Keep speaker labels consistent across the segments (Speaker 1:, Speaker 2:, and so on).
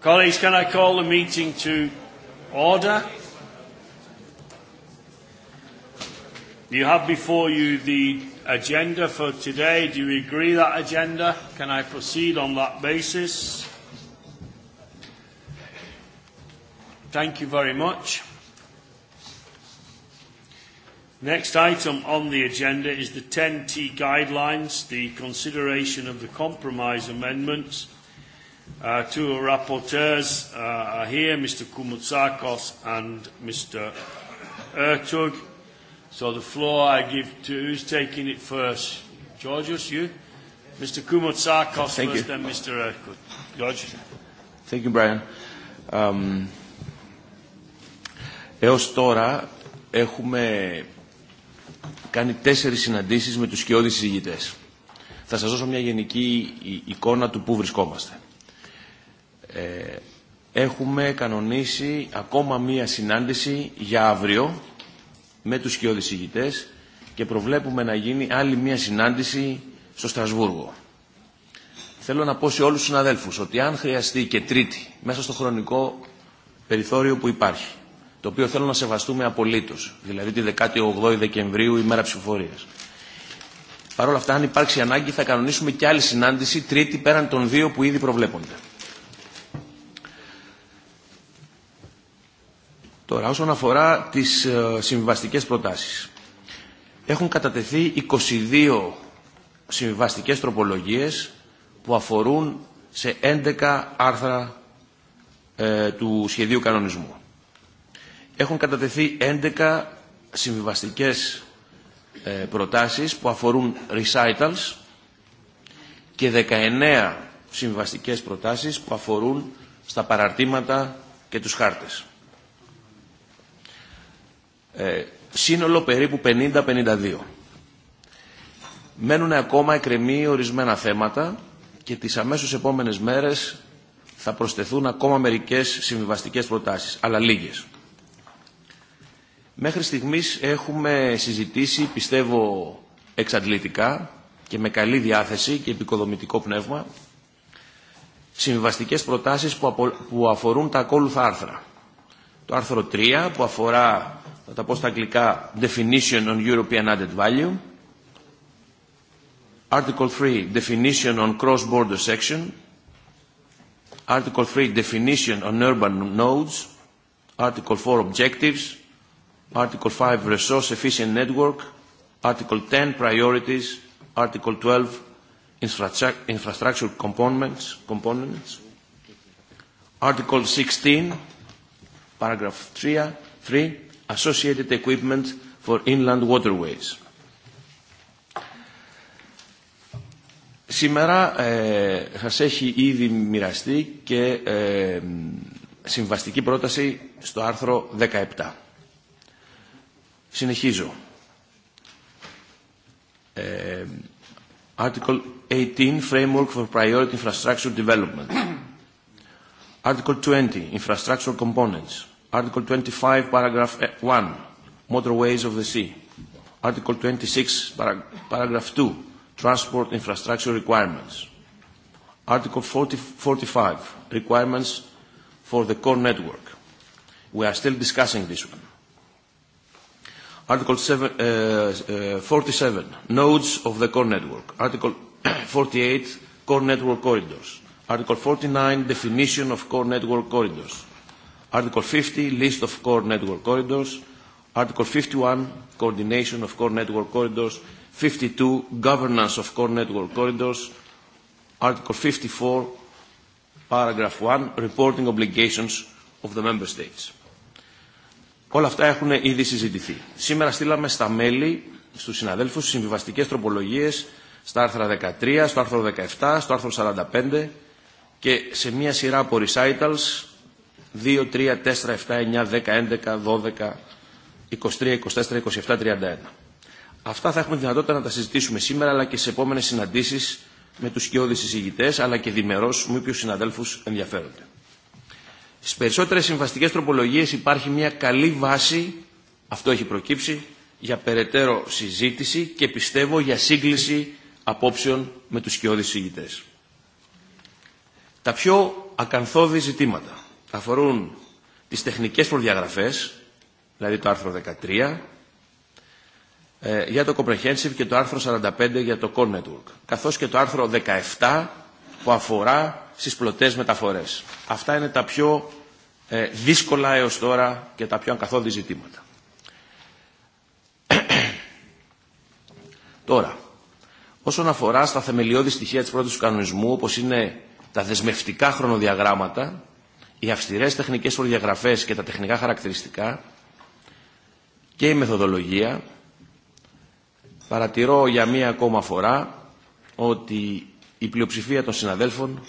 Speaker 1: Colleagues, can I call the meeting to order? You have before you the agenda for today. Do you agree that agenda? Can I proceed on that basis? Thank you very much. Next item on the agenda is the 10T guidelines, the consideration of the compromise amendments. Uh, two rapporteurs uh, are here, Mr. Kumutsakos and Mr. Ertug. So the floor I give to who's taking it first? Georgios, you? Mr. Kumutsakos Thank first, you. then Mr. Ertug. George?
Speaker 2: Thank you, Brian. Um, έως τώρα έχουμε κάνει τέσσερις συναντήσεις με τους σκιώδεις συζητητές. Θα σας δώσω μια γενική εικόνα του πού βρισκόμαστε ε, έχουμε κανονίσει ακόμα μία συνάντηση για αύριο με τους σκιώδεις ηγητές και προβλέπουμε να γίνει άλλη μία συνάντηση στο Στρασβούργο. Θέλω να πω σε όλους τους συναδέλφους ότι αν χρειαστεί και τρίτη μέσα στο χρονικό περιθώριο που υπάρχει, το οποίο θέλω να σεβαστούμε απολύτως, δηλαδή τη 18η Δεκεμβρίου ημέρα ψηφοφορίας. Παρ' όλα αυτά, αν υπάρξει ανάγκη, θα κανονίσουμε και άλλη συνάντηση τρίτη πέραν των δύο που ήδη προβλέπονται. Τώρα, όσον αφορά τις συμβιβαστικές προτάσεις, έχουν κατατεθεί 22 συμβιβαστικές τροπολογίες που αφορούν σε 11 άρθρα ε, του σχεδίου κανονισμού. Έχουν κατατεθεί 11 συμβιβαστικές ε, προτάσεις που αφορούν recitals και 19 συμβιβαστικές προτάσεις που αφορούν στα παραρτήματα και τους χάρτες ε, σύνολο περίπου 50-52. Μένουν ακόμα εκκρεμή ορισμένα θέματα και τις αμέσως επόμενες μέρες θα προσθεθούν ακόμα μερικές συμβιβαστικές προτάσεις, αλλά λίγες. Μέχρι στιγμής έχουμε συζητήσει, πιστεύω εξαντλητικά και με καλή διάθεση και επικοδομητικό πνεύμα, συμβιβαστικές προτάσεις που αφορούν τα ακόλουθα άρθρα. Το άρθρο 3 που αφορά θα τα πω στα αγγλικά Definition on European Added Value Article 3 Definition on Cross-Border Section Article 3 Definition on Urban Nodes Article 4 Objectives Article 5 Resource Efficient Network Article 10 Priorities Article 12 Infrastructure Components, components. Article 16 Paragraph 3, 3 associated equipment for inland waterways. Σήμερα ε, σας έχει ήδη μοιραστεί και ε, συμβαστική πρόταση στο άρθρο 17. Συνεχίζω. Ε, Article 18, Framework for Priority Infrastructure Development. Article 20, Infrastructure Components. Article 25, paragraph 1, eh, motorways of the sea. Article 26, parag paragraph 2, transport infrastructure requirements. Article 40, 45, requirements for the core network. We are still discussing this one. Article seven, uh, uh, 47, nodes of the core network. Article 48, core network corridors. Article 49, definition of core network corridors. Article 50, list of core network corridors. Article 51, coordination of core network corridors. 52, governance of core network corridors. Article 54, paragraph 1, reporting obligations of the member states. Όλα αυτά έχουν ήδη συζητηθεί. Σήμερα στείλαμε στα μέλη, στους συναδέλφους, συμβιβαστικές τροπολογίες στα άρθρα 13, στο άρθρο 17, στο άρθρο 45 και σε μια σειρά από recitals 23 Αυτά θα έχουμε δυνατότητα να τα συζητήσουμε σήμερα αλλά και σε επόμενες συναντήσεις με τους σκιώδεις εισηγητές αλλά και διμερώς μου ήπιους συναδέλφους ενδιαφέρονται. Στις περισσότερες συμβαστικές τροπολογίες υπάρχει μια καλή βάση, αυτό έχει προκύψει, για περαιτέρω συζήτηση και πιστεύω για σύγκληση απόψεων με τους σκιώδεις εισηγητές. Τα πιο ακαθόδη ζητήματα αφορούν τις τεχνικές προδιαγραφές, δηλαδή το άρθρο 13, για το Comprehensive και το άρθρο 45 για το Core Network, καθώς και το άρθρο 17 που αφορά στις πλωτές μεταφορές. Αυτά είναι τα πιο δύσκολα έως τώρα και τα πιο ανκαθόδη ζητήματα. τώρα, όσον αφορά στα θεμελιώδη στοιχεία της πρώτης του κανονισμού, όπως είναι τα δεσμευτικά χρονοδιαγράμματα, οι αυστηρές τεχνικές προδιαγραφές και τα τεχνικά χαρακτηριστικά και η μεθοδολογία παρατηρώ για μία ακόμα φορά ότι η πλειοψηφία των συναδέλφων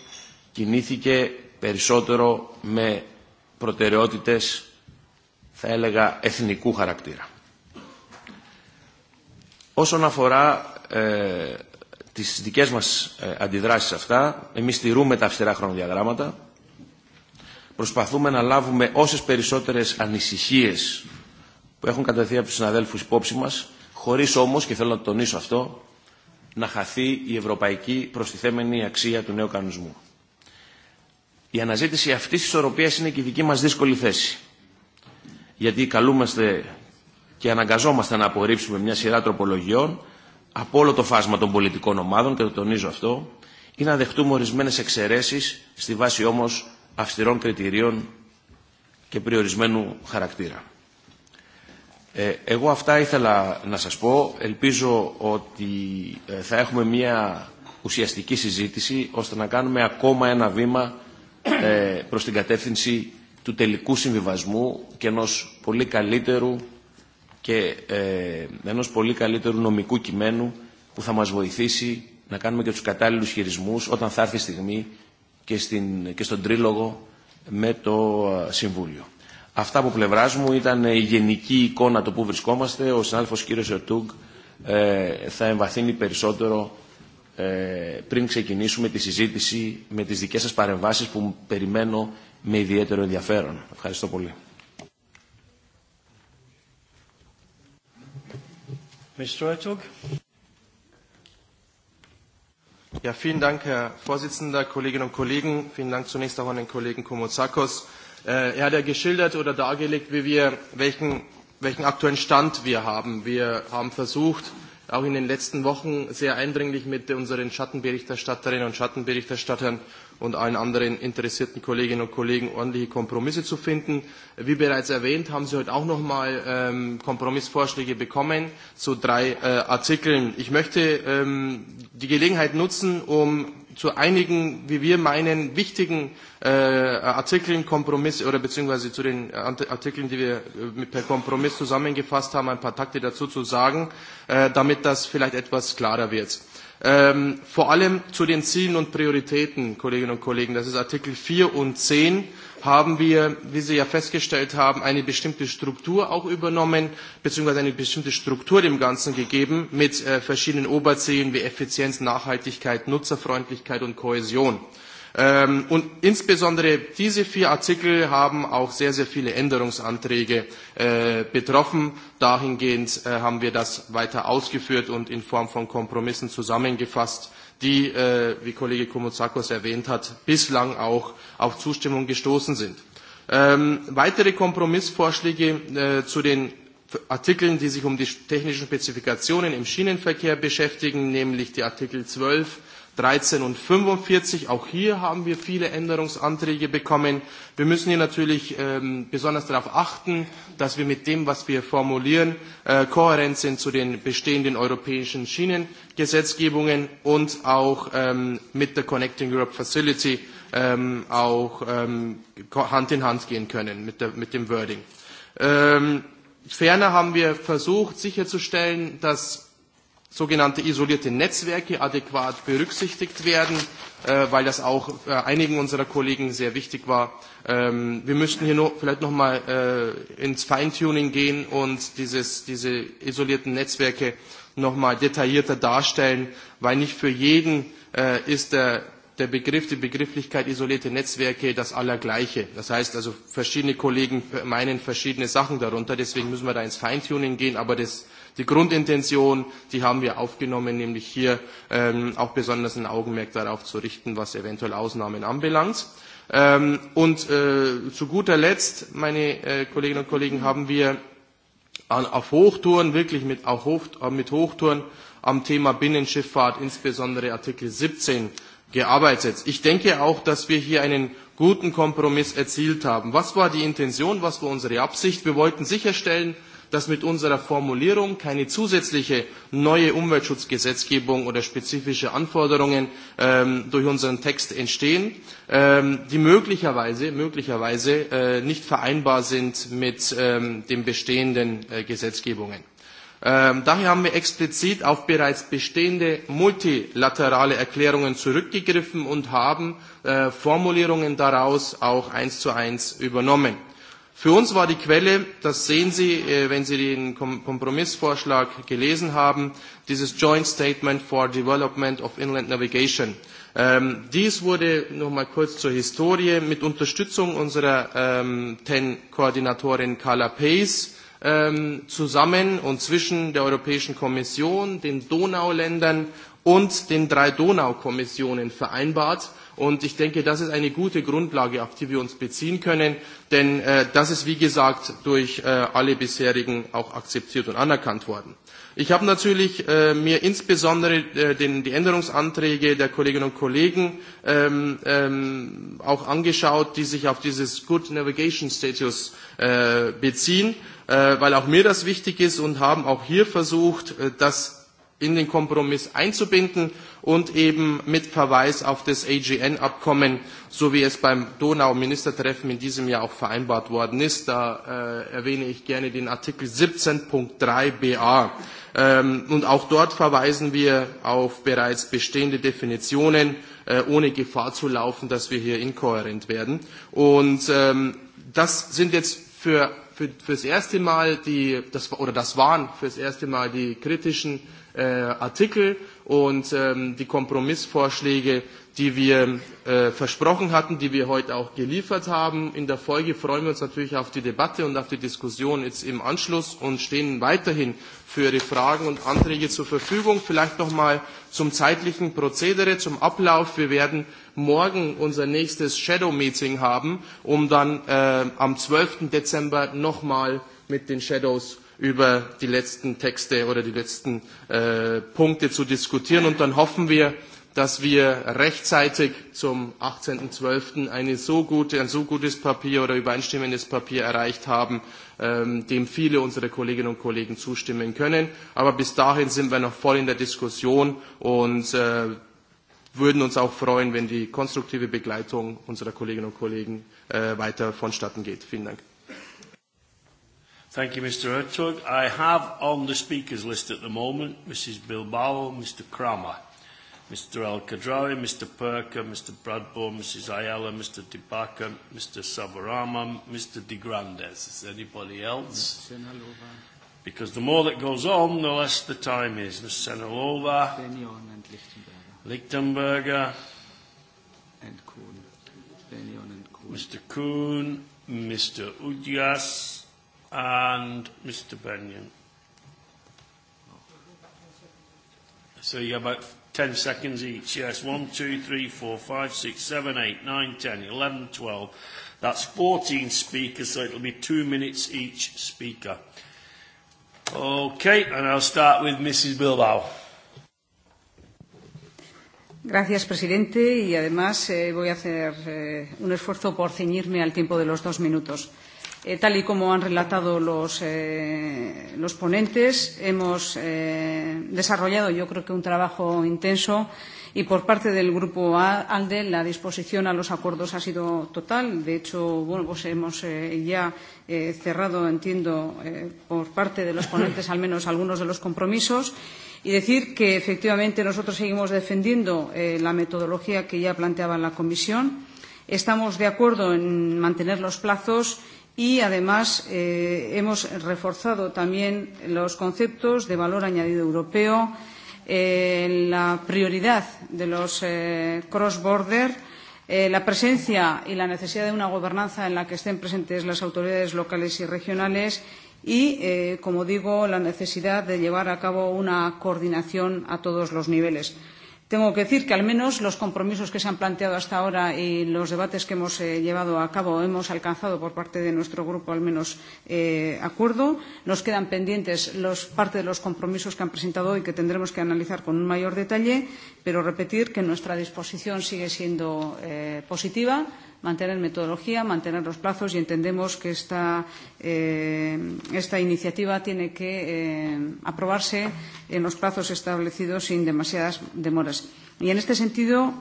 Speaker 2: κινήθηκε περισσότερο με προτεραιότητες θα έλεγα εθνικού χαρακτήρα. Όσον αφορά ε, τις δικές μας ε, αντιδράσεις αυτά, εμείς στηρούμε τα αυστηρά χρονοδιαγράμματα, προσπαθούμε να λάβουμε όσες περισσότερες ανησυχίες που έχουν κατευθεί από τους συναδέλφους υπόψη μας, χωρίς όμως, και θέλω να τονίσω αυτό, να χαθεί η ευρωπαϊκή προστιθέμενη αξία του νέου κανονισμού. Η αναζήτηση αυτής της ισορροπίας είναι και η δική μας δύσκολη θέση. Γιατί καλούμαστε και αναγκαζόμαστε να απορρίψουμε μια σειρά τροπολογιών από όλο το φάσμα των πολιτικών ομάδων, και το τονίζω αυτό, ή να δεχτούμε ορισμένες εξαιρέσεις, στη βάση όμως αυστηρών κριτηρίων και περιορισμένου χαρακτήρα. Ε, εγώ αυτά ήθελα να σας πω. Ελπίζω ότι θα έχουμε μια ουσιαστική συζήτηση ώστε να κάνουμε ακόμα ένα βήμα ε, προς την κατεύθυνση του τελικού συμβιβασμού και ενός πολύ καλύτερου και ε, ενός πολύ καλύτερου νομικού κειμένου που θα μας βοηθήσει να κάνουμε και τους κατάλληλους χειρισμούς όταν θα έρθει η στιγμή και, στην, και στον τρίλογο με το Συμβούλιο. Αυτά από πλευρά μου ήταν η γενική εικόνα το που βρισκόμαστε. Ο συνάδελφος κύριος Ερτούγκ ε, θα εμβαθύνει περισσότερο ε, πριν ξεκινήσουμε τη συζήτηση με τις δικές σας παρεμβάσεις που περιμένω με ιδιαίτερο ενδιαφέρον. Ευχαριστώ
Speaker 3: πολύ. Mr. Ertug? Ja, vielen Dank, Herr Vorsitzender, Kolleginnen und Kollegen. Vielen Dank zunächst auch an den Kollegen Komozakos. Äh, er hat ja geschildert oder dargelegt, wie wir, welchen, welchen aktuellen Stand wir haben. Wir haben versucht, auch in den letzten Wochen sehr eindringlich mit unseren Schattenberichterstatterinnen und Schattenberichterstattern und allen anderen interessierten Kolleginnen und Kollegen ordentliche Kompromisse zu finden. Wie bereits erwähnt, haben Sie heute auch noch mal ähm, Kompromissvorschläge bekommen zu drei äh, Artikeln. Ich möchte ähm, die Gelegenheit nutzen, um zu einigen, wie wir meinen, wichtigen äh, Artikeln Kompromisse oder beziehungsweise zu den äh, Artikeln, die wir äh, mit per Kompromiss zusammengefasst haben, ein paar Takte dazu zu sagen, äh, damit das vielleicht etwas klarer wird. Ähm, vor allem zu den Zielen und Prioritäten, Kolleginnen und Kollegen, das ist Artikel 4 und 10, haben wir, wie Sie ja festgestellt haben, eine bestimmte Struktur auch übernommen, beziehungsweise eine bestimmte Struktur dem Ganzen gegeben, mit äh, verschiedenen Oberzielen wie Effizienz, Nachhaltigkeit, Nutzerfreundlichkeit und Kohäsion. Ähm, und insbesondere diese vier Artikel haben auch sehr, sehr viele Änderungsanträge äh, betroffen. Dahingehend äh, haben wir das weiter ausgeführt und in Form von Kompromissen zusammengefasst, die, äh, wie Kollege Komozakos erwähnt hat, bislang auch auf Zustimmung gestoßen sind. Ähm, weitere Kompromissvorschläge äh, zu den Artikeln, die sich um die technischen Spezifikationen im Schienenverkehr beschäftigen, nämlich die Artikel 12, 13 und 45. Auch hier haben wir viele Änderungsanträge bekommen. Wir müssen hier natürlich ähm, besonders darauf achten, dass wir mit dem, was wir formulieren, äh, kohärent sind zu den bestehenden europäischen Schienengesetzgebungen und auch ähm, mit der Connecting Europe Facility ähm, auch ähm, Hand in Hand gehen können mit, der, mit dem Wording. Ähm, ferner haben wir versucht sicherzustellen, dass sogenannte isolierte Netzwerke adäquat berücksichtigt werden, äh, weil das auch äh, einigen unserer Kollegen sehr wichtig war. Ähm, wir müssten hier nur vielleicht noch mal äh, ins Feintuning gehen und dieses, diese isolierten Netzwerke noch mal detaillierter darstellen, weil nicht für jeden äh, ist der, der Begriff, die Begrifflichkeit isolierte Netzwerke das Allergleiche. Das heißt also, verschiedene Kollegen meinen verschiedene Sachen darunter, deswegen müssen wir da ins Feintuning gehen, aber das Die Grundintention, die haben wir aufgenommen, nämlich hier ähm, auch besonders ein Augenmerk darauf zu richten, was eventuell Ausnahmen anbelangt. Ähm, und äh, zu guter Letzt, meine äh, Kolleginnen und Kollegen, haben wir an, auf Hochtouren, wirklich mit, auf Hoch, äh, mit Hochtouren am Thema Binnenschifffahrt, insbesondere Artikel 17, gearbeitet. Ich denke auch, dass wir hier einen guten Kompromiss erzielt haben. Was war die Intention? Was war unsere Absicht? Wir wollten sicherstellen, dass mit unserer Formulierung keine zusätzliche neue Umweltschutzgesetzgebung oder spezifische Anforderungen ähm, durch unseren Text entstehen, ähm, die möglicherweise, möglicherweise äh, nicht vereinbar sind mit ähm, den bestehenden äh, Gesetzgebungen. Ähm, daher haben wir explizit auf bereits bestehende multilaterale Erklärungen zurückgegriffen und haben äh, Formulierungen daraus auch eins zu eins übernommen. Für uns war die Quelle, das sehen Sie, äh, wenn Sie den Kompromissvorschlag gelesen haben, dieses Joint Statement for Development of Inland Navigation. Ähm, dies wurde noch mal kurz zur Historie mit Unterstützung unserer ähm, TEN-Koordinatorin Carla Pace ähm, zusammen und zwischen der Europäischen Kommission, den Donauländern und den drei Donaukommissionen vereinbart. Und ich denke, das ist eine gute Grundlage, auf die wir uns beziehen können, denn äh, das ist, wie gesagt, durch äh, alle bisherigen auch akzeptiert und anerkannt worden. Ich habe natürlich äh, mir insbesondere äh, den, die Änderungsanträge der Kolleginnen und Kollegen ähm, ähm, auch angeschaut, die sich auf dieses Good Navigation Status äh, beziehen, äh, weil auch mir das wichtig ist und haben auch hier versucht, äh, das in den Kompromiss einzubinden und eben mit Verweis auf das AGN-Abkommen, so wie es beim Donau-Ministertreffen in diesem Jahr auch vereinbart worden ist. Da äh, erwähne ich gerne den Artikel 17.3 BA. Ähm, und auch dort verweisen wir auf bereits bestehende Definitionen, äh, ohne Gefahr zu laufen, dass wir hier inkohärent werden. Und ähm, das sind jetzt für für, fürs erste Mal die das oder das waren fürs erste Mal die kritischen äh, Artikel und ähm, die Kompromissvorschläge die wir äh, versprochen hatten, die wir heute auch geliefert haben. In der Folge freuen wir uns natürlich auf die Debatte und auf die Diskussion jetzt im Anschluss und stehen weiterhin für Ihre Fragen und Anträge zur Verfügung. Vielleicht noch mal zum zeitlichen Prozedere, zum Ablauf. Wir werden morgen unser nächstes Shadow Meeting haben, um dann äh, am 12. Dezember noch mal mit den Shadows über die letzten Texte oder die letzten äh, Punkte zu diskutieren. Und dann hoffen wir, dass wir rechtzeitig zum 18.12. Eine so gute, ein so gutes Papier oder übereinstimmendes Papier erreicht haben, ähm, dem viele unserer Kolleginnen und Kollegen zustimmen können. Aber bis dahin sind wir noch voll in der Diskussion und äh, würden uns auch freuen, wenn die konstruktive Begleitung unserer Kolleginnen und Kollegen äh, weiter vonstatten geht. Vielen Dank.
Speaker 1: Thank you, Mr. Ertug. I have on the speakers list at the moment Mrs. Bilbao, Mr. Kramer. Mr. Al Kadrawi, Mr. Perker, Mr. Bradbourne, Mrs. Ayala, Mr. Dibaka, Mr. Savarama, Mr. De Grandes. Is there anybody else? Ms. Senalova. Because the more that goes on, the less the time is. Ms. Senalova. Benion and Lichtenberger. Lichtenberger. And Kuhn. Benion and Kuhn. Mr. Kuhn, Mr. Udias, and Mr. Benyon. So you have about 10 seconds each. Yes, 1, 2, 3, 4, 5, 6, 7, 8, 9, 10, 11, 12. That's 14 speakers, so it'll be two minutes each speaker. Okay, and I'll start with
Speaker 4: Mrs. Bilbao.
Speaker 5: Gracias, presidente, y además eh, voy a hacer eh, un esfuerzo por ceñirme al tiempo de los dos minutos. Eh, tal y como han relatado los, eh, los ponentes, hemos eh, desarrollado, yo creo que, un trabajo intenso y, por parte del Grupo ALDE, la disposición a los acuerdos ha sido total. De hecho, bueno, pues hemos eh, ya eh, cerrado, entiendo, eh, por parte de los ponentes, al menos algunos de los compromisos. Y decir que, efectivamente, nosotros seguimos defendiendo eh, la metodología que ya planteaba la Comisión. Estamos de acuerdo en mantener los plazos y además eh, hemos reforzado también los conceptos de valor añadido europeo, eh, la prioridad de los eh, cross-border, eh, la presencia y la necesidad de una gobernanza en la que estén presentes las autoridades locales y regionales y, eh, como digo, la necesidad de llevar a cabo una coordinación a todos los niveles tengo que decir que al menos los compromisos que se han planteado hasta ahora y los debates que hemos eh, llevado a cabo hemos alcanzado por parte de nuestro grupo al menos eh, acuerdo. Nos quedan pendientes los, parte de los compromisos que han presentado hoy que tendremos que analizar con un mayor detalle, pero repetir que nuestra disposición sigue siendo eh, positiva mantener metodología, mantener los plazos y entendemos que esta, eh, esta iniciativa tiene que eh, aprobarse en los plazos establecidos sin demasiadas demoras. Y en este sentido,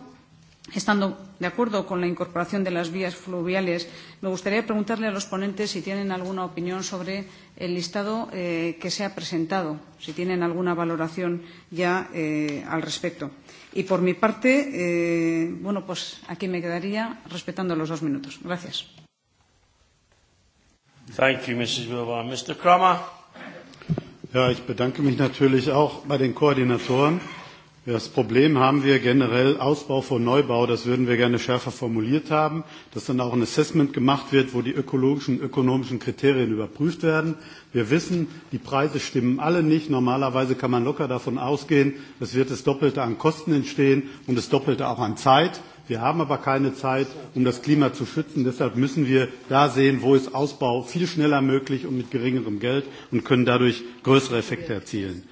Speaker 5: estando de acuerdo con la incorporación de las vías fluviales, me gustaría preguntarle a los ponentes si tienen alguna opinión sobre el listado eh, que se ha presentado, si tienen alguna valoración ya eh, al respecto. Y por mi parte, eh, bueno, pues aquí me quedaría respetando los dos minutos. Gracias.
Speaker 1: Thank you, Mrs. Wilbur. Mr. Kramer.
Speaker 6: Ja, ich bedanke mich natürlich auch bei den Koordinatoren. Das Problem haben wir generell Ausbau vor Neubau, das würden wir gerne schärfer formuliert haben, dass dann auch ein Assessment gemacht wird, wo die ökologischen und ökonomischen Kriterien überprüft werden. Wir wissen, die Preise stimmen alle nicht. Normalerweise kann man locker davon ausgehen, es wird das Doppelte an Kosten entstehen und das Doppelte auch an Zeit. Wir haben aber keine Zeit, um das Klima zu schützen. Deshalb müssen wir da sehen, wo ist Ausbau viel schneller möglich und mit geringerem Geld und können dadurch größere Effekte erzielen.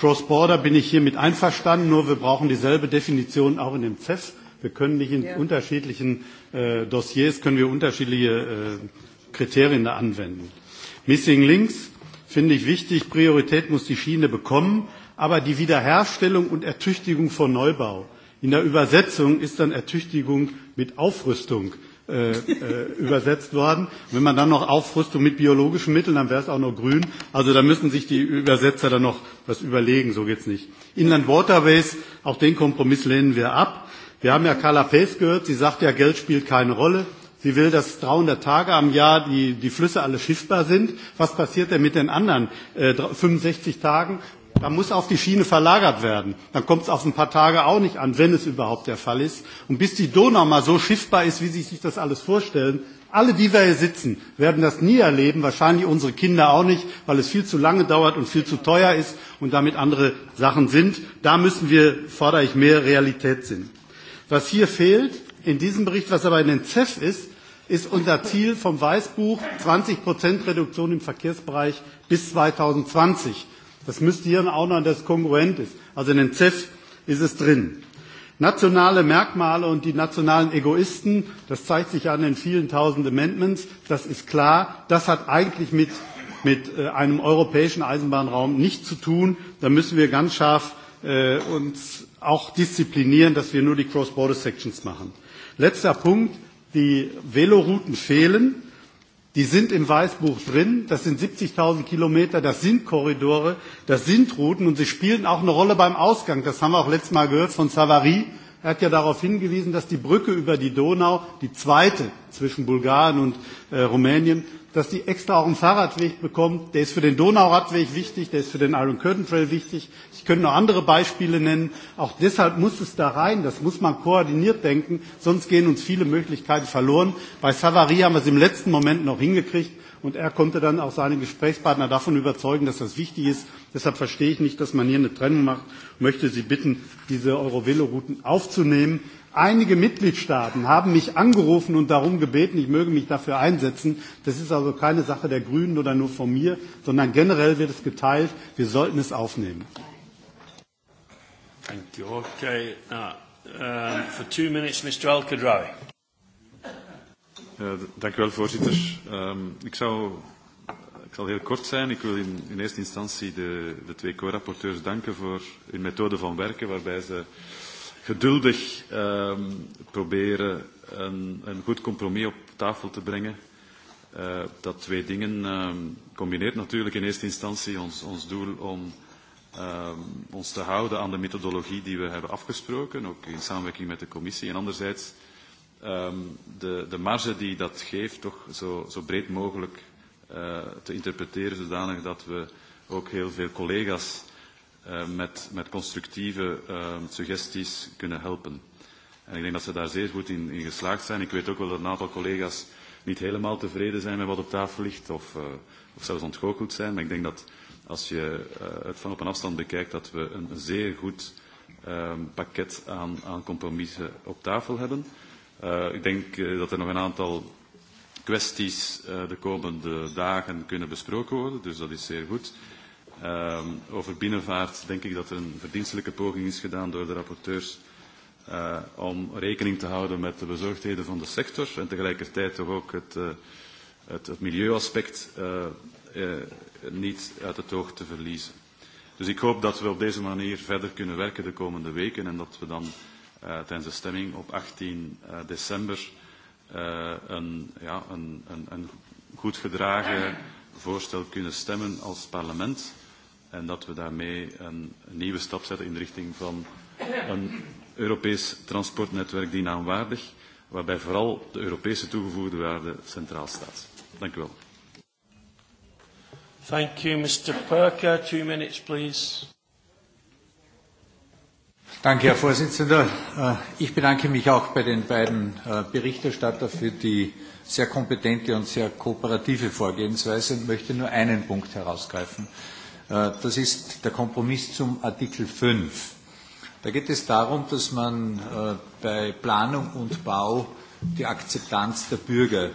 Speaker 6: Cross-Border bin ich hiermit einverstanden, nur wir brauchen dieselbe Definition auch in dem CEF. Wir können nicht in ja. unterschiedlichen äh, Dossiers können wir unterschiedliche äh, Kriterien da anwenden. Missing Links finde ich wichtig. Priorität muss die Schiene bekommen. Aber die Wiederherstellung und Ertüchtigung von Neubau. In der Übersetzung ist dann Ertüchtigung mit Aufrüstung. Äh, äh, übersetzt worden. Wenn man dann noch Aufrüstung mit biologischen Mitteln, dann wäre es auch noch grün. Also da müssen sich die Übersetzer dann noch was überlegen, so geht es nicht. Inland Waterways, auch den Kompromiss lehnen wir ab. Wir haben ja Carla Face gehört, sie sagt ja, Geld spielt keine Rolle. Sie will, dass 300 Tage am Jahr die, die Flüsse alle schiffbar sind. Was passiert denn mit den anderen äh, 65 Tagen, dann muss auf die Schiene verlagert werden. Dann kommt es auf ein paar Tage auch nicht an, wenn es überhaupt der Fall ist. Und bis die Donau mal so schiffbar ist, wie Sie sich das alles vorstellen, alle, die wir hier sitzen, werden das nie erleben, wahrscheinlich unsere Kinder auch nicht, weil es viel zu lange dauert und viel zu teuer ist und damit andere Sachen sind. Da müssen wir, fordere ich, mehr Realität sind. Was hier fehlt, in diesem Bericht, was aber in den CEF ist, ist unser Ziel vom Weißbuch 20% Reduktion im Verkehrsbereich bis 2020. Das müsste hier auch noch, das kongruent ist. Also in den CEF ist es drin. Nationale Merkmale und die nationalen Egoisten, das zeigt sich an den vielen tausend Amendments, das ist klar, das hat eigentlich mit, mit äh, einem europäischen Eisenbahnraum nichts zu tun. Da müssen wir ganz scharf äh, uns auch disziplinieren, dass wir nur die Cross-Border-Sections machen. Letzter Punkt, die Velorouten fehlen. Äh, Die sind im Weißbuch drin. Das sind 70.000 Kilometer. Das sind Korridore. Das sind Routen. Und sie spielen auch eine Rolle beim Ausgang. Das haben wir auch letztes Mal gehört von Savary. Er hat ja darauf hingewiesen, dass die Brücke über die Donau, die zweite zwischen Bulgarien und äh, Rumänien, dass die extra auch einen Fahrradweg bekommt. Der ist für den Donauradweg wichtig, der ist für den Iron Curtain Trail wichtig. Ich könnte noch andere Beispiele nennen. Auch deshalb muss es da rein, das muss man koordiniert denken, sonst gehen uns viele Möglichkeiten verloren. Bei Savary haben wir es im letzten Moment noch hingekriegt und er konnte dann auch seine Gesprächspartner davon überzeugen, dass das wichtig ist. Deshalb verstehe ich nicht, dass man hier eine Trennung macht. Ich möchte Sie bitten, diese Eurovelo-Routen aufzunehmen. Einige Mitgliedstaaten haben mich angerufen und darum gebeten, ich möge mich dafür einsetzen. Das ist also keine Sache der Grünen oder nur von mir, sondern generell wird es geteilt. Wir sollten es aufnehmen.
Speaker 1: Thank you. Okay. Now, um, for two minutes, Mr. Al -Kadrawi.
Speaker 7: Ja, dank u wel, voorzitter. Um, ik, zou, ik zal heel kort zijn. Ik wil in, in eerste instantie de, de twee co-rapporteurs danken voor hun methode van werken, waarbij ze uh, geduldig um, proberen een, een goed compromis op tafel te brengen. Uh, dat twee dingen um, combineert natuurlijk in eerste instantie ons, ons doel om um, ons te houden aan de methodologie die we hebben afgesproken, ook in samenwerking met de commissie. En anderzijds um, de, de marge die dat geeft toch zo, zo breed mogelijk uh, te interpreteren, zodanig dat we ook heel veel collega's Eh, met, met constructieve uh, suggesties kunnen helpen. En ik denk dat ze daar zeer goed in, in geslaagd zijn. Ik weet ook wel dat een aantal collega's niet helemaal tevreden zijn met wat op tafel ligt of, uh, of zelfs ontgoocheld zijn. Maar ik denk dat als je uh, het van op een afstand bekijkt, dat we een zeer goed uh, pakket aan, aan compromissen op tafel hebben. Uh, ik denk uh, dat er nog een aantal kwesties uh, de komende dagen kunnen besproken worden. Dus dat is zeer goed. Um, over binnenvaart denk ik dat er een verdienstelijke poging is gedaan door de rapporteurs uh, om rekening te houden met de bezorgdheden van de sector en tegelijkertijd toch ook het, uh, het, het milieuaspect uh, uh, niet uit het oog te verliezen. Dus ik hoop dat we op deze manier verder kunnen werken de komende weken en dat we dan uh, tijdens de stemming op 18 uh, december uh, een, ja, een, een, een goed gedragen voorstel kunnen stemmen als parlement en dat we daarmee een nieuwe stap zetten in de richting van een Europees transportnetwerk die naamwaardig, waarbij vooral de Europese toegevoegde waarde centraal staat. Dank u wel.
Speaker 1: Thank you, Mr. Perker. Two minutes, please.
Speaker 8: Danke, Herr Vorsitzender. Äh, ich bedanke mich auch bei den beiden äh, Berichterstattern für die sehr kompetente und sehr kooperative Vorgehensweise und möchte nur einen Punkt herausgreifen. Äh, das ist der Kompromiss zum Artikel 5. Da geht es darum, dass man äh, bei Planung und Bau die Akzeptanz der Bürger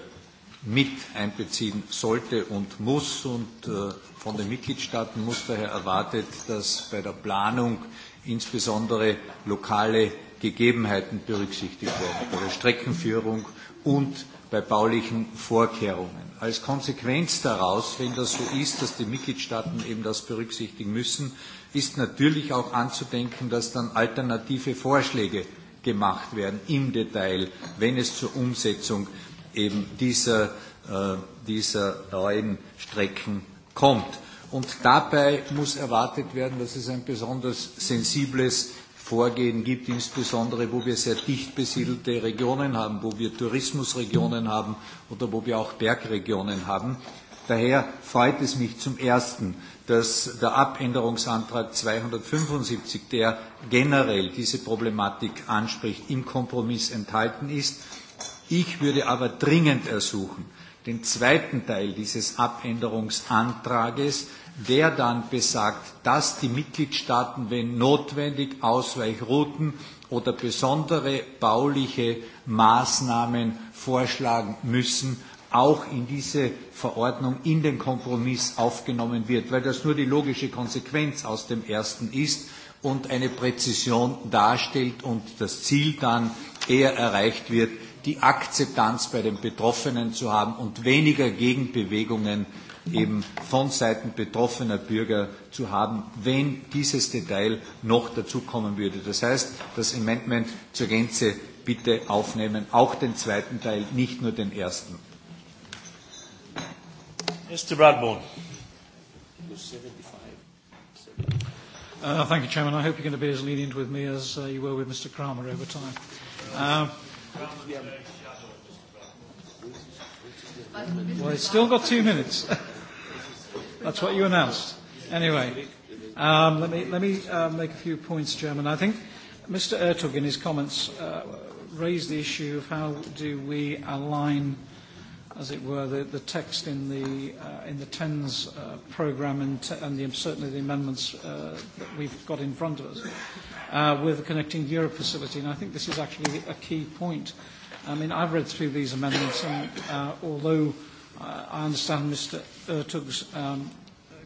Speaker 8: mit einbeziehen sollte und muss und äh, von den Mitgliedstaaten muss daher erwartet, dass bei der Planung insbesondere lokale Gegebenheiten berücksichtigt werden, bei der Streckenführung und bei baulichen Vorkehrungen. Als Konsequenz daraus, wenn das so ist, dass die Mitgliedstaaten eben das berücksichtigen müssen, ist natürlich auch anzudenken, dass dann alternative Vorschläge gemacht werden im Detail, wenn es zur Umsetzung eben dieser, äh, dieser neuen Strecken kommt. Und dabei muss erwartet werden, dass es ein besonders sensibles Vorgehen gibt, insbesondere wo wir sehr dicht besiedelte Regionen haben, wo wir Tourismusregionen haben oder wo wir auch Bergregionen haben. Daher freut es mich zum Ersten, dass der Abänderungsantrag 275, der generell diese Problematik anspricht, im Kompromiss enthalten ist. Ich würde aber dringend ersuchen, den zweiten Teil dieses Abänderungsantrages der dann besagt, dass die Mitgliedstaaten, wenn notwendig, Ausweichrouten oder besondere bauliche Maßnahmen vorschlagen müssen, auch in diese Verordnung in den Kompromiss aufgenommen wird, weil das nur die logische Konsequenz aus dem ersten ist und eine Präzision darstellt und das Ziel dann eher erreicht wird, die Akzeptanz bei den Betroffenen zu haben und weniger Gegenbewegungen äh, eben von Seiten betroffener Bürger zu haben, wenn dieses Detail noch dazu kommen würde. Das heißt, das Amendment zur Gänze bitte aufnehmen, auch den zweiten Teil, nicht nur den ersten. Mr. Bradbourne.
Speaker 9: Uh, thank you, Chairman. I hope you're going to be as lenient with me as uh, you were with Mr. Kramer over time. Uh, Well, it's still got two minutes. That's what you announced. Anyway, um, let me, let me uh, make a few points, Chairman. I think Mr. Ertug, in his comments, uh, raised the issue of how do we align, as it were, the, the text in the, uh, in the TENS uh, programme and, t- and the, certainly the amendments uh, that we've got in front of us uh, with the Connecting Europe facility. And I think this is actually a key point. I mean, I've read through these amendments, and uh, although uh, I understand Mr. Ertug's um,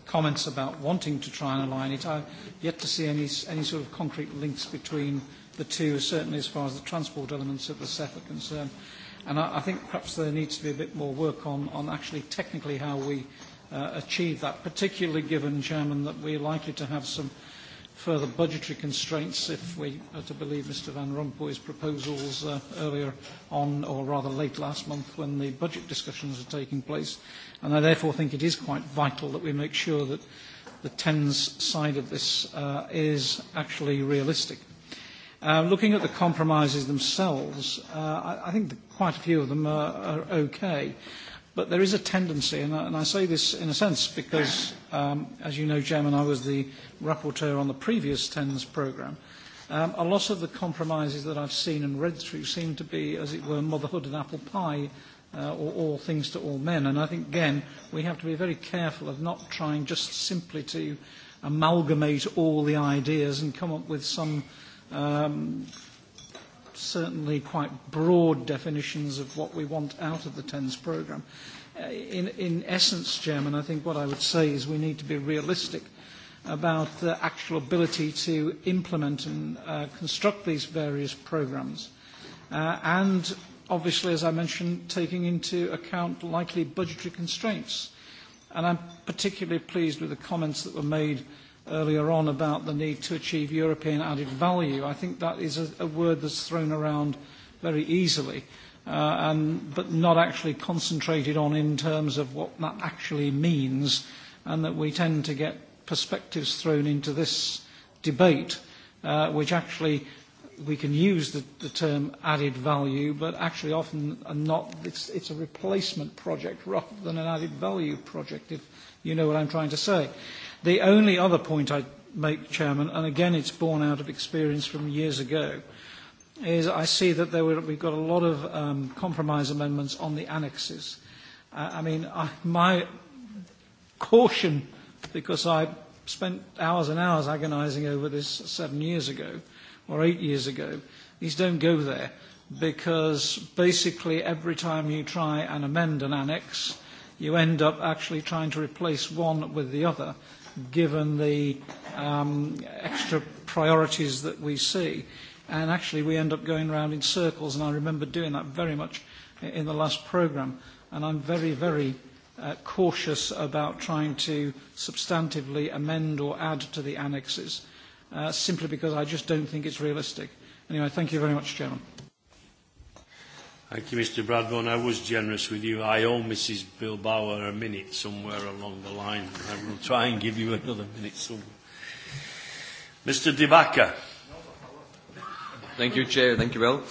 Speaker 9: comments about wanting to try and align it, I've yet to see any, any sort of concrete links between the two, certainly as far as the transport elements of the SEF are concerned. And I, I think perhaps there needs to be a bit more work on, on actually technically how we uh, achieve that, particularly given, Chairman, that we're likely to have some – further budgetary constraints if we are to believe Mr Van Rompuy's proposals uh, earlier on, or rather late last month, when the budget discussions are taking place. And I therefore think it is quite vital that we make sure that the TENS side of this uh, is actually realistic. Uh, looking at the compromises themselves, uh, I, I think the, quite a few of them are, are okay. But there is a tendency, and I, and I say this in a sense because, um, as you know, Jem, and I was the rapporteur on the previous TENS programme, um, a lot of the compromises that I've seen and read through seem to be, as it were, motherhood and apple pie, uh, or all things to all men. And I think, again, we have to be very careful of not trying just simply to amalgamate all the ideas and come up with some... Um, certainly quite broad definitions of what we want out of the TENS programme. Uh, in, in essence, Chairman, I think what I would say is we need to be realistic about the actual ability to implement and uh, construct these various programmes. Uh, and obviously, as I mentioned, taking into account likely budgetary constraints. And I'm particularly pleased with the comments that were made uh, earlier on about the need to achieve European added value. I think that is a, a word that's thrown around very easily, uh, and, but not actually concentrated on in terms of what that actually means, and that we tend to get perspectives thrown into this debate, uh, which actually we can use the, the term added value, but actually often are not, it's, it's a replacement project rather than an added value project, if you know what I'm trying to say. Uh, The only other point I make, Chairman, and again it's born out of experience from years ago, is I see that there were, we've got a lot of um, compromise amendments on the annexes. Uh, I mean, I, my caution, because I spent hours and hours agonizing over this seven years ago, or eight years ago, these don't go there. Because basically, every time you try and amend an annex, you end up actually trying to replace one with the other given the um, extra priorities that we see. Actually, we end up going around in circles, and I remember doing that very much in the last program. I'm very uh, cautious about trying to substantively amend or add to the annexes, uh, simply because I just don't think it's realistic. Anyway, thank you very much, Chairman.
Speaker 1: Thank you, Mr. Bradburn. I was generous with you. I owe Mrs. Bilbauer a minute somewhere along the line. I will try and give you another minute somewhere.
Speaker 10: Mr. DeBacca. Thank you, Chair. Thank you, well.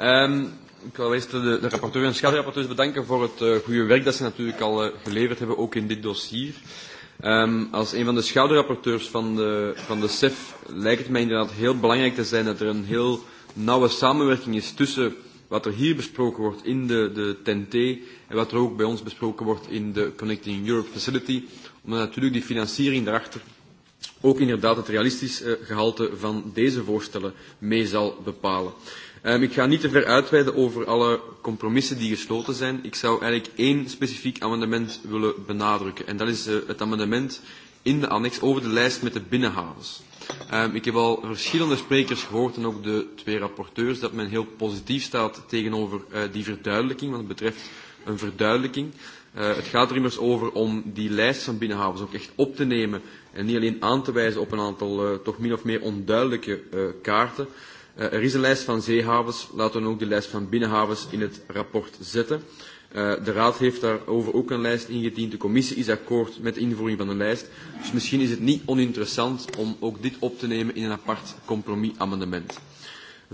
Speaker 10: Um, ik wil eerst de, de rapporteur en schaduwrapporteurs bedanken voor het uh, goede werk dat ze natuurlijk al uh, geleverd hebben, ook in dit dossier. Um, als een van de schaduwrapporteurs van de, van de CEF lijkt het mij inderdaad heel belangrijk te zijn dat er een heel nauwe samenwerking is tussen wat er hier besproken wordt in de, de TNT en wat er ook bij ons besproken wordt in de Connecting Europe Facility, omdat natuurlijk die financiering daarachter ook inderdaad het realistisch eh, gehalte van deze voorstellen mee zal bepalen. Um, ik ga niet te ver uitweiden over alle compromissen die gesloten zijn. Ik zou eigenlijk één specifiek amendement willen benadrukken en dat is uh, het amendement in de annex over de lijst met de binnenhavens. Um, ik heb al verschillende sprekers gehoord en ook de twee rapporteurs dat men heel positief staat tegenover uh, die verduidelijking, want het betreft een verduidelijking. Uh, het gaat er immers over om die lijst van binnenhavens ook echt op te nemen en niet alleen aan te wijzen op een aantal uh, toch min of meer onduidelijke uh, kaarten. Uh, er is een lijst van zeehavens, laten we ook de lijst van binnenhavens in het rapport zetten. Eh, de Raad heeft daarover ook een lijst ingediend. De commissie is akkoord met de invoering van een lijst. Dus misschien is het niet oninteressant om ook dit op te nemen in een apart compromisamendement.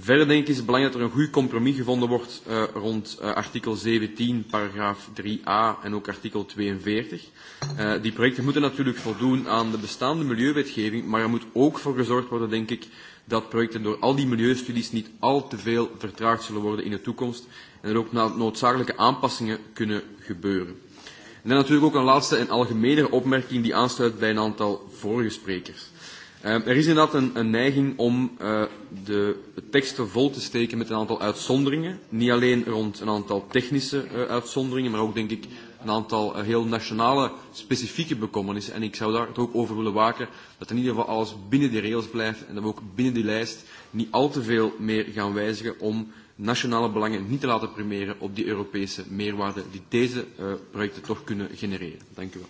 Speaker 10: Verder denk ik is het belangrijk dat er een goed compromis gevonden wordt uh, rond uh, artikel 17, paragraaf 3a en ook artikel 42. Uh, die projecten moeten natuurlijk voldoen aan de bestaande milieuwetgeving, maar er moet ook voor gezorgd worden, denk ik, dat projecten door al die milieustudies niet al te veel vertraagd zullen worden in de toekomst en er ook noodzakelijke aanpassingen kunnen gebeuren. En dan natuurlijk ook een laatste en algemene opmerking die aansluit bij een aantal vorige sprekers. Ehm, er is inderdaad een, een neiging om eh, de teksten vol te steken met een aantal uitzonderingen, niet alleen rond een aantal technische eh, uitzonderingen, maar ook denk ik een aantal eh, heel nationale specifieke bekommernissen. En ik zou daar toch over willen waken dat in ieder geval alles binnen die regels blijft en dat we ook binnen die lijst niet al te veel meer gaan wijzigen om nationale belangen niet te laten primeren op die Europese meerwaarde die deze eh, projecten toch kunnen genereren. Dank u wel.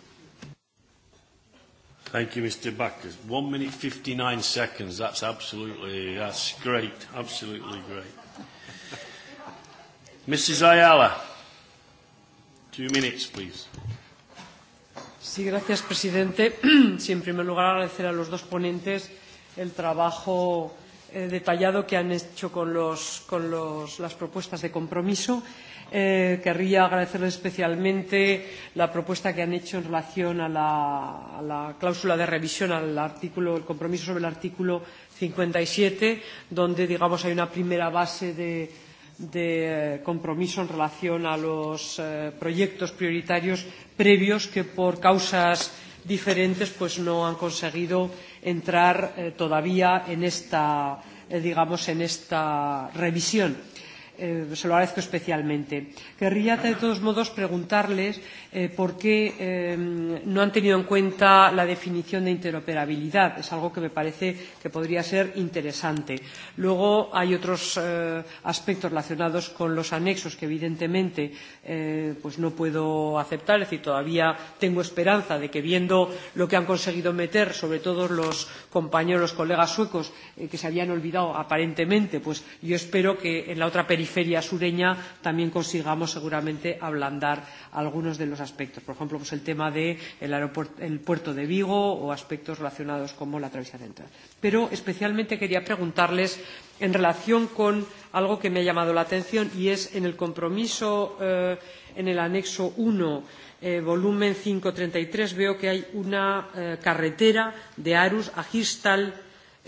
Speaker 10: Thank you, Mr. Backers. One minute 59 seconds.
Speaker 1: That's absolutely, that's great. Absolutely great. Mrs. Ayala. Two minutes, please.
Speaker 11: Sí, gracias, presidente. Sí, en primer lugar, agradecer a los dos ponentes el trabajo eh, detallado que han hecho con, los, con los, las propuestas de compromiso. Eh, querría agradecerles especialmente la propuesta que han hecho en relación a la, a la cláusula de revisión al artículo, el compromiso sobre el artículo 57, donde, digamos, hay una primera base de de eh, compromiso en relación a los eh, proyectos prioritarios previos que por causas diferentes pues no han conseguido entrar eh, todavía en esta, eh, digamos, en esta revisión. Eh, eh, se lo agradezco especialmente. Querría, de todos modos, preguntarles eh, por qué eh, no han tenido en cuenta la definición de interoperabilidad. Es algo que me parece que podría ser interesante. Luego hay otros eh, aspectos relacionados con los anexos que, evidentemente, eh, pues no puedo aceptar. Es decir, todavía tengo esperanza de que, viendo lo que han conseguido meter, sobre todo los compañeros, los colegas suecos, eh, que se habían olvidado aparentemente, pues yo espero que en la otra periferia periferia sureña también consigamos seguramente ablandar algunos de los aspectos. Por ejemplo, pues el tema del de el puerto de Vigo o aspectos relacionados como la travesía central. Pero especialmente quería preguntarles en relación con algo que me ha llamado la atención y es en el compromiso eh, en el anexo 1, eh, volumen 533, veo que hay una eh, carretera de Arus a Gistal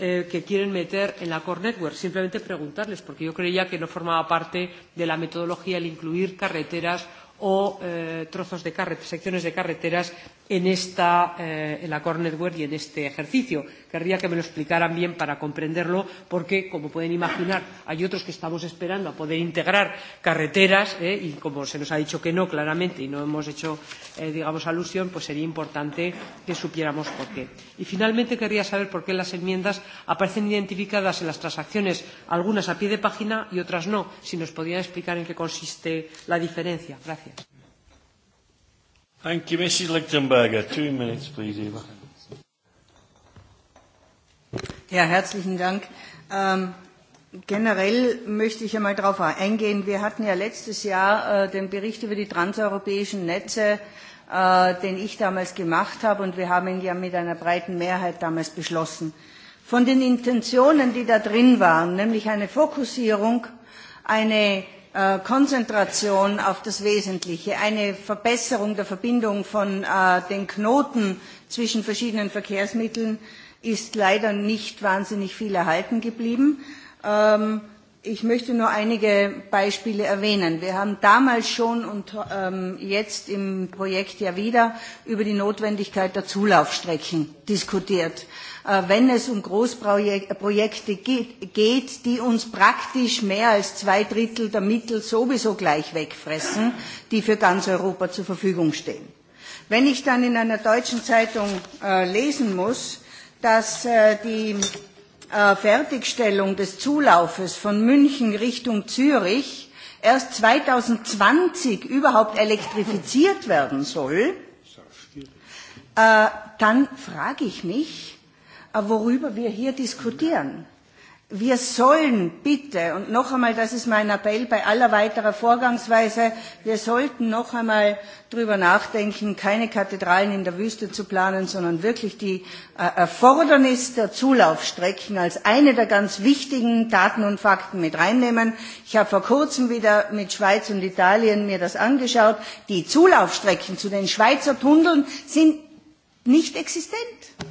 Speaker 11: eh, que quieren meter en la Core Network. Simplemente preguntarles, porque yo creía que no formaba parte de la metodología el incluir carreteras o eh, trozos de carreteras, secciones de carreteras en, esta, eh, en la Core Network y en este ejercicio. Querría que me lo explicaran bien para comprenderlo, porque, como pueden imaginar, hay otros que estamos esperando a poder integrar carreteras eh, y, como se nos ha dicho que no, claramente, y no hemos hecho, eh, digamos, alusión, pues sería importante que supiéramos por qué. Y, finalmente, querría saber por qué las enmiendas aparecen identificadas en las transacciones, algunas a pie de página y otras no. Si nos podían explicar en qué consiste la diferencia. Gracias.
Speaker 1: Thank you, Mrs. Lichtenberger. Two minutes, please, Eva.
Speaker 11: Ja,
Speaker 12: herzlichen Dank. Ähm, generell möchte ich einmal darauf eingehen. Wir hatten ja letztes Jahr äh, den Bericht über die transeuropäischen Netze, äh, den ich damals gemacht habe, und wir haben ihn ja mit einer breiten Mehrheit damals beschlossen. Von den Intentionen, die da drin waren, nämlich eine Fokussierung, eine Äh, Konzentration auf das Wesentliche, eine Verbesserung der Verbindung von äh, den Knoten zwischen verschiedenen Verkehrsmitteln ist leider nicht wahnsinnig viel erhalten geblieben. Ähm, ich möchte nur einige Beispiele erwähnen. Wir haben damals schon und ähm, jetzt im Projekt ja wieder über die Notwendigkeit der Zulaufstrecken diskutiert. Äh, wenn es um Großprojekte geht, die uns praktisch mehr als zwei Drittel der Mittel sowieso gleich wegfressen, die für ganz Europa zur Verfügung stehen. Wenn ich dann in einer deutschen Zeitung äh, lesen muss, dass äh, die Fertigstellung des Zulaufes von München Richtung Zürich erst 2020 überhaupt elektrifiziert werden soll, dann frage ich mich, worüber wir hier diskutieren. Wir sollen bitte, und noch einmal, das ist mein Appell bei aller weiterer Vorgangsweise, wir sollten noch einmal darüber nachdenken, keine Kathedralen in der Wüste zu planen, sondern wirklich die äh, Erfordernis der Zulaufstrecken als eine der ganz wichtigen Daten und Fakten mit reinnehmen. Ich habe vor kurzem wieder mit Schweiz und Italien mir das angeschaut. Die Zulaufstrecken zu den Schweizer Tunneln sind nicht existent. Ja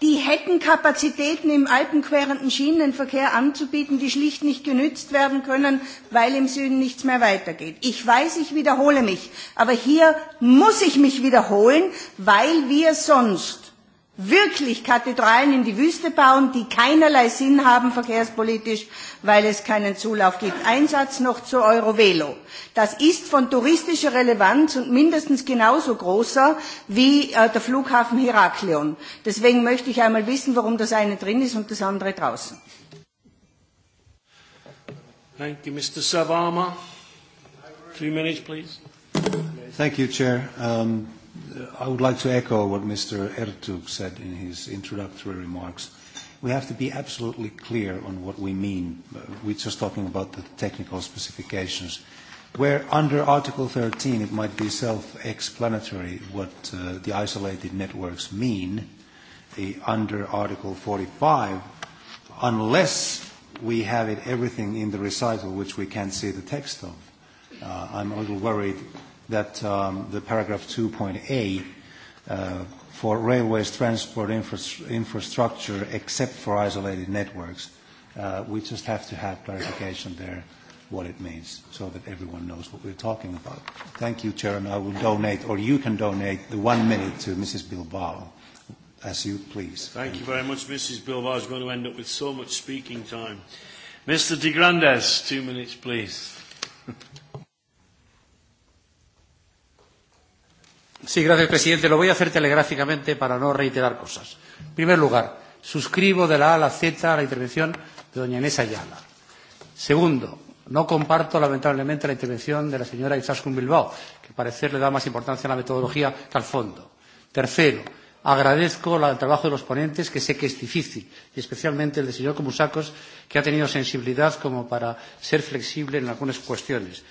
Speaker 12: die hätten Kapazitäten im alpenquerenden Schienenverkehr anzubieten, die schlicht nicht genützt werden können, weil im Süden nichts mehr weitergeht. Ich weiß, ich wiederhole mich, aber hier muss ich mich wiederholen, weil wir sonst wirklich Kathedralen in die Wüste bauen, die keinerlei Sinn haben verkehrspolitisch, weil es keinen Zulauf gibt. Einsatz noch zu Eurovelo. Das ist von touristischer Relevanz und mindestens genauso großer wie äh, der Flughafen Heraklion. Deswegen möchte ich einmal wissen, warum das eine drin ist und das andere draußen.
Speaker 1: Thank you, Mr. Savama. Three minutes, please.
Speaker 13: Thank you, Chair. Um I would like to echo what Mr. Ertug said in his introductory remarks. We have to be absolutely clear on what we mean. We're just talking about the technical specifications. Where under Article 13 it might be self-explanatory what uh, the isolated networks mean the, under Article 45, unless we have it everything in the recital which we can't see the text of. Uh, I'm a little worried that um, the paragraph 2.a uh, for railways transport infra- infrastructure except for isolated networks, uh, we just have to have clarification there what it means so that everyone knows what we're talking about. Thank you, Chair, and I will donate, or you can donate, the one minute to Mrs. Bilbao, as you please.
Speaker 1: Thank, Thank you me. very much, Mrs. Bilbao is going to end up with so much speaking time. Mr. De Grandes, two minutes, please.
Speaker 14: Sí, gracias, presidente. Lo voy a hacer telegráficamente para no reiterar cosas. En primer lugar, suscribo de la A a la Z a la intervención de doña Inés Ayala. Segundo, no comparto lamentablemente la intervención de la señora Izaskun Bilbao, que parecer le da más importancia a la metodología que al fondo. Tercero, agradezco el trabajo de los ponentes, que sé que es difícil, y especialmente el del señor Comusacos, que ha tenido sensibilidad como para ser flexible en algunas cuestiones.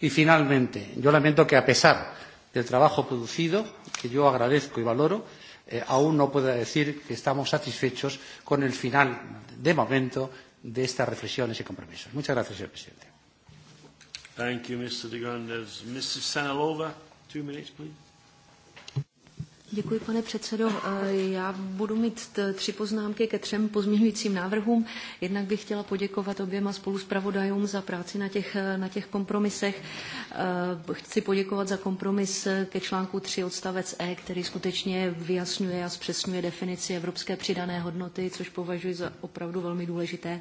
Speaker 14: Y finalmente, yo lamento que a pesar del trabajo producido, que yo agradezco y valoro, eh, aún no puedo decir que estamos satisfechos con el final de momento de estas reflexiones y compromisos. Muchas gracias, señor presidente.
Speaker 1: Thank you, Mr. De Grandes. Mrs. Sanalova, two minutes, please.
Speaker 15: Děkuji, pane předsedo. Eh, já budu mít tři poznámky ke třem pozměňujícím návrhům. Jednak bych chtěla poděkovat oběma spoluzpravodajům za práci na těch, eh, na těch kompromisech. Eh, chci poděkovat za kompromis ke článku 3 odstavec E, který skutečně vyjasňuje a zpřesňuje definici evropské přidané hodnoty, což považuji za opravdu velmi důležité.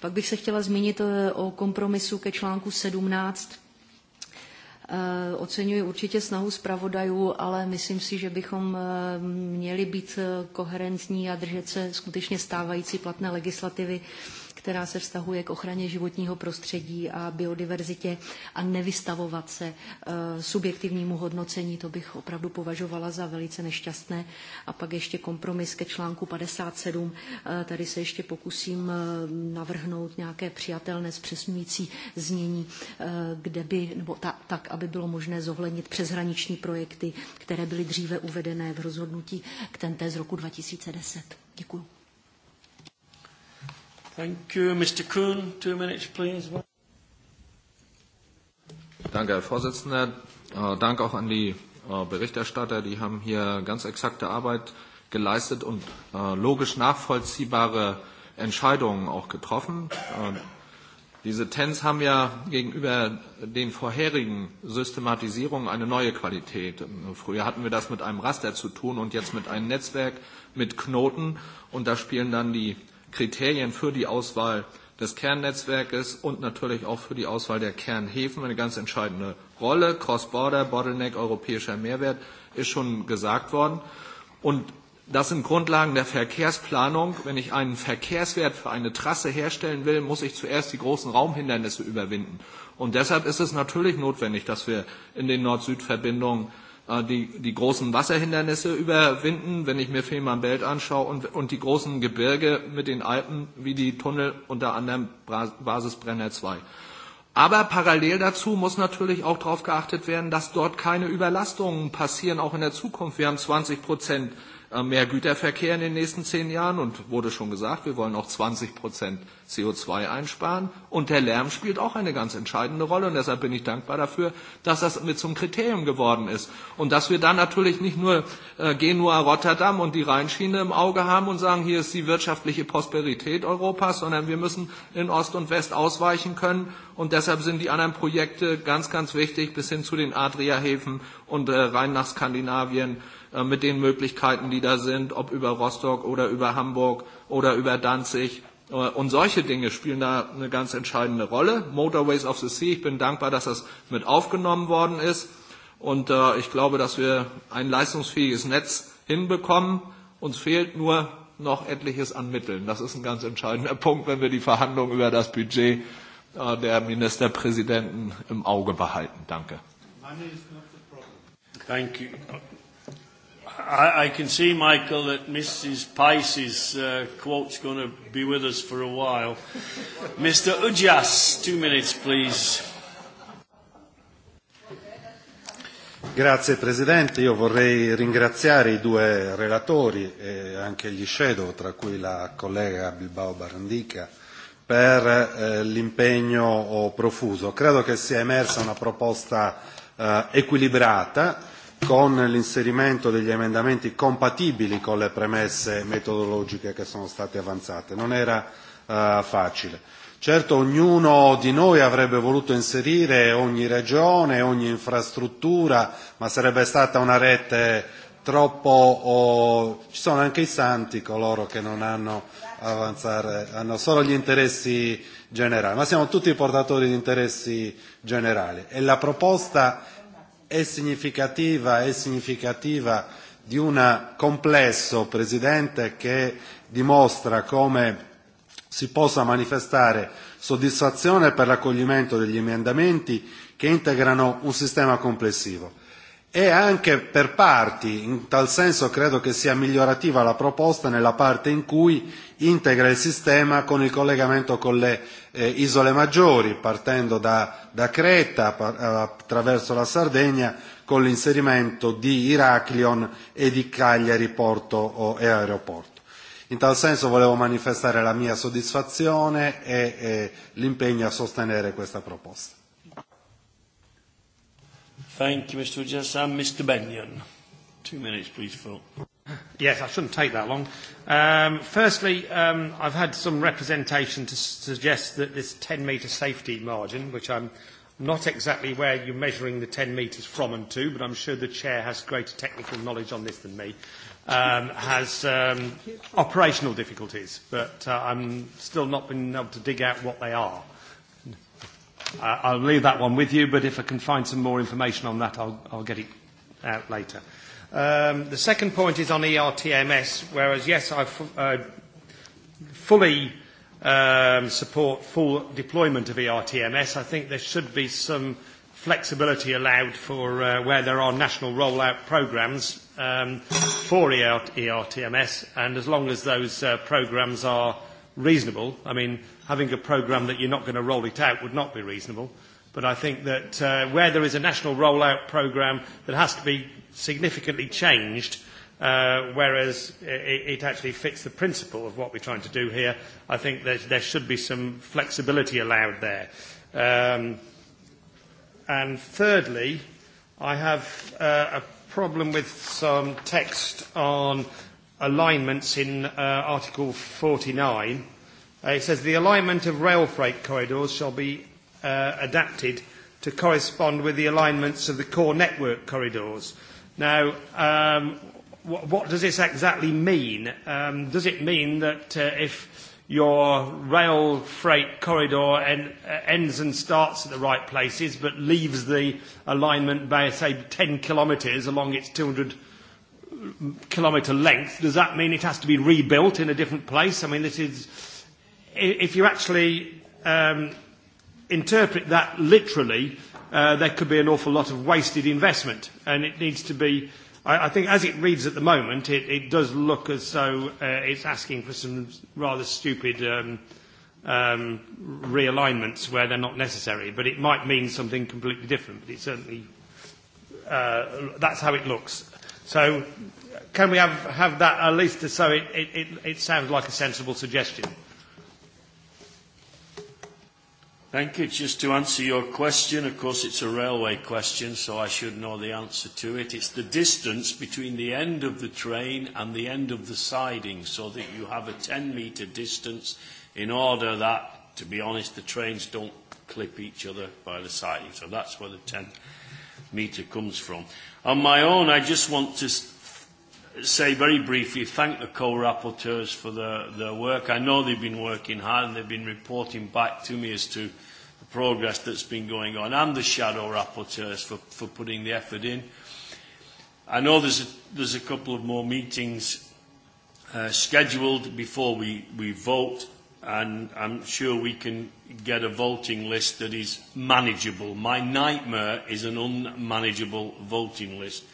Speaker 15: Pak bych se chtěla zmínit o kompromisu ke článku 17 Eh, oceňuji určitě snahu zpravodajů, ale myslím si, že bychom eh, měli být eh, koherentní a držet se skutečně stávající platné legislativy která se vztahuje k ochraně životního prostředí a biodiverzitě a nevystavovat se eh, subjektivnímu hodnocení, to bych opravdu považovala za velice nešťastné. A pak ještě kompromis ke článku 57. Eh, tady se ještě pokusím eh, navrhnout nějaké přijatelné zpřesňující znění, kde by, nebo ta, tak, aby bylo možné zohlednit přeshraniční projekty, které byly dříve uvedené v rozhodnutí k TNT z roku 2010. Děkuji.
Speaker 1: Thank you, Mr. Kuhn. Two minutes, please.
Speaker 16: Danke, Herr Vorsitzender. Äh, danke auch an die äh, Berichterstatter. Die haben hier ganz exakte Arbeit geleistet und äh, logisch nachvollziehbare Entscheidungen auch getroffen. Ähm, diese TENS haben ja gegenüber den vorherigen Systematisierungen eine neue Qualität. Ähm, früher hatten wir das mit einem Raster zu tun und jetzt mit einem Netzwerk mit Knoten. Und da spielen dann die Kriterien für die Auswahl des Kernnetzwerkes und natürlich auch für die Auswahl der Kernhäfen eine ganz entscheidende Rolle. Cross-Border, Bottleneck, europäischer Mehrwert ist schon gesagt worden. Und das sind Grundlagen der Verkehrsplanung. Wenn ich einen Verkehrswert für eine Trasse herstellen will, muss ich zuerst die großen Raumhindernisse überwinden. Und deshalb ist es natürlich notwendig, dass wir in den Nord-Süd-Verbindungen Äh, die, die großen Wasserhindernisse überwinden, wenn ich mir Fehmarn Belt anschaue und, und die großen Gebirge mit den Alpen, wie die Tunnel unter anderem Basis Brenner 2. Aber parallel dazu muss natürlich auch darauf geachtet werden, dass dort keine Überlastungen passieren, auch in der Zukunft. Wir haben 20 Prozent Äh, mehr Güterverkehr in den nächsten zehn Jahren und wurde schon gesagt, wir wollen auch 20 Prozent CO2 einsparen und der Lärm spielt auch eine ganz entscheidende Rolle und deshalb bin ich dankbar dafür, dass das mit zum Kriterium geworden ist und dass wir dann natürlich nicht nur äh, Genua, Rotterdam und die Rheinschiene im Auge haben und sagen, hier ist die wirtschaftliche Prosperität Europas, sondern wir müssen in Ost und West ausweichen können und deshalb sind die anderen Projekte ganz, ganz wichtig bis hin zu den Adriahäfen und äh, rein nach Skandinavien. Äh, mit den Möglichkeiten, die da sind, ob über Rostock oder über Hamburg oder über Danzig. Äh, und solche Dinge spielen da eine ganz entscheidende Rolle. Motorways of the Sea, ich bin dankbar, dass das mit aufgenommen worden ist. Und äh, ich glaube, dass wir ein leistungsfähiges Netz hinbekommen. Uns fehlt nur noch etliches an Mitteln. Das ist ein ganz entscheidender Punkt, wenn wir die Verhandlungen über das Budget äh, der Ministerpräsidenten im Auge behalten. Danke.
Speaker 17: Money is not the problem.
Speaker 1: Thank you. I, I can see, Michael, that Mrs. Pice's uh, quote's going to be with us for a while. Mr. Ujas, two minutes, please.
Speaker 18: Grazie Presidente, io vorrei ringraziare i due relatori e anche gli shadow, tra cui la collega Bilbao Barandica, per eh, l'impegno profuso. Credo che sia emersa una proposta eh, equilibrata con l'inserimento degli emendamenti compatibili con le premesse metodologiche che sono state avanzate. Non era eh, facile. Certo ognuno di noi avrebbe voluto inserire ogni regione, ogni infrastruttura, ma sarebbe stata una rete troppo... Oh, ci sono anche i santi coloro che non hanno avanzare, hanno solo gli interessi generali, ma siamo tutti portatori di interessi generali. E la proposta è significativa, è significativa di un complesso Presidente che dimostra come si possa manifestare soddisfazione per l'accoglimento degli emendamenti che integrano un sistema complessivo. E anche per parti, in tal senso credo che sia migliorativa la proposta nella parte in cui integra il sistema con il collegamento con le eh, isole maggiori, partendo da, da Creta par, attraverso la Sardegna, con l'inserimento di Iraklion e di Cagliari porto o, e aeroporto. In tal senso volevo manifestare la mia soddisfazione e, e l'impegno a sostenere questa proposta.
Speaker 19: Thank you, Mr. Mr. Benyon. Two minutes, please, Phil. Yes, I shouldn't take that long. Um, firstly, um, I've had some representation to suggest that this 10 metre safety margin, which I'm not exactly where you're measuring the 10 metres from and to, but I'm sure the chair has greater technical knowledge on this than me, um, has um, operational difficulties, but uh, I'm still not been able to dig out what they are. Uh, I'll leave that one with you, but if I can find some more information on that, I'll, I'll get it out later. Um, the second point is on ERTMS, whereas, yes, I f uh, fully um, support full deployment of ERTMS. I think there should be some flexibility allowed for uh, where there are national rollout programs um, for ER ERTMS, and as long as those uh, programs are reasonable, I mean, having a program that you're not going to roll it out would not be reasonable, but I think that uh, where there is a national rollout program that has to be significantly changed, uh, whereas it, it actually fits the principle of what we're trying to do here. I think that there should be some flexibility allowed there. Um, and thirdly, I have uh, a problem with some text on alignments in uh, Article 49. Uh, it says the alignment of rail freight corridors shall be uh, adapted to correspond with the alignments of the core network corridors. Uh, Now, um, what, what does this exactly mean? Um, does it mean that uh, if your rail freight corridor en- uh, ends and starts at the right places but leaves the alignment by, say, 10 kilometres along its 200 mm, kilometre length, does that mean it has to be rebuilt in a different place? I mean, this is. If you actually um, interpret that literally, uh, there could be an awful lot of wasted investment. And it needs to be, I, I think, as it reads at the moment, it, it does look as though uh, it's asking for some rather stupid um, um, realignments where they're not necessary. But it might mean something completely different. But it certainly, uh, that's how it looks. So can we have, have that at least so it, it, it, it sounds like a sensible suggestion?
Speaker 1: Thank you. Just to answer your question, of course, it's a railway question, so I should know the answer to it. It's the distance between the end of the train and the end of the siding, so that you have a 10-meter distance in order that, to be honest, the trains don't clip each other by the siding. So that's where the 10-meter comes from. On my own, I just want to say very briefly thank the co-rapporteurs for their, their work. I know they've been working hard and they've been reporting back to me as to the progress that's been going on and the shadow rapporteurs for, for putting the effort in. I know there's a, there's a couple of more meetings uh, scheduled before we, we vote and I'm sure we can get a voting list that is manageable. My nightmare is an unmanageable voting list.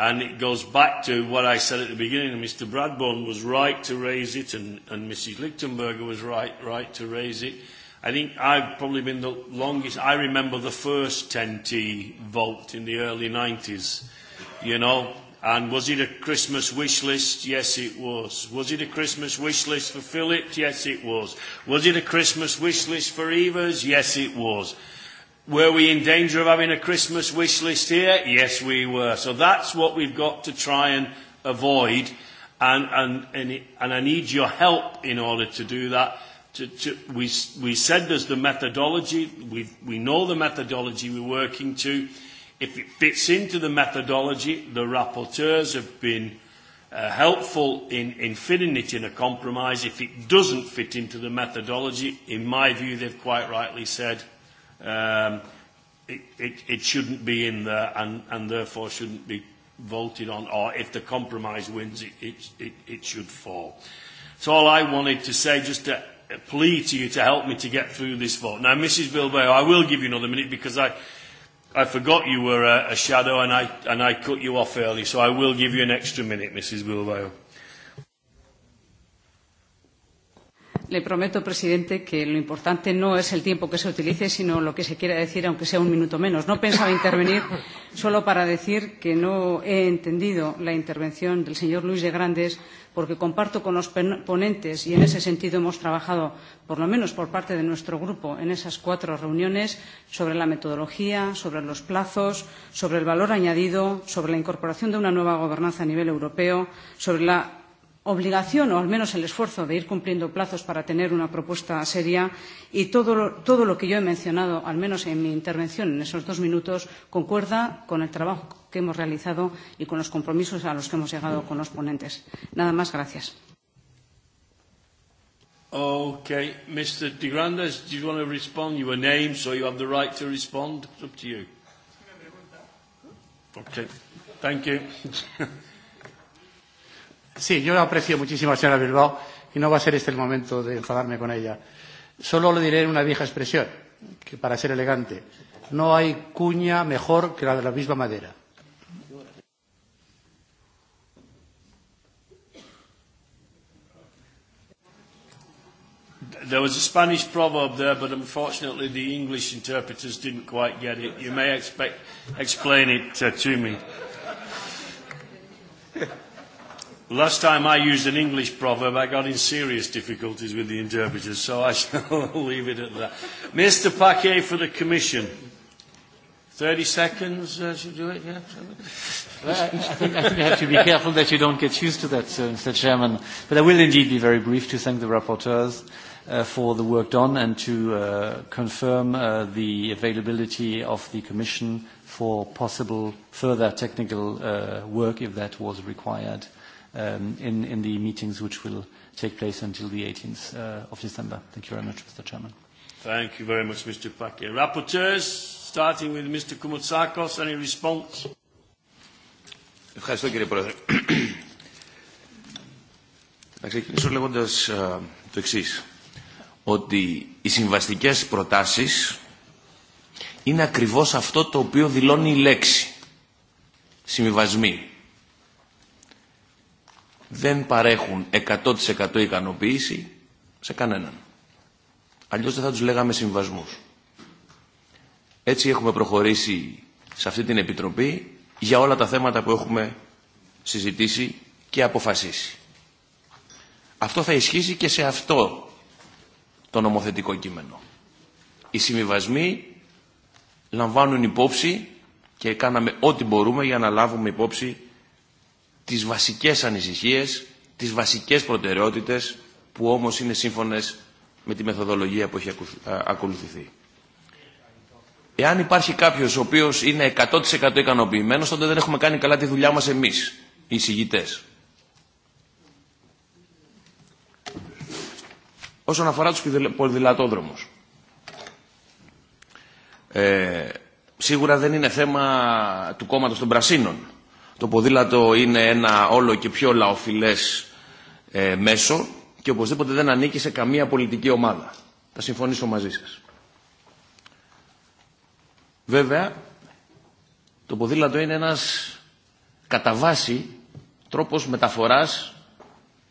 Speaker 1: And it goes back to what I said at the beginning. Mr. Bradbourne was right to raise it, and, and Mrs. Lichtenberger was right, right to raise it. I think I've probably been the longest. I remember the first 10T vote in the early 90s, you know. And was it a Christmas wish list? Yes, it was. Was it a Christmas wish list for Philip? Yes, it was. Was it a Christmas wish list for Evers? Yes, it was. Were we in danger of having a Christmas wish list here? Yes, we were. So that's what we've got to try and avoid. And, and, and, and I need your help in order to do that. To, to, we, we said there's the methodology. We've, we know the methodology we're working to. If it fits into the methodology, the rapporteurs have been uh, helpful in, in fitting it in a compromise. If it doesn't fit into the methodology, in my view, they've quite rightly said, um, it, it, it shouldn't be in there and, and therefore shouldn't be voted on, or if the compromise wins, it, it, it, it should fall. So all I wanted to say, just to plea to you to help me to get through this vote. Now, Mrs. Bilbao, I will give you another minute because I, I forgot you were a, a shadow and I, and I cut you off early, so I will give you an extra minute, Mrs. Bilbao.
Speaker 5: Le prometo, presidente, que lo importante no es el tiempo que se utilice, sino lo que se quiera decir, aunque sea un minuto menos. No pensaba intervenir solo para decir que no he entendido la intervención del señor Luis de Grandes, porque comparto con los ponentes, y en ese sentido hemos trabajado, por lo menos por parte de nuestro grupo, en esas cuatro reuniones, sobre la metodología, sobre los plazos, sobre el valor añadido, sobre la incorporación de una nueva gobernanza a nivel europeo, sobre la obligación o al menos el esfuerzo de ir cumpliendo plazos para tener una propuesta seria y todo lo, todo lo que yo he mencionado, al menos en mi intervención en esos dos minutos, concuerda con el trabajo que hemos realizado y con los compromisos a los que hemos llegado con los ponentes. Nada más, gracias.
Speaker 1: Okay, Mr. De Grandes, do you want to respond? You were named, so you have the right to respond. It's up to you.
Speaker 14: Okay, thank you. Sí, yo la aprecio muchísimo a la señora Bilbao y no va a ser este el momento de enfadarme con ella. Solo le diré una vieja expresión, que para ser elegante, no hay cuña mejor que la de la misma madera.
Speaker 1: There was a Spanish proverb there, but unfortunately the English interpreters didn't quite get it. You may expect, explain it uh, to me. Last time I used an English proverb, I got in serious difficulties with the interpreters, so I shall leave it at that. Mr. Paquet for the Commission. 30 seconds, uh, should you do it? Yeah. I think you have to be
Speaker 17: careful that you don't get used to that, uh, Mr. Chairman. But I will indeed be very brief to thank the rapporteurs uh, for the work done and to uh, confirm uh, the availability of the Commission for possible further technical uh, work if that was required um, in, in the meetings which will take place until the 18th
Speaker 13: uh, of December. Thank you very much, Mr. Chairman.
Speaker 1: Thank you very much, Mr. Paki. Rapporteurs, starting with Mr. Koumoutsakos, any response?
Speaker 2: Ευχαριστώ, κύριε Πρόεδρε. Θα ξεκινήσω λέγοντας α, το εξής. Ότι οι συμβαστικές προτάσεις είναι ακριβώς αυτό το οποίο δηλώνει η λέξη. Συμβασμοί δεν παρέχουν 100% ικανοποίηση σε κανέναν. Αλλιώς δεν θα τους λέγαμε συμβασμούς. Έτσι έχουμε προχωρήσει σε αυτή την Επιτροπή για όλα τα θέματα που έχουμε συζητήσει και αποφασίσει. Αυτό θα ισχύσει και σε αυτό το νομοθετικό κείμενο. Οι συμβιβασμοί λαμβάνουν υπόψη και κάναμε ό,τι μπορούμε για να λάβουμε υπόψη τις βασικές ανησυχίες, τις βασικές προτεραιότητες που όμως είναι σύμφωνες με τη μεθοδολογία που έχει ακολουθηθεί. Εάν υπάρχει κάποιος ο οποίος είναι 100% ικανοποιημένος, τότε δεν έχουμε κάνει καλά τη δουλειά μας εμείς, οι εισηγητές. Όσον αφορά τους πολυδηλατόδρομους, ε, σίγουρα δεν είναι θέμα του κόμματος των πρασίνων, Το ποδήλατο είναι ένα όλο και πιο λαοφιλές ε, μέσο και οπωσδήποτε δεν ανήκει σε καμία πολιτική ομάδα. Θα συμφωνήσω μαζί σας. Βέβαια, το ποδήλατο είναι ένας κατά βάση τρόπος μεταφοράς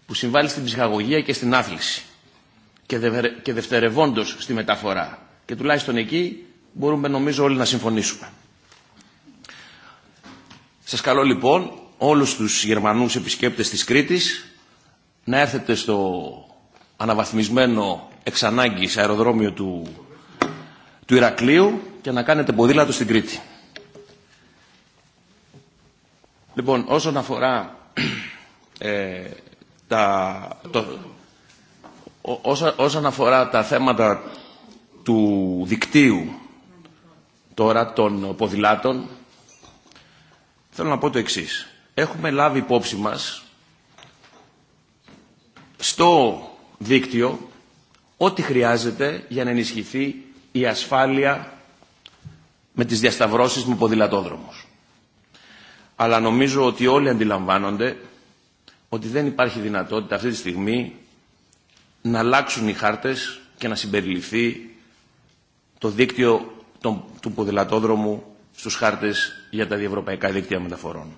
Speaker 2: που συμβάλλει στην ψυχαγωγία και στην άθληση και δευτερευόντως στη μεταφορά. Και τουλάχιστον εκεί μπορούμε νομίζω όλοι να συμφωνήσουμε. Σας καλώ λοιπόν όλους τους Γερμανούς επισκέπτες της Κρήτης να έρθετε στο αναβαθμισμένο εξ ανάγκης αεροδρόμιο του, του Ηρακλείου και να κάνετε ποδήλατο στην Κρήτη. Λοιπόν, όσον αφορά ε, τα, το, ό, ό, όσον αφορά τα θέματα του δικτύου τώρα των ποδηλάτων Θέλω να πω το εξής. Έχουμε λάβει υπόψη μας στο δίκτυο ό,τι χρειάζεται για να ενισχυθεί η ασφάλεια με τις διασταυρώσεις με ποδηλατόδρομους. Αλλά νομίζω ότι όλοι αντιλαμβάνονται ότι δεν υπάρχει δυνατότητα αυτή τη στιγμή να αλλάξουν οι χάρτες και να συμπεριληφθεί το δίκτυο του ποδηλατόδρομου στους χάρτες για τα διευρωπαϊκά δίκτυα μεταφορών.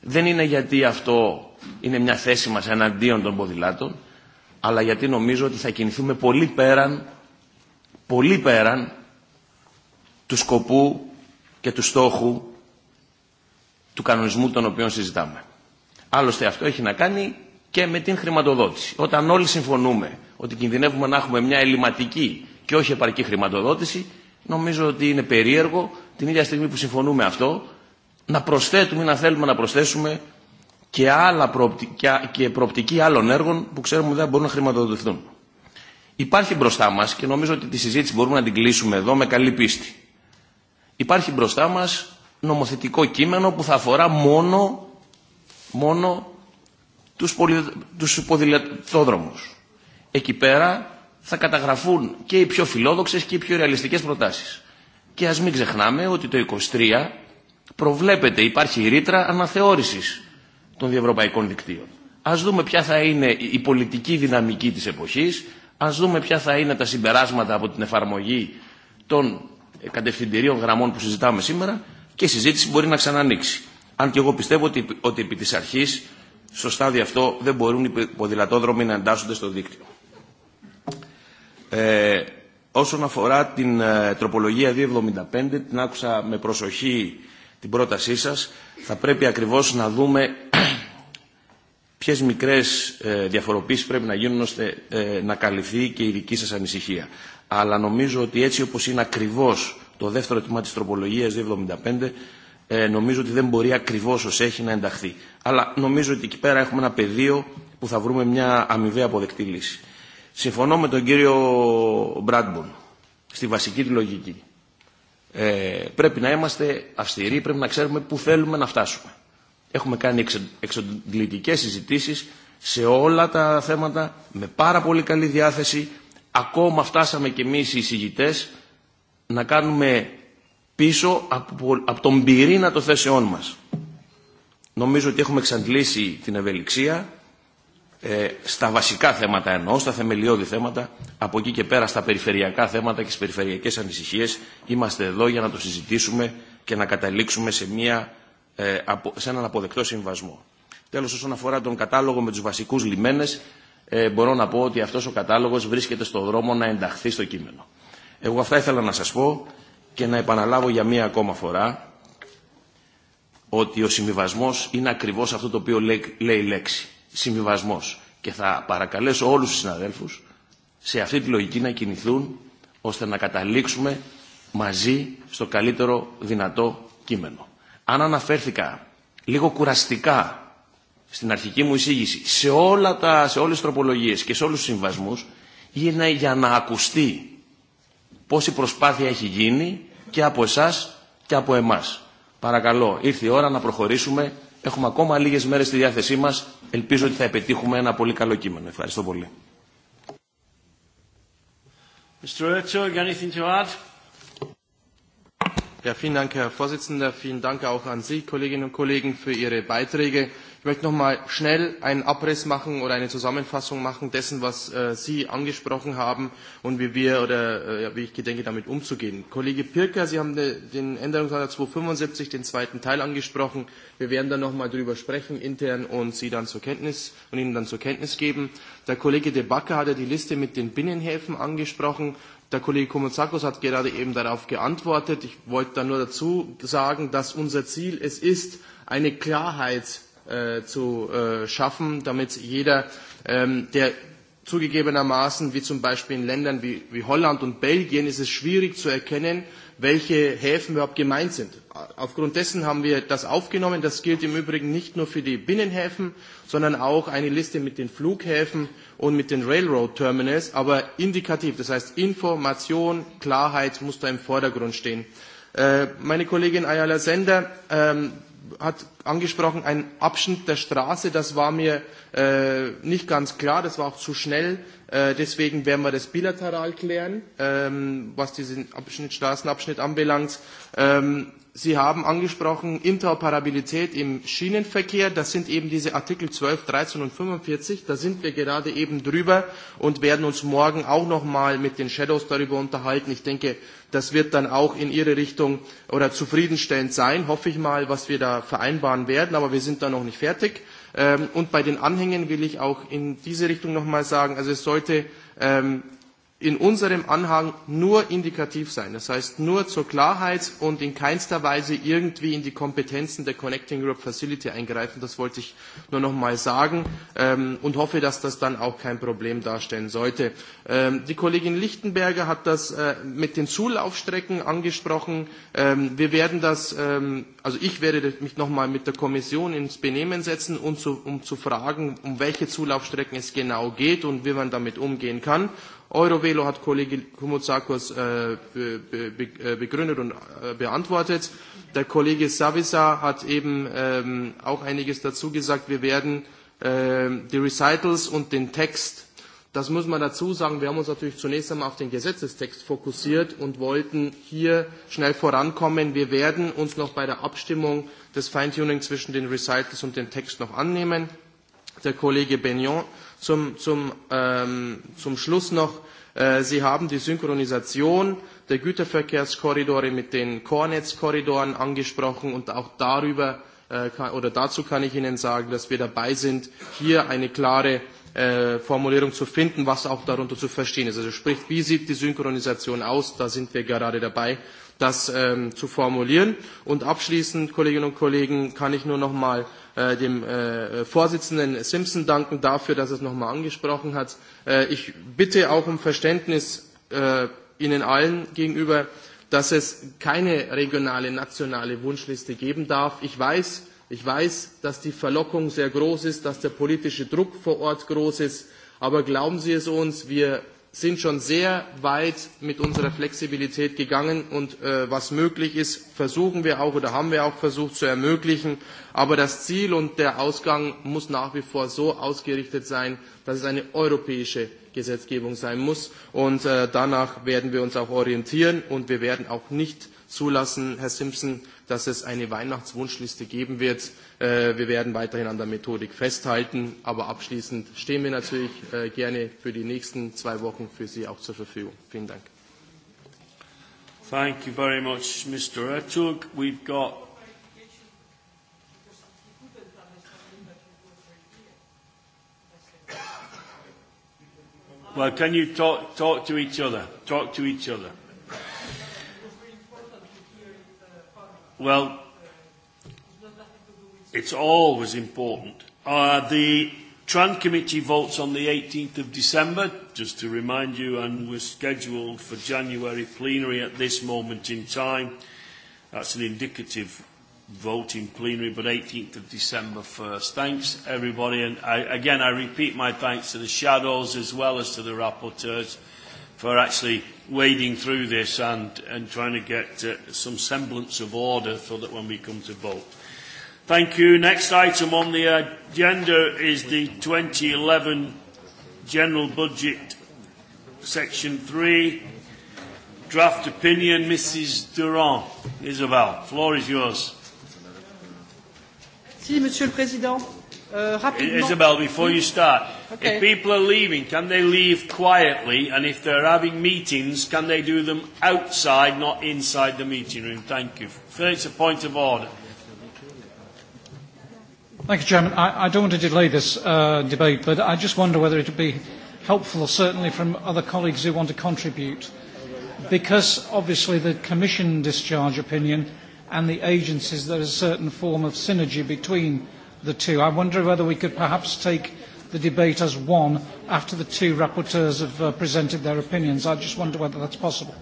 Speaker 2: Δεν είναι γιατί αυτό είναι μια θέση μας εναντίον των ποδηλάτων, αλλά γιατί νομίζω ότι θα κινηθούμε πολύ πέραν, πολύ πέραν του σκοπού και του στόχου του κανονισμού τον οποίο συζητάμε. Άλλωστε αυτό έχει να κάνει και με την χρηματοδότηση. Όταν όλοι συμφωνούμε ότι κινδυνεύουμε να έχουμε μια ελληματική και όχι επαρκή χρηματοδότηση, νομίζω ότι είναι περίεργο την ίδια στιγμή που συμφωνούμε αυτό, να προσθέτουμε ή να θέλουμε να προσθέσουμε και, άλλα προπτικ... και προπτική άλλων έργων που ξέρουμε δεν μπορούν να χρηματοδοτηθούν. Υπάρχει μπροστά μα, και νομίζω ότι τη συζήτηση μπορούμε να την κλείσουμε εδώ με καλή πίστη. Υπάρχει μπροστά μα νομοθετικό κείμενο που θα αφορά μόνο, μόνο τους, πολυ... τους υποδηλετόδρομους. Εκεί πέρα θα καταγραφούν και οι πιο φιλόδοξες και οι πιο ρεαλιστικές προτάσεις. Και ας μην ξεχνάμε ότι το 23 προβλέπεται, υπάρχει η ρήτρα αναθεώρησης των διευρωπαϊκών δικτύων. Ας δούμε ποια θα είναι η πολιτική δυναμική της εποχής, ας δούμε ποια θα είναι τα συμπεράσματα από την εφαρμογή των κατευθυντηρίων γραμμών που συζητάμε σήμερα και η συζήτηση μπορεί να ξανανοίξει. Αν και εγώ πιστεύω ότι, ότι επί της αρχής, στο στάδιο αυτό, δεν μπορούν οι ποδηλατόδρομοι να εντάσσονται στο δίκτυο. Ε, Όσον αφορά την ε, τροπολογία 275, την άκουσα με προσοχή την πρότασή σας. Θα πρέπει ακριβώς να δούμε ποιες μικρές ε, διαφοροποίησεις πρέπει να γίνουν ώστε ε, να καλυφθεί και η δική σας ανησυχία. Αλλά νομίζω ότι έτσι όπως είναι ακριβώς το δεύτερο τμήμα της τροπολογίας 275, ε, νομίζω ότι δεν μπορεί ακριβώς ως έχει να ενταχθεί. Αλλά νομίζω ότι εκεί πέρα έχουμε ένα πεδίο που θα βρούμε μια αμοιβαία αποδεκτή λύση. Συμφωνώ με τον κύριο Μπράντμπουν στη βασική του λογική. Ε, πρέπει να είμαστε αυστηροί, πρέπει να ξέρουμε πού θέλουμε να φτάσουμε. Έχουμε κάνει εξαντλητικές συζητήσεις σε όλα τα θέματα με πάρα πολύ καλή διάθεση. Ακόμα φτάσαμε κι εμείς οι συζητητές να κάνουμε πίσω από, από τον πυρήνα των θέσεών μας. Νομίζω ότι έχουμε εξαντλήσει την ευελιξία, ε, στα βασικά θέματα εννοώ, στα θεμελιώδη θέματα, από εκεί και πέρα στα περιφερειακά θέματα και στις περιφερειακές ανησυχίες, είμαστε εδώ για να το συζητήσουμε και να καταλήξουμε σε, μια, ε, απο, σε έναν αποδεκτό συμβασμό. Τέλος, όσον αφορά τον κατάλογο με τους βασικούς λιμένες, ε, μπορώ να πω ότι αυτός ο κατάλογος βρίσκεται στο δρόμο να ενταχθεί στο κείμενο. Εγώ αυτά ήθελα να σας πω και να επαναλάβω για μία ακόμα φορά ότι ο συμβιβασμός είναι ακριβώς αυτό το οποίο λέει, λέει λέξη συμβιβασμό. Και θα παρακαλέσω όλου του συναδέλφου σε αυτή τη λογική να κινηθούν ώστε να καταλήξουμε μαζί στο καλύτερο δυνατό κείμενο. Αν αναφέρθηκα λίγο κουραστικά στην αρχική μου εισήγηση σε, όλα τα, σε όλες τις τροπολογίες και σε όλους τους συμβασμούς είναι για να ακουστεί πόση προσπάθεια έχει γίνει και από εσάς και από εμάς. Παρακαλώ, ήρθε η ώρα να προχωρήσουμε Έχουμε ακόμα λίγες μέρες στη διάθεσή μας. Ελπίζω ότι θα επιτύχουμε ένα πολύ καλό κείμενο. Ευχαριστώ πολύ.
Speaker 3: Mr. Herzog, anything to add? Ja, vielen Dank, Herr Vorsitzender. Vielen Dank auch an Sie, Kolleginnen und Kollegen, für Ihre Beiträge. Ich möchte nochmal schnell einen Abriss machen oder eine Zusammenfassung machen dessen, was äh, Sie angesprochen haben und wie wir oder äh, ja, wie ich gedenke, damit umzugehen. Kollege Pirker, Sie haben de, den Änderungsantrag 275, den zweiten Teil angesprochen. Wir werden dann nochmal darüber sprechen intern und Sie dann zur Kenntnis und Ihnen dann zur Kenntnis geben. Der Kollege De Backe hat ja die Liste mit den Binnenhäfen angesprochen. Der Kollege Komozakos hat gerade eben darauf geantwortet. Ich wollte da nur dazu sagen, dass unser Ziel es ist, eine Klarheit Äh, zu äh, schaffen, damit jeder, ähm, der zugegebenermaßen, wie zum Beispiel in Ländern wie, wie Holland und Belgien, ist es schwierig zu erkennen, welche Häfen überhaupt gemeint sind. Aufgrund dessen haben wir das aufgenommen. Das gilt im Übrigen nicht nur für die Binnenhäfen, sondern auch eine Liste mit den Flughäfen und mit den Railroad Terminals. Aber indikativ, das heißt Information, Klarheit muss da im Vordergrund stehen. Äh, meine Kollegin Ayala Sender ähm, hat angesprochen, ein Abschnitt der Straße, das war mir äh, nicht ganz klar, das war auch zu schnell. Äh, deswegen werden wir das bilateral klären, ähm, was diesen Abschnitt, Straßenabschnitt anbelangt. Ähm, Sie haben angesprochen Interoperabilität im Schienenverkehr. Das sind eben diese Artikel 12, 13 und 45. Da sind wir gerade eben drüber und werden uns morgen auch noch mal mit den Shadows darüber unterhalten. Ich denke, das wird dann auch in Ihre Richtung oder zufriedenstellend sein, hoffe ich mal, was wir da vereinbaren werden. Aber wir sind da noch nicht fertig. Ähm, und bei den Anhängen will ich auch in diese Richtung noch mal sagen. Also es sollte ähm, in unserem Anhang nur indikativ sein, das heißt nur zur Klarheit und in keinster Weise irgendwie in die Kompetenzen der Connecting Europe Facility eingreifen. Das wollte ich nur noch mal sagen ähm, und hoffe, dass das dann auch kein Problem darstellen sollte. Ähm, die Kollegin Lichtenberger hat das äh, mit den Zulaufstrecken angesprochen. Ähm, wir werden das, ähm, also ich werde mich noch mal mit der Kommission ins Benehmen setzen, um zu, um zu fragen, um welche Zulaufstrecken es genau geht und wie man damit umgehen kann. Eurovelo hat Kollege Kumuzakos äh, äh, begründet und äh, beantwortet. Der Kollege Savisa hat eben ähm, auch einiges dazu gesagt. Wir werden äh, die Recitals und den Text, das muss man dazu sagen, wir haben uns natürlich zunächst einmal auf den Gesetzestext fokussiert und wollten hier schnell vorankommen. Wir werden uns noch bei der Abstimmung des Feintuning zwischen den Recitals und dem Text noch annehmen. Der Kollege Benyon äh, zum, zum, ähm, zum Schluss noch, äh, Sie haben die Synchronisation der Güterverkehrskorridore mit den Kornetzkorridoren angesprochen und auch darüber äh, kann, oder dazu kann ich Ihnen sagen, dass wir dabei sind, hier eine klare äh, Formulierung zu finden, was auch darunter zu verstehen ist. Also sprich, wie sieht die Synchronisation aus? Da sind wir gerade dabei, das ähm, zu formulieren. Und abschließend, Kolleginnen und Kollegen, kann ich nur noch mal Äh, dem äh, Vorsitzenden Simpson danken dafür, dass er es nochmal angesprochen hat. Äh, ich bitte auch um Verständnis Ihnen allen gegenüber, dass es keine regionale, nationale Wunschliste geben darf. Ich weiß, ich weiß, dass die Verlockung sehr groß ist, dass der politische Druck vor Ort groß ist, aber glauben Sie es uns, wir sind schon sehr weit mit unserer Flexibilität gegangen und äh, was möglich ist, versuchen wir auch oder haben wir auch versucht zu ermöglichen. Aber das Ziel und der Ausgang muss nach wie vor so ausgerichtet sein, dass es eine europäische Gesetzgebung sein muss. Und äh, danach werden wir uns auch orientieren und wir werden auch nicht zulassen, Herr Simpson, dass es eine Weihnachtswunschliste geben wird. Äh, wir werden weiterhin an der Methodik festhalten, aber abschließend stehen wir natürlich äh, gerne für die nächsten zwei Wochen für Sie auch zur Verfügung. Vielen Dank.
Speaker 1: Thank you very much, Mr. Ertug. We've got Well, can you talk, talk to each other? Talk to each other. Well, it's always important. Uh, the Tran Committee votes on the 18th of December, just to remind you, and we're scheduled for January plenary at this moment in time. That's an indicative vote in plenary, but 18th of December 1st. Thanks, everybody. And I, again, I repeat my thanks to the shadows as well as to the rapporteurs for actually wading through this and, and trying to get uh, some semblance of order so that when we come to vote. Thank you. Next item on the agenda is the 2011 General Budget, Section 3, Draft Opinion, Mrs Durand. Isabel, floor is yours.
Speaker 20: Merci, Monsieur le Président. Uh, rapidement. Eh, Isabel, before you
Speaker 1: start, okay. if people are leaving, can they leave quietly? And if they're having meetings, can they do them outside, not inside the meeting room? Thank you. It's a point of order.
Speaker 9: Thank you, Chairman. I, I don't want to delay this uh, debate, but I just wonder whether it would be helpful, certainly from other colleagues who want to contribute, because obviously the Commission discharge opinion and the agencies, there is a certain form of synergy between the two. I wonder whether we could perhaps take the debate as one after the two rapporteurs have uh, presented their opinions. I just wonder whether that's possible.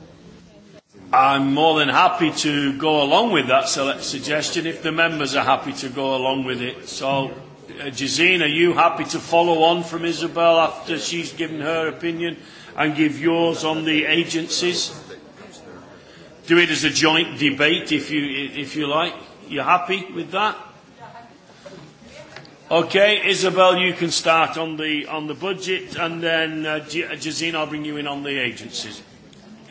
Speaker 1: I'm more than happy to go along with that suggestion if the members are happy to go along with it. So, uh, Jazeen, are you happy to follow on from Isabel after she's given her opinion and give yours on the agencies? Do it as a joint debate if you, if you like. You're happy with that? Okay, Isabel, you can start on the, on the budget and then uh, uh Jazine, I'll bring you in on the agencies.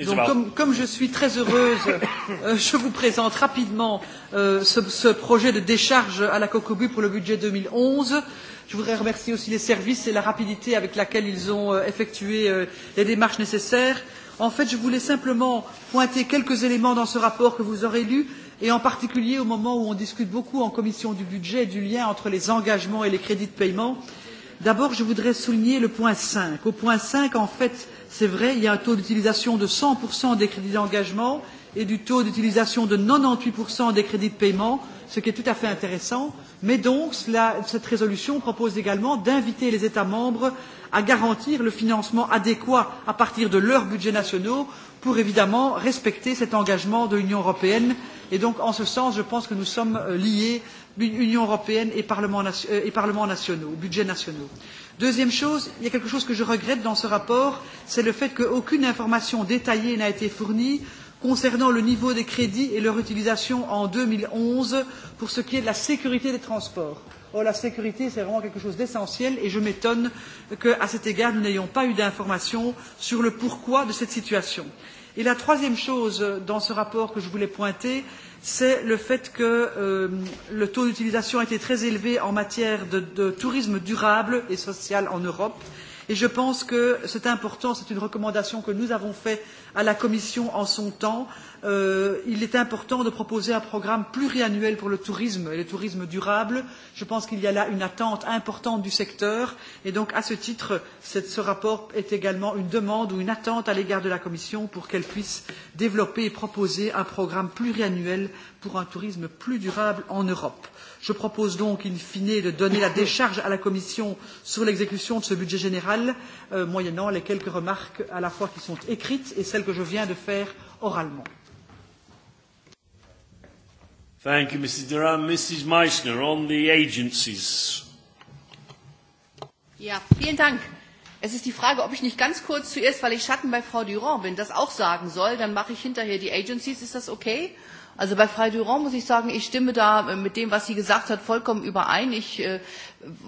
Speaker 1: Donc, comme,
Speaker 20: comme je suis très heureuse, euh, euh, je vous présente rapidement euh, ce, ce projet de décharge à la Cocobu pour le budget 2011. Je voudrais remercier aussi les services et la rapidité avec laquelle ils ont euh, effectué euh, les démarches nécessaires. En fait, je voulais simplement pointer quelques éléments dans ce rapport que vous aurez lu, et en particulier au moment où on discute beaucoup en commission du budget du lien entre les engagements et les crédits de paiement. D'abord, je voudrais souligner le point 5. Au point 5, en fait, c'est vrai, il y a un taux d'utilisation de 100% des crédits d'engagement et du taux d'utilisation de 98% des crédits de paiement, ce qui est tout à fait intéressant. Mais donc, cela, cette résolution propose également d'inviter les États membres à garantir le financement adéquat à partir de leurs budgets nationaux pour évidemment respecter cet engagement de l'Union européenne. Et donc, en ce sens, je pense que nous sommes euh, liés, Union européenne et Parlement, euh, et Parlement nationaux, budgets nationaux. Deuxième chose, il y a quelque chose que je regrette dans ce rapport, c'est le fait qu'aucune information détaillée n'a été fournie concernant le niveau des crédits et leur utilisation en 2011 pour ce qui est de la sécurité des transports. Or, oh, la sécurité, c'est vraiment quelque chose d'essentiel et je m'étonne qu'à cet égard, nous n'ayons pas eu d'informations sur le pourquoi de cette situation. Et la troisième chose dans ce rapport que je voulais pointer, c'est le fait que euh, le taux d'utilisation a été très élevé en matière de, de tourisme durable et social en Europe. Et je pense que c'est important, c'est une recommandation que nous avons faite à la Commission en son temps. Euh, il est important de proposer un programme pluriannuel pour le tourisme et le tourisme durable. Je pense qu'il y a là une attente importante du secteur. Et donc, à ce titre, ce rapport est également une demande ou une attente à l'égard de la Commission pour qu'elle puisse développer et proposer un programme pluriannuel pour un tourisme plus durable en Europe. Je propose donc, in fine, de donner la décharge à la Commission sur l'exécution de ce budget général, euh, moyennant les quelques remarques à la fois qui sont écrites et celles que je viens de faire oralement.
Speaker 1: Thank you, Mrs. Durham. Mrs. Meissner, on the agencies.
Speaker 21: Ja, vielen Dank. Es ist die Frage, ob ich nicht ganz kurz zuerst, weil ich Schatten bei Frau Durand bin, das auch sagen soll. Dann mache ich hinterher die Agencies. Ist das okay? Also bei Frau Durand muss ich sagen, ich stimme da äh, mit dem, was sie gesagt hat, vollkommen überein. Ich äh,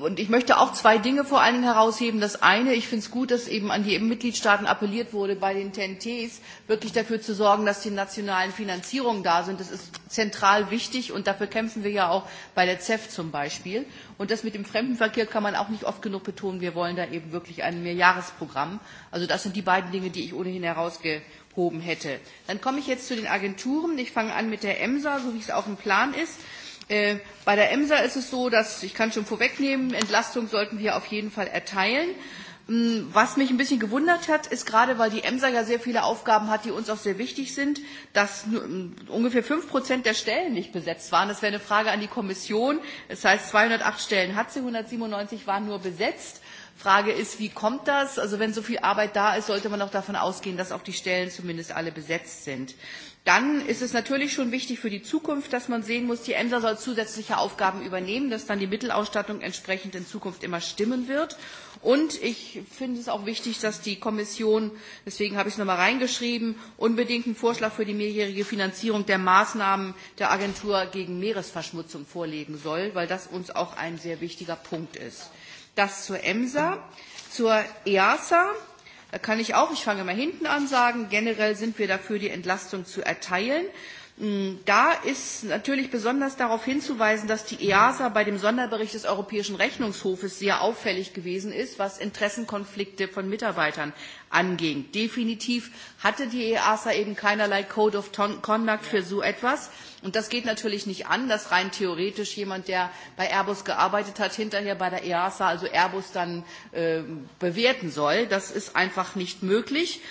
Speaker 21: und ich möchte auch zwei Dinge vor allen Dingen herausheben. Das eine, ich finde es gut, dass eben an die eben Mitgliedstaaten appelliert wurde, bei den TNTs wirklich dafür zu sorgen, dass die nationalen Finanzierungen da sind. Das ist zentral wichtig und dafür kämpfen wir ja auch bei der CEF zum Beispiel. Und das mit dem Fremdenverkehr kann man auch nicht oft genug betonen. Wir wollen da eben wirklich ein Mehrjahresprogramm. Also das sind die beiden Dinge, die ich ohnehin herausgehoben hätte. Dann komme ich jetzt zu den Agenturen. Ich fange an mit der EMSA, so wie es auch im Plan ist. Äh, bei der EMSA ist es so, dass ich kann schon vorwegnehmen, Entlastung sollten wir auf jeden Fall erteilen. Ähm, was mich ein bisschen gewundert hat, ist gerade, weil die EMSA ja sehr viele Aufgaben hat, die uns auch sehr wichtig sind, dass ähm, ungefähr fünf Prozent der Stellen nicht besetzt waren. Das wäre eine Frage an die Kommission. Das heißt, 208 Stellen hat sie, 197 waren nur besetzt. Frage ist, wie kommt das? Also wenn so viel Arbeit da ist, sollte man auch davon ausgehen, dass auch die Stellen zumindest alle besetzt sind dann ist es natürlich schon wichtig für die Zukunft, dass man sehen muss, die Emser soll zusätzliche Aufgaben übernehmen, dass dann die Mittelausstattung entsprechend in Zukunft immer stimmen wird. Und ich finde es auch wichtig, dass die Kommission, deswegen habe ich es nochmal reingeschrieben, unbedingt einen Vorschlag für die mehrjährige Finanzierung der Maßnahmen der Agentur gegen Meeresverschmutzung vorlegen soll, weil das uns auch ein sehr wichtiger Punkt ist. Das zur Emser. Zur EASA kann ich auch ich fange mal hinten an sagen generell sind wir dafür die entlastung zu erteilen. Mm, da ist natürlich besonders darauf hinzuweisen, dass die EASA bei dem Sonderbericht des Europäischen Rechnungshofes sehr auffällig gewesen ist, was Interessenkonflikte von Mitarbeitern anging. Definitiv hatte die EASA eben keinerlei Code of Conduct für so etwas. Und das geht natürlich nicht an, dass rein theoretisch jemand, der bei Airbus gearbeitet hat, hinterher bei der EASA, also Airbus, dann äh, bewerten soll. Das ist einfach nicht möglich.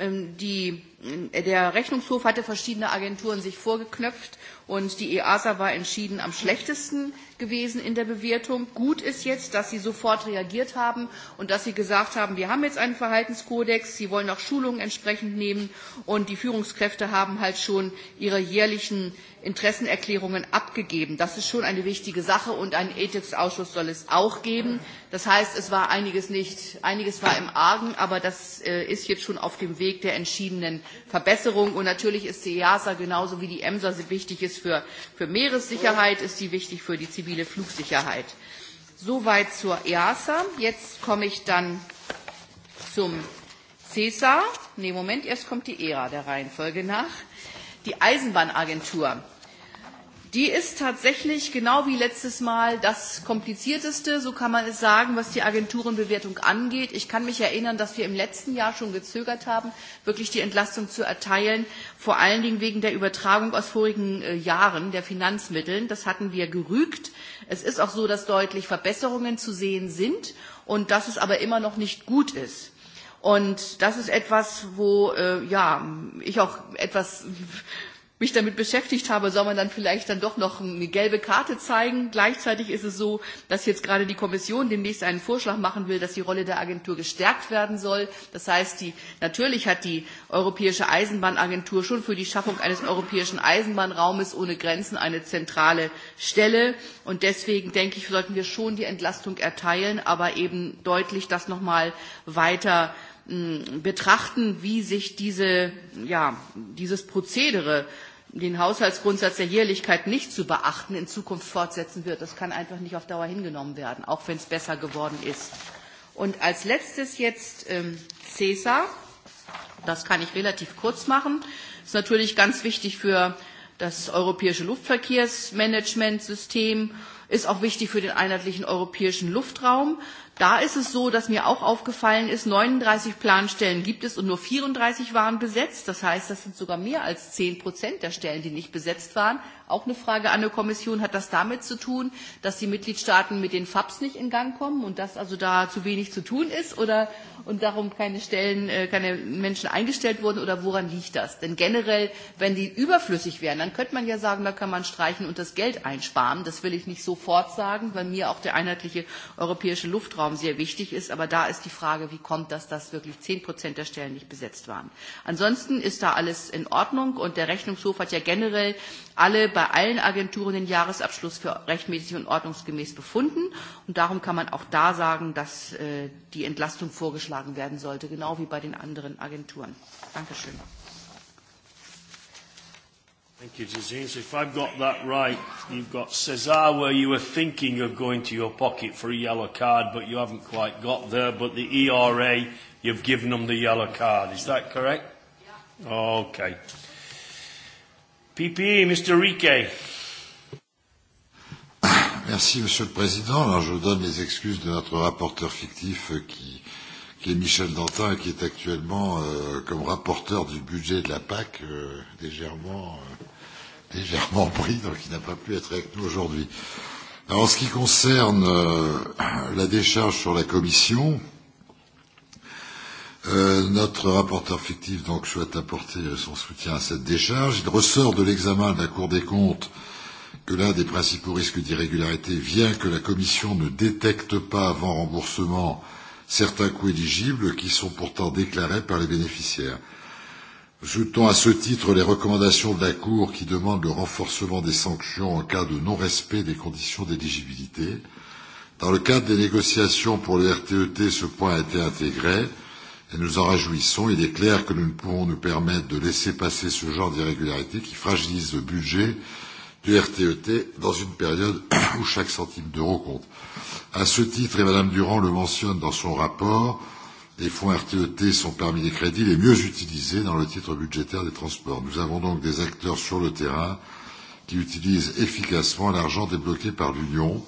Speaker 21: Ähm, die der Rechnungshof hatte verschiedene Agenturen sich vorgeknöpft und die EASA war entschieden am schlechtesten gewesen in der Bewertung. Gut ist jetzt, dass Sie sofort reagiert haben und dass Sie gesagt haben, wir haben jetzt einen Verhaltenskodex, Sie wollen auch Schulungen entsprechend nehmen und die Führungskräfte haben halt schon ihre jährlichen Interessenerklärungen abgegeben. Das ist schon eine wichtige Sache und einen Ethikausschuss soll es auch geben. Das heißt, es war einiges nicht, einiges war im Argen, aber das äh, ist jetzt schon auf dem Weg der entschiedenen Verbesserung. Und natürlich ist die EASA genauso wie die EMSA wichtig ist für, für Meeressicherheit, ist sie wichtig für die zivile Flugsicherheit. Soweit zur EASA. Jetzt komme ich dann zum CESA. Nee, Moment, erst kommt die ERA der Reihenfolge nach. Die Eisenbahnagentur die ist tatsächlich genau wie letztes Mal das komplizierteste, so kann man es sagen, was die Agenturenbewertung angeht. Ich kann mich erinnern, dass wir im letzten Jahr schon gezögert haben, wirklich die Entlastung zu erteilen, vor allen Dingen wegen der Übertragung aus vorigen äh, Jahren der Finanzmitteln. Das hatten wir gerügt. Es ist auch so, dass deutlich Verbesserungen zu sehen sind und dass es aber immer noch nicht gut ist. Und das ist etwas, wo äh, ja, ich auch etwas mich damit beschäftigt habe, soll man dann vielleicht dann doch noch eine gelbe Karte zeigen. Gleichzeitig ist es so, dass jetzt gerade die Kommission demnächst einen Vorschlag machen will, dass die Rolle der Agentur gestärkt werden soll. Das heißt, die, natürlich hat die Europäische Eisenbahnagentur schon für die Schaffung eines europäischen Eisenbahnraumes ohne Grenzen eine zentrale Stelle. Und deswegen denke ich, sollten wir schon die Entlastung erteilen, aber eben deutlich das nochmal weiter hm, betrachten, wie sich diese, ja, dieses Prozedere äh, den Haushaltsgrundsatz der Jährlichkeit nicht zu beachten, in Zukunft fortsetzen wird. Das kann einfach nicht auf Dauer hingenommen werden, auch wenn es besser geworden ist. Und als letztes jetzt ähm, CESA. Das kann ich relativ kurz machen. Das ist natürlich ganz wichtig für das europäische Luftverkehrsmanagementsystem, ist auch wichtig für den einheitlichen europäischen Luftraum. Da ist es so, dass mir auch aufgefallen ist, 39 Planstellen gibt es und nur 34 waren besetzt. Das heißt, das sind sogar mehr als 10 Prozent der Stellen, die nicht besetzt waren auch eine Frage an die Kommission. Hat das damit zu tun, dass die Mitgliedstaaten mit den FAPs nicht in Gang kommen und dass also da zu wenig zu tun ist oder und darum keine Stellen, äh, keine Menschen eingestellt wurden oder woran liegt das? Denn generell, wenn die überflüssig wären, dann könnte man ja sagen, da kann man streichen und das Geld einsparen. Das will ich nicht sofort sagen, weil mir auch der einheitliche europäische Luftraum sehr wichtig ist. Aber da ist die Frage, wie kommt das, dass wirklich 10 Prozent der Stellen nicht besetzt waren. Ansonsten ist da alles in Ordnung und der Rechnungshof hat ja generell alle bei allen Agenturen den Jahresabschluss für rechtmäßig und ordnungsgemäß befunden. Und darum kann man auch da sagen, dass äh, die Entlastung vorgeschlagen werden sollte, genau wie bei den anderen Agenturen. Dankeschön.
Speaker 1: Thank you, Jazeen. So if I've got that right, you've got Cesar where you were thinking of going to your pocket for a yellow card, but you haven't quite got there. But the ERA, you've given them the yellow card. Is that correct? Yeah. Okay. PPE, Mr. Rike.
Speaker 22: Merci, Monsieur le Président. Alors, je donne les excuses de notre rapporteur fictif euh, qui, qui est Michel Dantin et qui est actuellement euh, comme rapporteur du budget de la PAC, euh, légèrement, euh, légèrement pris, donc il n'a pas pu être avec nous aujourd'hui. Alors, en ce qui concerne euh, la décharge sur la Commission, euh, Euh, notre rapporteur fictif donc souhaite apporter son soutien à cette décharge. Il ressort de l'examen de la Cour des comptes que l'un des principaux risques d'irrégularité vient que la Commission ne détecte pas avant remboursement certains coûts éligibles qui sont pourtant déclarés par les bénéficiaires. Jetons à ce titre les recommandations de la Cour qui demande le renforcement des sanctions en cas de non-respect des conditions d'éligibilité. Dans le cadre des négociations pour le RTET, e ce point a été intégré. Euh, et nous en réjouissons. Il est clair que nous ne pouvons nous permettre de laisser passer ce genre d'irrégularité qui fragilise le budget du RTET e dans une période où chaque centime d'euro compte. À ce titre, et Madame Durand le mentionne dans son rapport, les fonds RTET e sont parmi les crédits les mieux utilisés dans le titre budgétaire des transports. Nous avons donc des acteurs sur le terrain qui utilisent efficacement l'argent débloqué par l'Union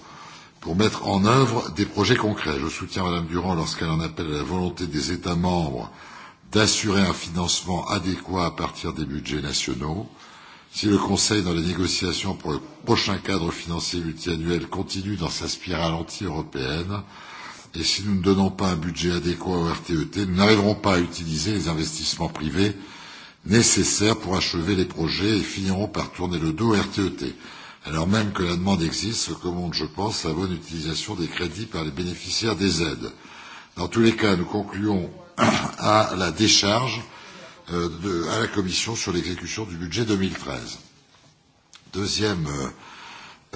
Speaker 22: pour mettre en œuvre des projets concrets. Je soutiens Madame Durand lorsqu'elle en appelle à la volonté des États membres d'assurer un financement adéquat à partir des budgets nationaux. Si le Conseil, dans les négociations pour le prochain cadre financier multiannuel, continue dans sa spirale anti-européenne, et si nous ne donnons pas un budget adéquat au RTET, e nous n'arriverons pas à utiliser les investissements privés nécessaires pour achever les projets et finirons par tourner le dos au RTET. E alors même que la demande existe, ce que montre, je pense, la bonne utilisation des crédits par les bénéficiaires des aides. Dans tous les cas, nous concluons à la décharge euh, de, à la Commission sur l'exécution du budget 2013. Deuxième euh,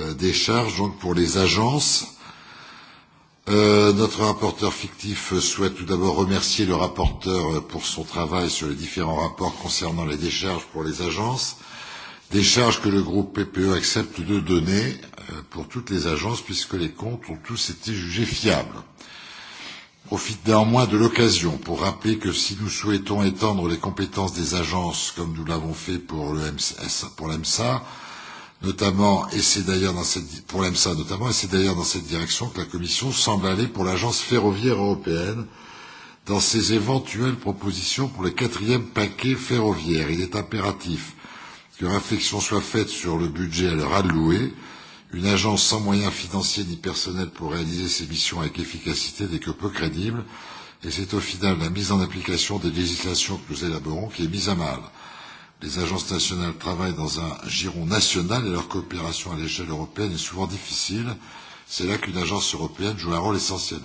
Speaker 22: euh, décharge, donc pour les agences. Euh, notre rapporteur fictif souhaite tout d'abord remercier le rapporteur pour son travail sur les différents rapports concernant les décharges pour les agences. Des charges que le groupe PPE accepte de donner euh, pour toutes les agences puisque les comptes ont tous été jugés fiables. Profite néanmoins de l'occasion pour rappeler que si nous souhaitons étendre les compétences des agences comme nous l'avons fait pour l'EMSA, pour l'EMSA, notamment, et c'est d'ailleurs dans cette, pour l'EMSA notamment, et c'est d'ailleurs dans cette direction que la Commission semble aller pour l'Agence ferroviaire européenne dans ses éventuelles propositions pour le quatrième paquet ferroviaire. Il est impératif que réflexion soit faite sur le budget à leur allouer. Une agence sans moyens financiers ni personnels pour réaliser ses missions avec efficacité n'est que peu crédible. Et c'est au final la mise en application des législations que nous élaborons qui est mise à mal. Les agences nationales travaillent dans un giron national et leur coopération à l'échelle européenne est souvent difficile. C'est là qu'une agence européenne joue un rôle essentiel.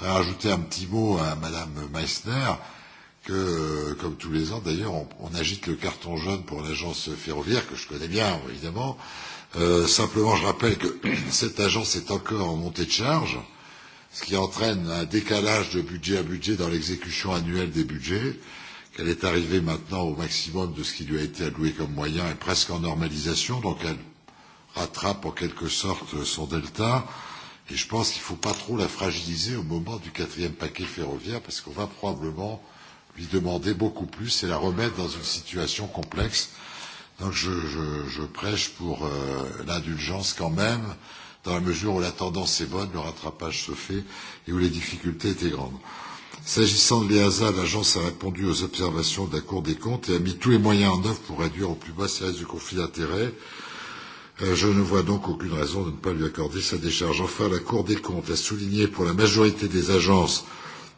Speaker 22: Je vais rajouter un petit mot à Madame Meissner. Euh, que, comme tous les ans d'ailleurs, on, on agite le carton jaune pour l'agence ferroviaire, que je connais bien évidemment. Euh, simplement, je rappelle que cette agence est encore en montée de charge, ce qui entraîne un décalage de budget à budget dans l'exécution annuelle des budgets, qu'elle est arrivée maintenant au maximum de ce qui lui a été alloué comme moyen et presque en normalisation, donc elle rattrape en quelque sorte son delta. Et je pense qu'il ne faut pas trop la fragiliser au moment du quatrième paquet ferroviaire, parce qu'on va probablement euh, lui demander beaucoup plus et la remettre dans une situation complexe. Donc je, je, je prêche pour euh, l'indulgence quand même, dans la mesure où la tendance est bonne, le rattrapage se fait et où les difficultés étaient grandes. S'agissant de l'EASA, l'agence a répondu aux observations de la Cour des comptes et a mis tous les moyens en œuvre pour réduire au plus bas ses risques de conflit d'intérêts. Euh, je ne vois donc aucune raison de ne pas lui accorder sa décharge. Enfin, la Cour des comptes a souligné pour la majorité des agences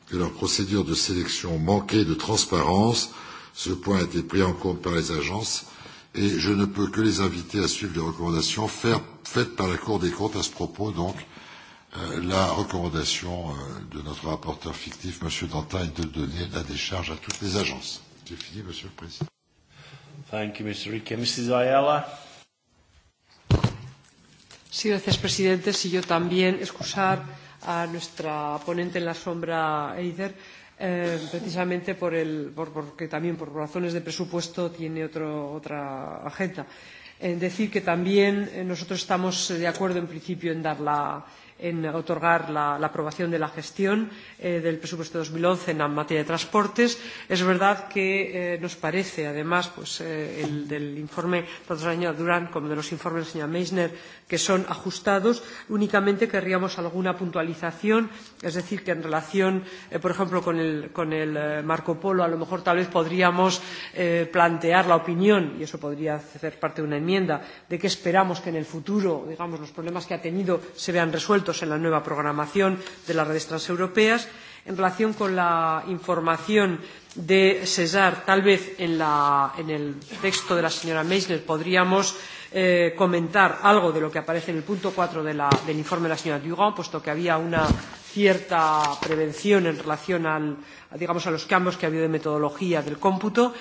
Speaker 22: que leur procédure de sélection manquait de transparence. Ce point a été pris en compte par les agences et je ne peux que les inviter à suivre les recommandations faire, faites par la Cour des comptes à ce propos. Donc, euh, la recommandation euh, de notre rapporteur fictif, M. Dantin, est de donner la décharge à toutes les agences. C'est fini,
Speaker 1: M. le Président. Thank you, Mr. Rique. Mrs. Ayala.
Speaker 11: Sí, gracias, Presidente. Si yo también excusar. Uh -huh a nuestra ponente en la sombra, Eider, eh, precisamente por el, por, porque también por razones de presupuesto tiene otro, otra agenda. En eh, decir que también eh, nosotros estamos eh, de acuerdo en principio en dar la, en otorgar la, la aprobación de la gestión eh, del presupuesto 2011 en la materia de transportes. Es verdad que eh, nos parece, además, pues, eh, el del informe tanto del señor Durán como de los informes del señor Meissner, que son ajustados. Únicamente querríamos alguna puntualización, es decir, que en relación, eh, por ejemplo, con el, con el eh, Marco Polo, a lo mejor tal vez podríamos eh, plantear la opinión, y eso podría hacer parte de una enmienda, de que esperamos que en el futuro, digamos, los problemas que ha tenido se vean resueltos puntos en la nueva programación de las redes transeuropeas. En relación con la información de César, tal vez en, la, en el texto de la señora Meisner podríamos eh, comentar algo de lo que aparece en el punto 4 de la, del informe de la señora Dugan, puesto que había una cierta prevención en relación al, digamos, a los cambios que ha habido de metodología del cómputo.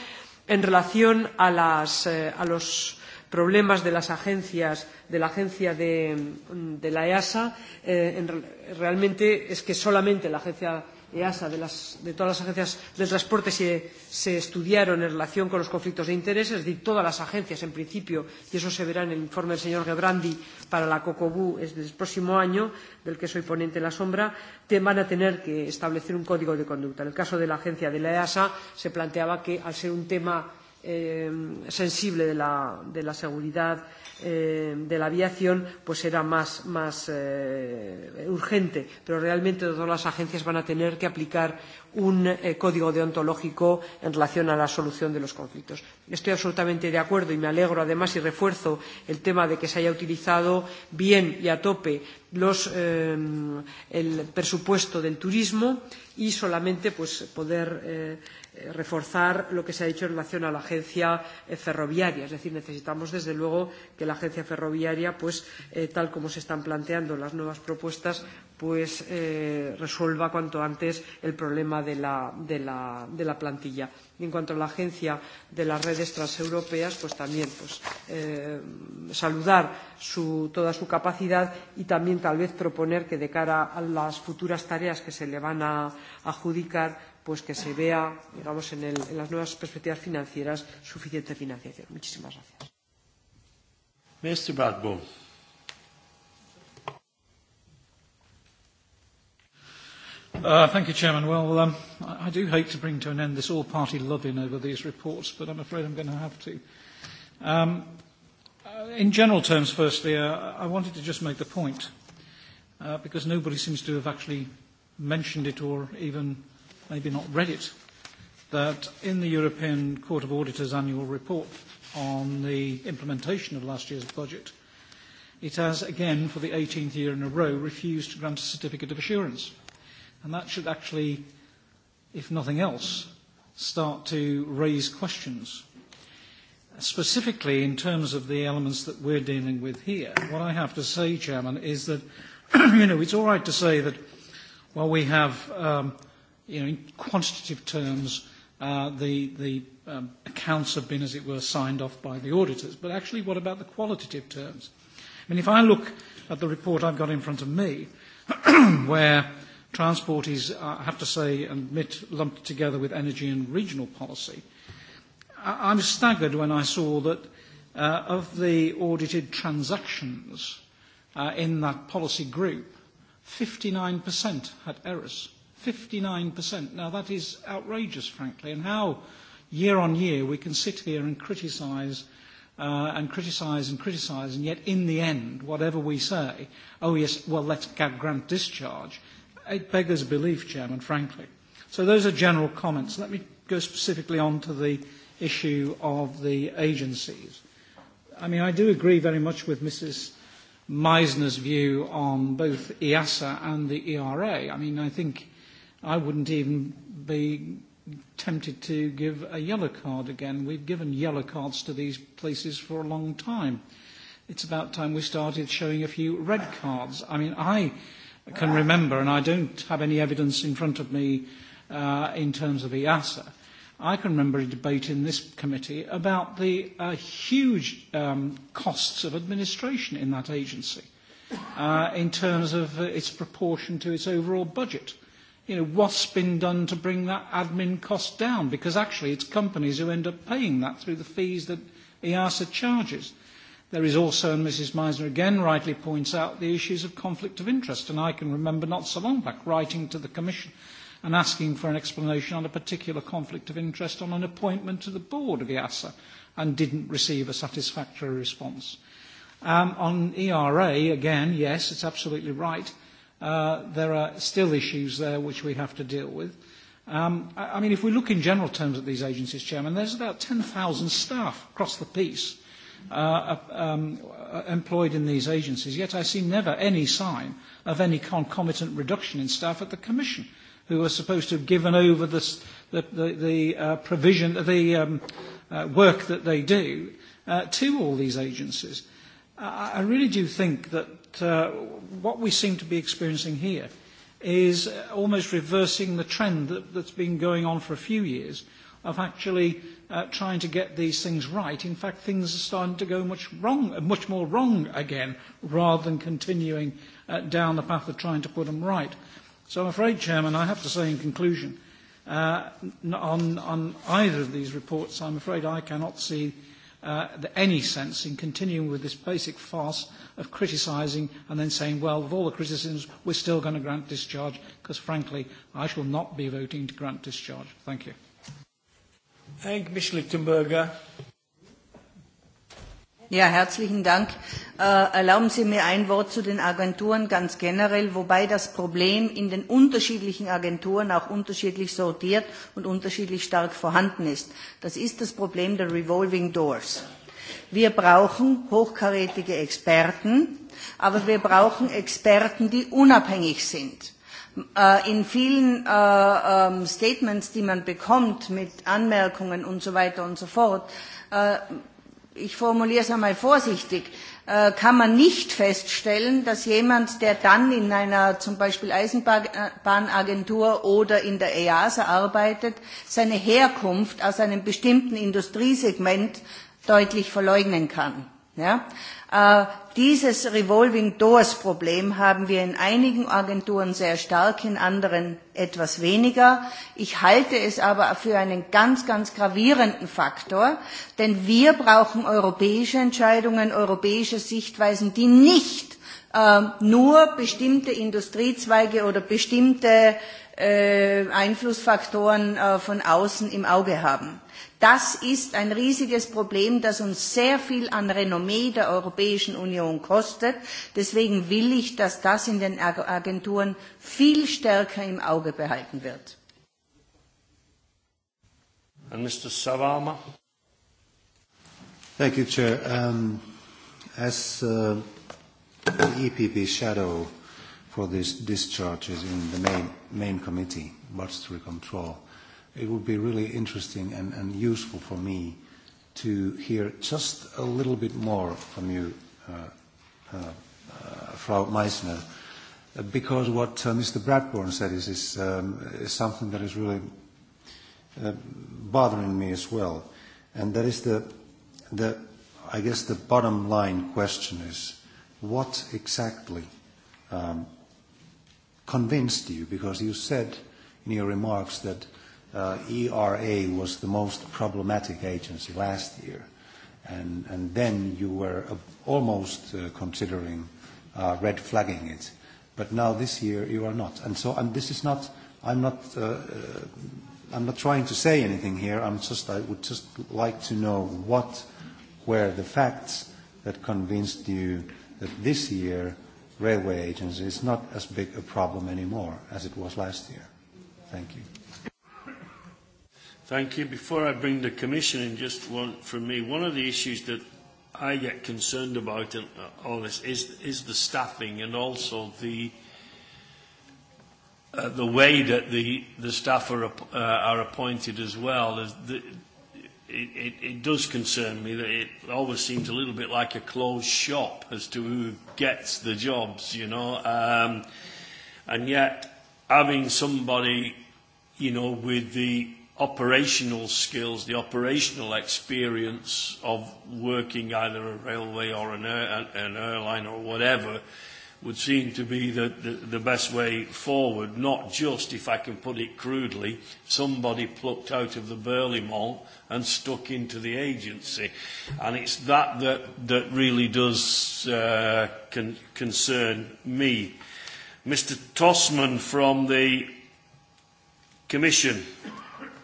Speaker 11: En relación a, las, eh, a los problemas de las agencias, de la agencia de, de la EASA, eh, en, realmente es que solamente la agencia EASA de, las, de todas las agencias del transporte se, se estudiaron en relación con los conflictos de interés, es decir, todas las agencias en principio, y eso se verá en el informe del señor Gebrandi para la COCOBU del próximo año, del que soy ponente en la sombra, te, van a tener que establecer un código de conducta. En el caso de la agencia de la EASA se planteaba que al ser un tema eh, sensible de la, de la seguridad eh, de la aviación pues era más, más eh, urgente. Pero realmente todas las agencias van a tener que aplicar un eh, código deontológico en relación a la solución de los conflictos. Estoy absolutamente de acuerdo y me alegro además y refuerzo el tema de que se haya utilizado bien y a tope los, eh, el presupuesto del turismo y solamente pues, poder. Eh, reforzar lo que se ha dicho en relación a la agencia eh, ferroviaria. Es decir, necesitamos, desde luego, que la agencia ferroviaria, pues, eh, tal como se están planteando las nuevas propuestas, pues, eh, resuelva cuanto antes el problema de la, de la, de la plantilla. Y en cuanto a la agencia de las redes transeuropeas, pues también pues, eh, saludar su, toda su capacidad y también tal vez proponer que de cara a las futuras tareas que se le van a adjudicar, pues que se vea, digamos, en, el, en las nuevas perspectivas financieras suficiente financiación. Muchísimas gracias.
Speaker 6: Mr. Bradbo.
Speaker 9: Uh, thank you, Chairman. Well, um, I do hate to bring to an end this all-party lobbying over these reports, but I'm afraid I'm going to have to. Um, uh, in general terms, firstly, uh, I wanted to just make the point, uh, because nobody seems to have actually mentioned it or even maybe not read it, that in the European Court of Auditors annual report on the implementation of last year's budget, it has again, for the 18th year in a row, refused to grant a certificate of assurance. And that should actually, if nothing else, start to raise questions. Specifically, in terms of the elements that we're dealing with here, what I have to say, Chairman, is that, you know, it's all right to say that, well, we have um, you know, in quantitative terms, uh, the, the um, accounts have been, as it were, signed off by the auditors. But actually, what about the qualitative terms? I mean, if I look at the report I've got in front of me, where transport is, uh, I have to say, admit, lumped together with energy and regional policy, I- I'm staggered when I saw that uh, of the audited transactions uh, in that policy group, 59% had errors. 59%. 59%. Now, that is outrageous, frankly. And how, year on year, we can sit here and criticise uh, and criticise and criticise, and yet, in the end, whatever we say, oh, yes, well, let's grant discharge, it beggars belief, Chairman, frankly. So, those are general comments. Let me go specifically on to the issue of the agencies. I mean, I do agree very much with Mrs. Meisner's view on both EASA and the ERA. I mean, I think. I wouldn't even be tempted to give a yellow card again. We've given yellow cards to these places for a long time. It's about time we started showing a few red cards. I mean, I can remember, and I don't have any evidence in front of me uh, in terms of EASA, I can remember a debate in this committee about the uh, huge um, costs of administration in that agency uh, in terms of uh, its proportion to its overall budget. Uh, you know, what's been done to bring that admin cost down? Because actually, it's companies who end up paying that through the fees that EASA charges. There is also, and Mrs. Meisner again rightly points out, the issues of conflict of interest. And I can remember not so long back writing to the Commission and asking for an explanation on a particular conflict of interest on an appointment to the board of EASA and didn't receive a satisfactory response. Um, on ERA, again, yes, it's absolutely right. Uh, there are still issues there which we have to deal with. Um, I, I mean, if we look in general terms at these agencies, Chairman, there's about 10,000 staff across the piece uh, um, uh, employed in these agencies, yet I see never any sign of any concomitant reduction in staff at the Commission, who are supposed to have given over the, the, the, the uh, provision, the um, uh, work that they do uh, to all these agencies. I really do think that uh, what we seem to be experiencing here is almost reversing the trend that, that's been going on for a few years of actually uh, trying to get these things right. In fact, things are starting to go much wrong, uh, much more wrong again, rather than continuing uh, down the path of trying to put them right. So I'm afraid, Chairman, I have to say in conclusion, uh, on, on either of these reports, I'm afraid I cannot see uh, uh, any sense in continuing with this basic farce of criticising and then saying, well, of all the criticisms, we're still going to grant discharge, because frankly, I shall not be voting to grant discharge. Thank you. Thank you, Mr. Lichtenberger.
Speaker 12: Ja, herzlichen Dank. Äh, erlauben Sie mir ein Wort zu den Agenturen ganz generell, wobei das Problem in den unterschiedlichen Agenturen auch unterschiedlich sortiert und unterschiedlich stark vorhanden ist. Das ist das Problem der Revolving Doors. Wir brauchen hochkarätige Experten, aber wir brauchen Experten, die unabhängig sind. Äh, in vielen äh, ähm, Statements, die man bekommt mit Anmerkungen und so weiter und so fort, ich formuliere es einmal vorsichtig, äh, kann man nicht feststellen, dass jemand, der dann in einer zum Beispiel Eisenbahnagentur oder in der EASA arbeitet, seine Herkunft aus einem bestimmten Industriesegment deutlich verleugnen kann. Ja? Äh, dieses Revolving Doors Problem haben wir in einigen Agenturen sehr stark, in anderen etwas weniger. Ich halte es aber für einen ganz, ganz gravierenden Faktor, denn wir brauchen europäische Entscheidungen, europäische Sichtweisen, die nicht äh, nur bestimmte Industriezweige oder bestimmte äh, Einflussfaktoren äh, von außen im Auge haben. Das ist ein riesiges Problem, das uns sehr viel an Renommee der Europäischen Union kostet. Deswegen will ich, dass das in den Agenturen viel stärker im Auge behalten wird.
Speaker 1: And Mr. Savama.
Speaker 13: Thank you, Chair. Um, as, uh the EPP shadow for these discharges in the main, main committee, budgetary control, it would be really interesting and, and useful for me to hear just a little bit more from you, uh, uh, uh Frau Meissner, because what uh, Mr. Bradburn said is, is, um, is something that is really uh, bothering me as well. And that is the, the, I guess the bottom line question is, uh, what exactly um, convinced you? Because you said in your remarks that uh, ERA was the most problematic agency last year, and, and then you were uh, almost uh, considering uh, red flagging it. But now this year you are not. And so and this is not, I'm not, uh, uh, I'm not trying to say anything here. I'm just, I would just like to know what were the facts that convinced you that this year railway agents is not as big a problem anymore as it was last year. Thank you.
Speaker 1: Thank you. Before I bring the Commission in, just one from me, one of the issues that I get concerned about in uh, all this is, is the staffing and also the, uh, the way that the, the staff are, uh, are appointed as well. Is the, it, it, it does concern me that it always seems a little bit like a closed shop as to who gets the jobs, you know. Um, and yet, having somebody, you know, with the operational skills, the operational experience of working either a railway or an, air, an airline or whatever, uh, would seem to be the, the, the best way forward, not just, if I can put it crudely, somebody plucked out of the Burley Mall and stuck into the agency. And it's that that, that really does uh, con- concern me. Mr. Tossman from the Commission,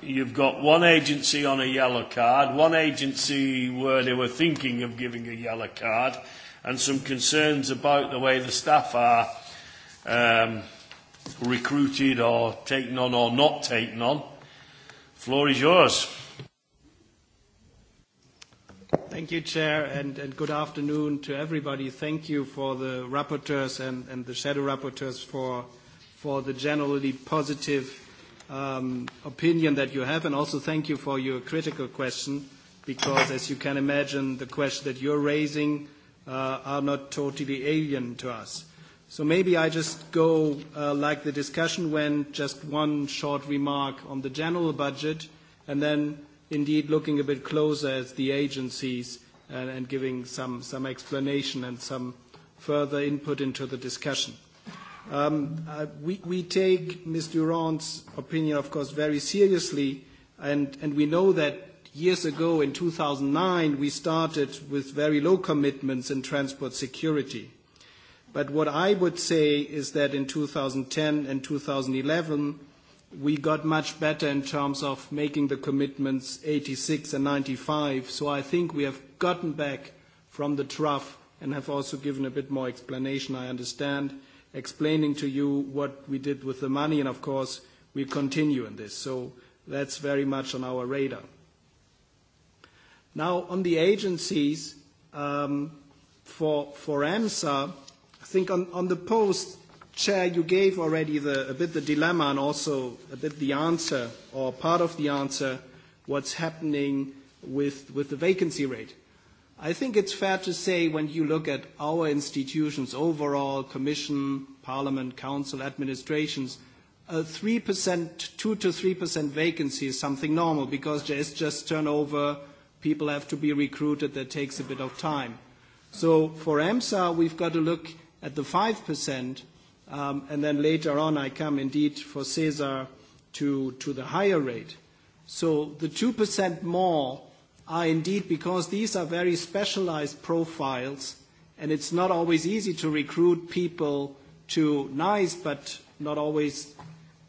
Speaker 1: you've got one agency on a yellow card, one agency where they were thinking of giving a yellow card and some concerns about the way the staff are um, recruited or taken on or not taken on. Floor is yours.
Speaker 23: Thank you, Chair, and, and good afternoon to everybody. Thank you for the rapporteurs and, and the shadow rapporteurs for, for the generally positive um, opinion that you have, and also thank you for your critical question, because as you can imagine, the question that you're raising uh, are not totally alien to us. So maybe I just go uh, like the discussion went, just one short remark on the general budget, and then indeed looking a bit closer at the agencies and, and giving some, some explanation and some further input into the discussion. Um, uh, we, we take Ms. Durand's opinion, of course, very seriously, and, and we know that years ago in 2009, we started with very low commitments in transport security. What I would say is that in 2010 and 2011, we got much better in terms of making the commitments 86 and 95. I think we have gotten back from the trough and have also given a bit more explanation, I understand, explaining to you what we did with the money, and of course, we continue in this. That's very much on our radar. Now, on the agencies um, for EMSA, I think on the post, Chair, you gave already a bit the dilemma and also a bit the answer or part of the answer, what's happening with the vacancy rate. I think it's fair to say when you look at our institutions overall, commission, parliament, council, administrations, 2%-3% vacancy is something normal because there is just turnover, people have to be recruited, that takes a bit of time. So for EMSA, we've got to look at the 5%, um, and then later on I come indeed for CESAR to, to the higher rate. So the 2% more are indeed because these are very specialized profiles, and it's not always easy to recruit people to nice but not always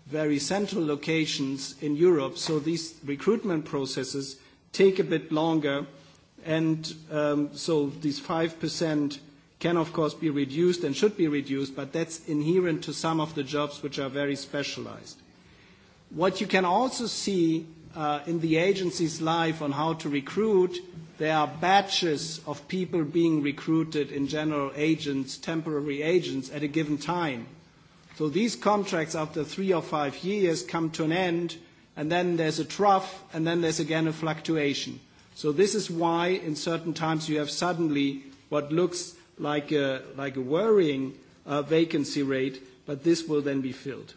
Speaker 23: very central locations in Europe. So these recruitment processes – take a bit longer. 5% um, can, of course, be reduced and should be reduced, but that's inherent to some of the jobs which are very specialized. What you can also see uh, in the agencies live on how to recruit, there are batches of people being recruited in general agents, temporary agents at a given time. These contracts, after three or five years, come to an end, and then there's a trough, and then there's again a fluctuation. So this is why in certain times you have suddenly what looks like a, like a worrying uh, vacancy rate, but this will then be filled.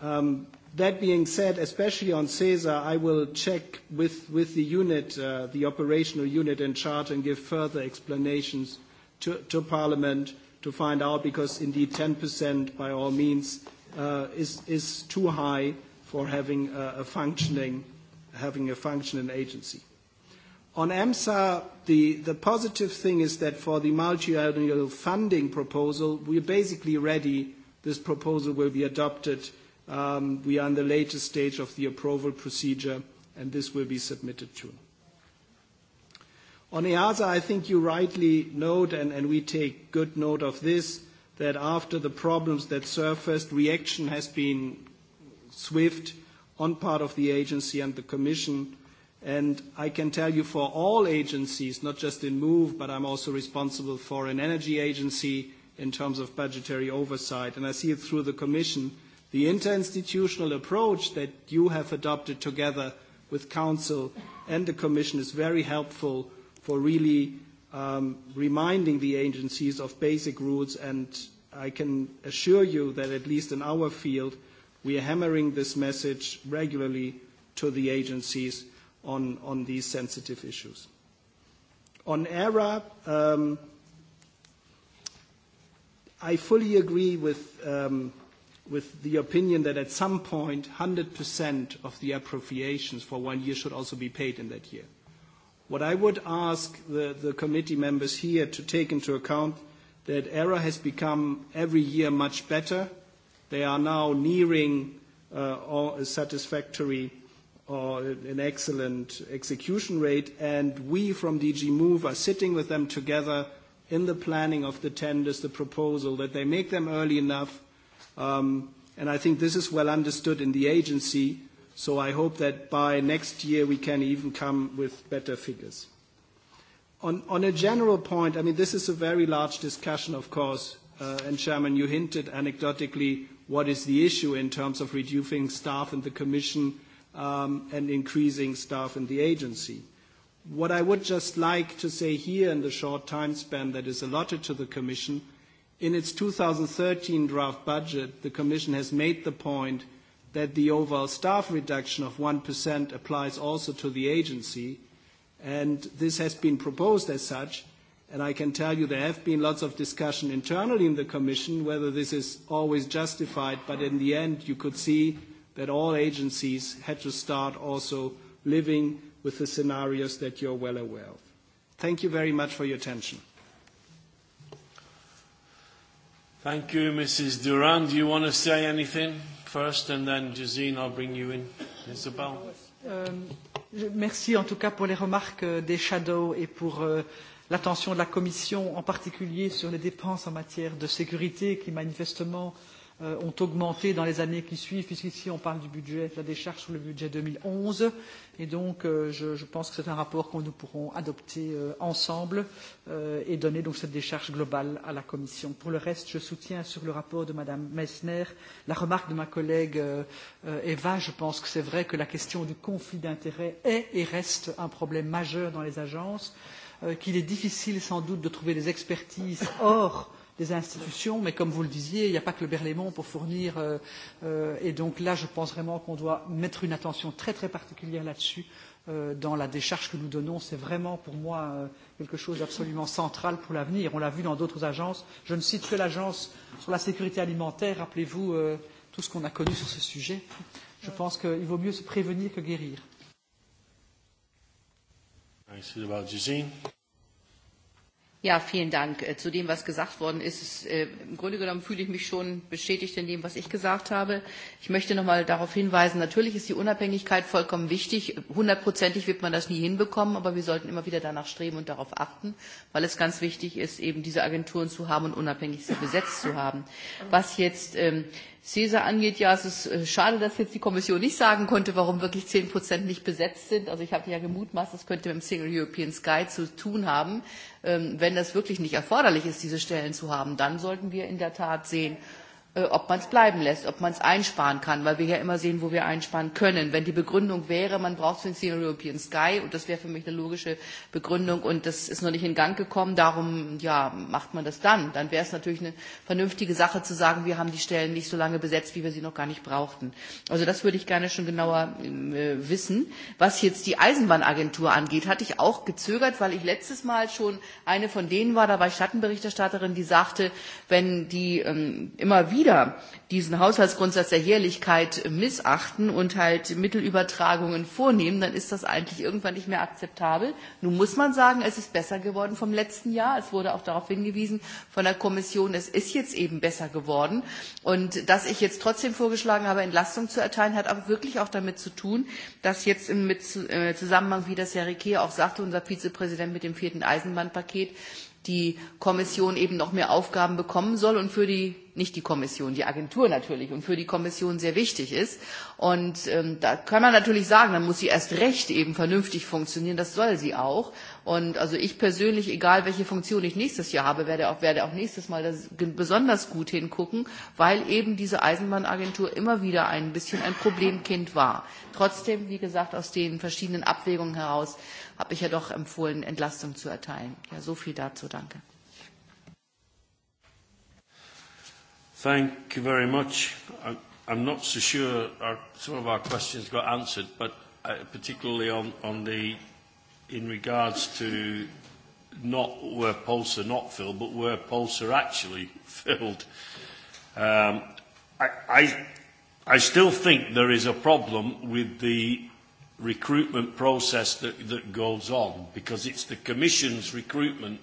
Speaker 23: Um, that being said, especially on CESAR, I will check with, with the unit, uh, the operational unit in charge, and give further explanations to, to Parliament to find out because indeed 10% by all means uh, is, is too high for having a, a functioning having a functioning agency. On EMSA, the, the positive thing is that for the multi-annual funding proposal, we're basically ready. This proposal will be adopted. Um, we are in the latest stage of the approval procedure, and this will be submitted to. On EASA, I think you rightly note, and, and we take good note of this, that after the problems that surfaced, reaction has been swift on part of the agency and the commission. and i can tell you for all agencies, not just in move, but i'm also responsible for an energy agency in terms of budgetary oversight. and i see it through the commission. the interinstitutional approach that you have adopted together with council and the commission is very helpful for really um, reminding the agencies of basic rules. and i can assure you that at least in our field, We are hammering this message regularly to the agencies on these sensitive issues. On ERA, um, I fully agree um, with the opinion that at some point, 100% of the appropriations for one year should also be paid in that year. What I would ask the committee members here to take into account that ERA has become every year much better, they are now nearing uh, a satisfactory or an excellent execution rate, and we from DG Move are sitting with them together in the planning of the tenders, the proposal, that they make them early enough. Um, I think this is well understood in the agency, so I hope that by next year we can even come with better figures. On a general point, this is a very large discussion, of course, uh, and Chairman, you hinted anecdotally what is the issue in terms of reducing staff in the commission um, and increasing staff in the agency. What I would just like to say here in the short time span that is allotted to the commission, in its 2013 draft budget, the commission has made the point that the overall staff reduction of 1% applies also to the agency, and this has been proposed as such, And I can tell you there have been lots of discussion internally in the Commission whether this is always justified, but in the end you could see that all agencies had to start also living with the scenarios that you're well aware of. Thank you very much for your attention.
Speaker 1: Thank you, Mrs. Durand. Do you want to say anything first and then Jazine, I'll bring you in, Isabel?
Speaker 20: Um, merci en tout cas pour les remarques euh, des shadows et pour uh, l'attention de la Commission, en particulier sur les dépenses en matière de sécurité, qui manifestement euh, ont augmenté dans les années qui suivent, puisqu'ici on parle du budget, de la décharge sur le budget 2011. Et donc euh, je, je pense que c'est un rapport que nous pourrons adopter euh, ensemble euh, et donner donc cette décharge globale à la Commission. Pour le reste, je soutiens sur le rapport de Madame Messner la remarque de ma collègue euh, euh, Eva. Je pense que c'est vrai que la question du conflit d'intérêts est et reste un problème majeur dans les agences. Euh, qu'il est difficile sans doute de trouver des expertises hors des institutions, mais comme vous le disiez, il n'y a pas que le Berlaymont pour fournir. Euh, euh, et donc là, je pense vraiment qu'on doit mettre une attention très très particulière là-dessus euh, dans la décharge que nous donnons. C'est vraiment pour moi euh, quelque chose d'absolument central pour l'avenir. On l'a vu dans d'autres agences. Je ne cite que l'agence sur la sécurité alimentaire. Rappelez-vous euh, tout ce qu'on a connu sur ce sujet. Je pense qu'il vaut mieux se prévenir que guérir.
Speaker 21: Ja, vielen Dank. Äh, zu dem, was gesagt worden ist, ist äh, im Grunde genommen fühle ich mich schon bestätigt in dem, was ich gesagt habe. Ich möchte noch mal darauf hinweisen, natürlich ist die Unabhängigkeit vollkommen wichtig. Hundertprozentig wird man das nie hinbekommen, aber wir sollten immer wieder danach streben und darauf achten, weil es ganz wichtig ist, eben diese Agenturen zu haben und unabhängig sie besetzt zu haben. Was jetzt... Ähm, CESAR angeht, ja, es ist äh, schade, dass jetzt die Kommission nicht sagen konnte, warum wirklich 10 Prozent nicht besetzt sind. Also ich habe ja gemutmaßt, das könnte mit dem Single European Sky zu tun haben. Ähm, wenn das wirklich nicht erforderlich ist, diese Stellen zu haben, dann sollten wir in der Tat sehen, Äh, ob man es bleiben lässt, ob man es einsparen kann, weil wir ja immer sehen, wo wir einsparen können. Wenn die Begründung wäre, man braucht es für den Senior European Sky und das wäre für mich eine logische Begründung und das ist noch nicht in Gang gekommen, darum ja, macht man das dann. Dann wäre es natürlich eine vernünftige Sache zu sagen, wir haben die Stellen nicht so lange besetzt, wie wir sie noch gar nicht brauchten. Also das würde ich gerne schon genauer ähm, äh, wissen. Was jetzt die Eisenbahnagentur angeht, hatte ich auch gezögert, weil ich letztes Mal schon eine von denen war, da war ich Schattenberichterstatterin, die sagte, wenn die ähm, immer wieder wieder diesen Haushaltsgrundsatz der Jährlichkeit missachten und halt Mittelübertragungen vornehmen, dann ist das eigentlich irgendwann nicht mehr akzeptabel. Nun muss man sagen, es ist besser geworden vom letzten Jahr. Es wurde auch darauf hingewiesen von der Kommission, es ist jetzt eben besser geworden. Und dass ich jetzt trotzdem vorgeschlagen habe, Entlastung zu erteilen, hat aber wirklich auch damit zu tun, dass jetzt im äh, Zusammenhang, wie das Herr Riquet auch sagte, unser Vizepräsident mit dem vierten Eisenbahnpaket, die Kommission eben noch mehr Aufgaben bekommen soll und für die nicht die Kommission, die Agentur natürlich und für die Kommission sehr wichtig ist. Und ähm, da kann man natürlich sagen, dann muss sie erst recht eben vernünftig funktionieren, das soll sie auch. Und also ich persönlich, egal welche Funktion ich nächstes Jahr habe, werde auch, werde auch nächstes Mal das besonders gut hingucken, weil eben diese Eisenbahnagentur immer wieder ein bisschen ein Problemkind war. Trotzdem, wie gesagt, aus den verschiedenen Abwägungen heraus äh, habe ich ja doch empfohlen, Entlastung zu erteilen. Ja, so viel dazu. Danke.
Speaker 1: Thank you very much. I'm not so sure our, some of our questions got answered, but uh, particularly on, on the, in regards to not where polls are not filled, but where polls are actually filled. Um, I, I, I still think there is a problem with the recruitment process that, that goes on because it's the Commission's recruitment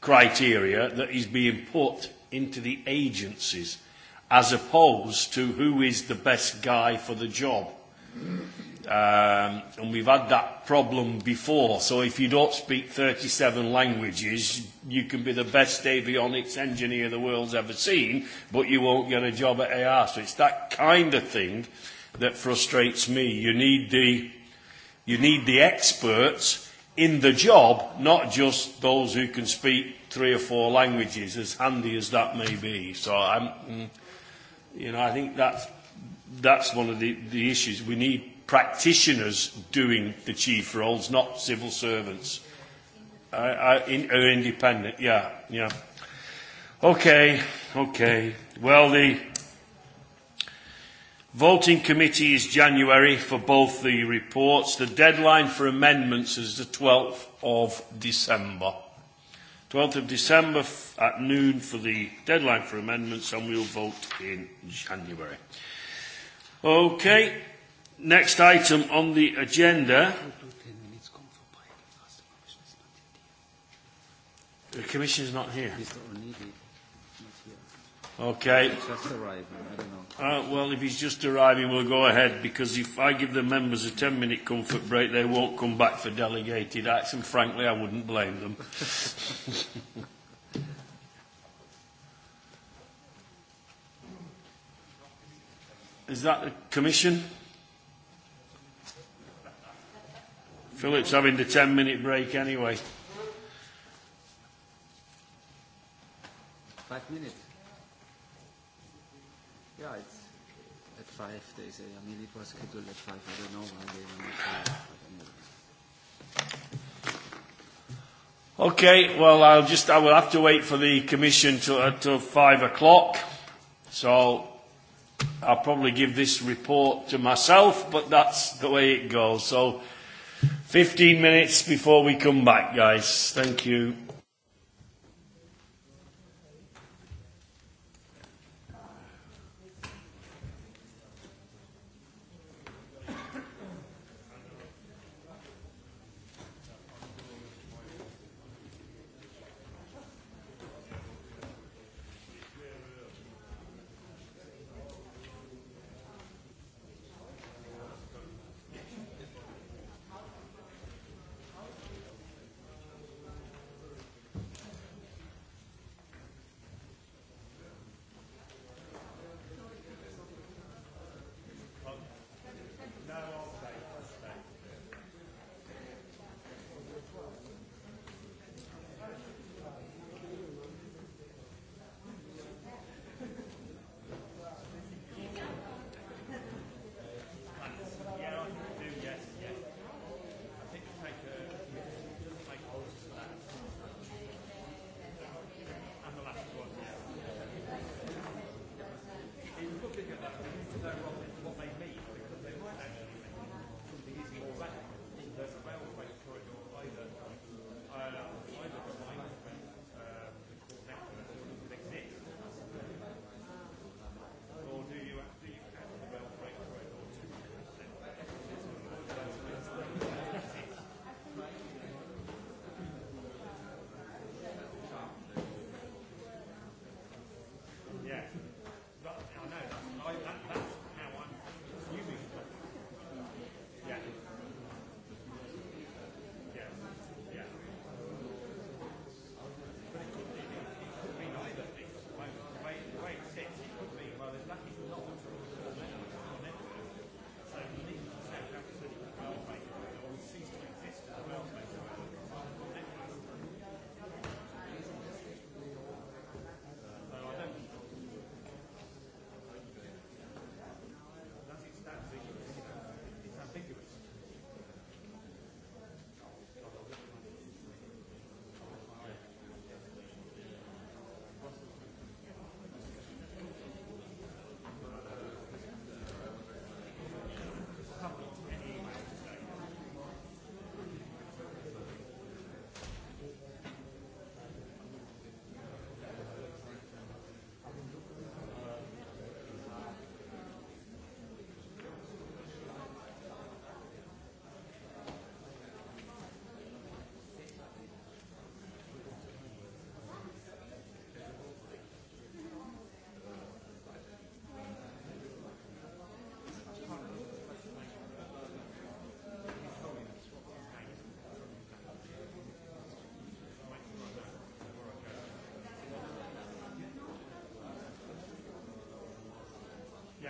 Speaker 1: criteria that is being put into the agencies as opposed to who is the best guy for the job. Um, and we've had that problem before. So if you don't speak 37 languages, you can be the best avionics engineer the world's ever seen, but you won't get a job at AR. So it's that kind of thing that frustrates me. You need the, you need the experts in the job, not just those who can speak three or four languages, as handy as that may be. So I'm, mm, you know, I think that's, that's one of the, the issues. We need practitioners doing the chief roles, not civil servants. Uh, in, uh, independent, yeah, yeah. Okay, okay. Well, the Voting committee is January for both the reports. The deadline for amendments is the 12th of December. 12th of December at noon for the deadline for amendments, and we'll vote in January. Okay, next item on the agenda. The commission's not here.
Speaker 13: Okay. Just arriving. I don't
Speaker 1: know. Uh, well, if he's just arriving, we'll go ahead because if I give the members a 10 minute comfort break, they won't come back for delegated acts, and frankly, I wouldn't blame them. Is that the commission? Philip's having the 10 minute break anyway.
Speaker 14: Five minutes. Yeah, it's at five. They say. I mean, it was scheduled at five. I don't know why they
Speaker 1: were not Okay. Well, I'll just. I will have to wait for the commission to uh, to five o'clock. So I'll probably give this report to myself. But that's the way it goes. So. 15 minutes before we come back, guys. Thank you.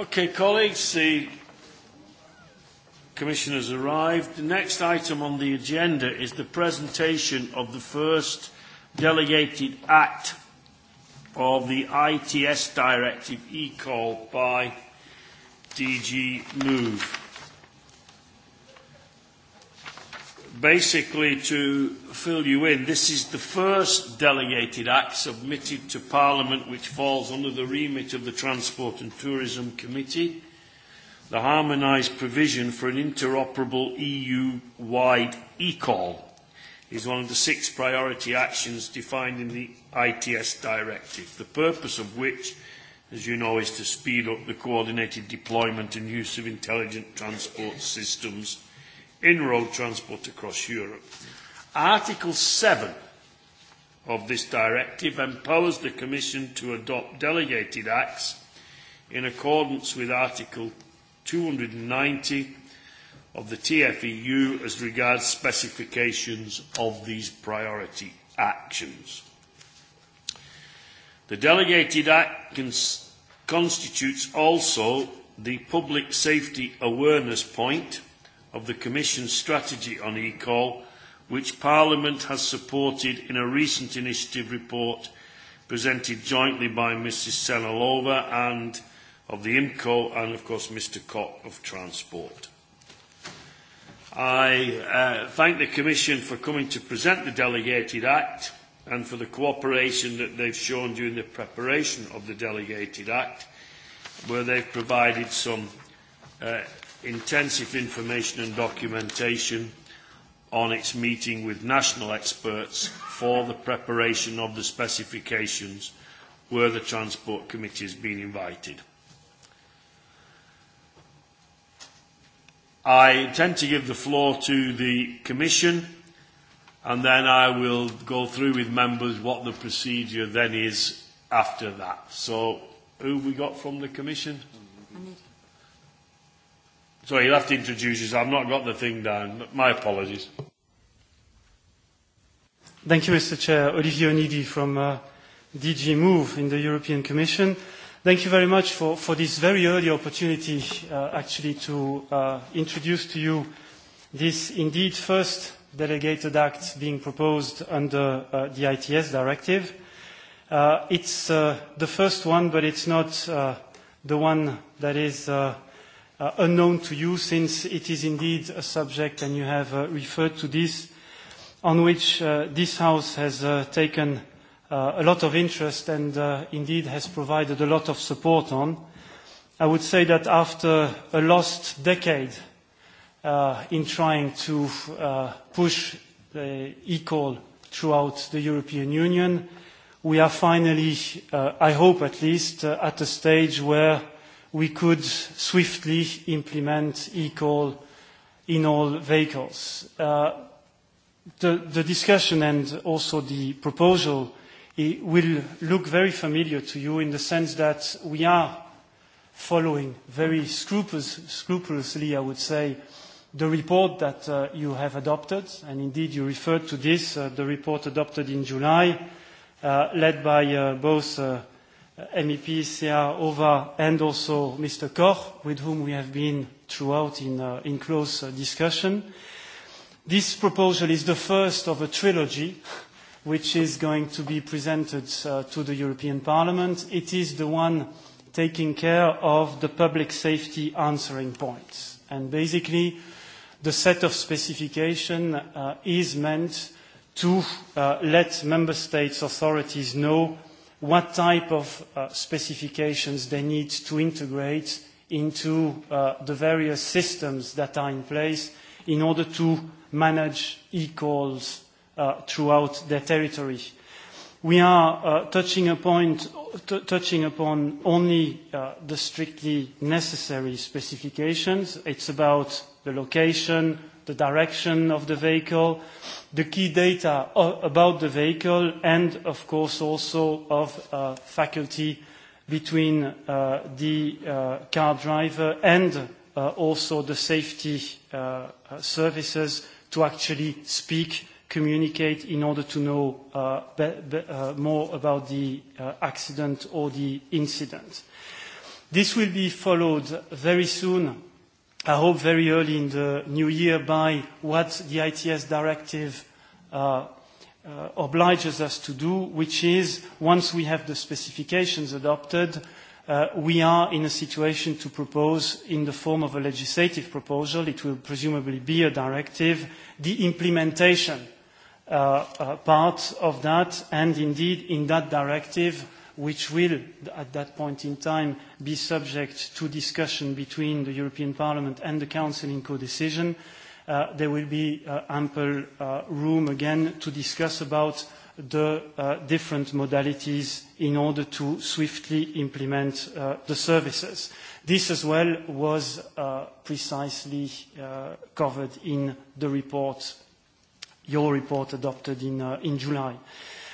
Speaker 1: Okay, colleagues, the Commission has arrived. The next item on the agenda is the presentation of the first delegated act of the ITS Directive e-call by DG Move. basically to fill you in, this is the first delegated act submitted to Parliament which falls under the remit of the Transport and Tourism Committee. The harmonised provision for an interoperable EU wide e-call is one of the six priority actions defined in the ITS directive, the purpose of which, as you know, is to speed up the coordinated deployment and use of intelligent transport systems in road transport across Europe. Article 7 of this directive empowers the Commission to adopt delegated acts in accordance with Article 290 of the TFEU as regards specifications of these priority actions. The Delegated Act cons- constitutes also the public safety awareness point of the Commission's strategy on eCall, which Parliament has supported in a recent initiative report presented jointly by Mrs Senalova and of the IMCO and, of course, Mr Cott of Transport. I uh, thank the Commission for coming to present the Delegated Act and for the cooperation that they've shown during the preparation of the Delegated Act, where they've provided some uh, intensive information and documentation on its meeting with national experts for the preparation of the specifications where the Transport Committee has been invited. I intend to give the floor to the Commission and then I will go through with members what the procedure then is after that. So who have we got from the Commission? I need So he'll have to introduce us. I've not got the thing down. My
Speaker 7: apologies.
Speaker 17: Thank you, Mr. Chair. Olivier Onidi from uh, DG Move in the European Commission. Thank you very much for, for this very early opportunity, uh, actually, to uh, introduce to you this indeed first delegated act being proposed under uh, the ITS directive. Uh, it's uh, the first one, but it's not uh, the one that is uh, uh, unknown to you since it is indeed a subject and you have uh, referred to this on which uh, this house has uh, taken uh, a lot of interest and uh, indeed has provided a lot of support on. I would say that after a lost decade uh, in trying to uh, push the equal throughout the European Union, we are finally, uh, I hope at least, uh, at a stage where uh, we could swiftly implement eCall in all vehicles. Uh, the, the discussion and also the proposal it will look very familiar to you in the sense that we are following very scrupulous, scrupulously, I would say, the report that uh, you have adopted, and indeed you referred to this, uh, the report adopted in July, uh, led by uh, both uh, MEPs yeah, over and also Mr. Koch, with whom we have been throughout in, uh, in close uh, discussion. This proposal is the first of a trilogy which is going to be presented uh, to the European Parliament. It is the one taking care of the public safety answering points. And basically, the set of specification uh, is meant to uh, let member states' authorities know what type of uh, specifications they need to integrate into uh, the various systems that are in place in order to manage e-calls uh, throughout their territory. We are uh, touching, a point, touching upon only uh, the strictly necessary specifications. It's about the location, the direction of the vehicle, the key data about the vehicle, and of course also of uh, faculty between uh, the uh, car driver and uh, also the safety uh, services to actually speak, communicate in order to know uh, be, be, uh, more about the uh, accident or the incident. This will be followed very soon I hope very early in the new year by what the ITS directive uh, uh, obliges us to do, which is once we have the specifications adopted, uh, we are in a situation to propose in the form of a legislative proposal, it will presumably be a directive, the implementation uh, uh, part of that, and indeed in that directive, which will, at that point in time, be subject to discussion between the European Parliament and the Council in co-decision, uh, there will be uh, ample uh, room again to discuss about the uh, different modalities in order to swiftly implement uh, the services. This as well was uh, precisely uh, covered in the report, your report adopted in, uh, in July. Uh,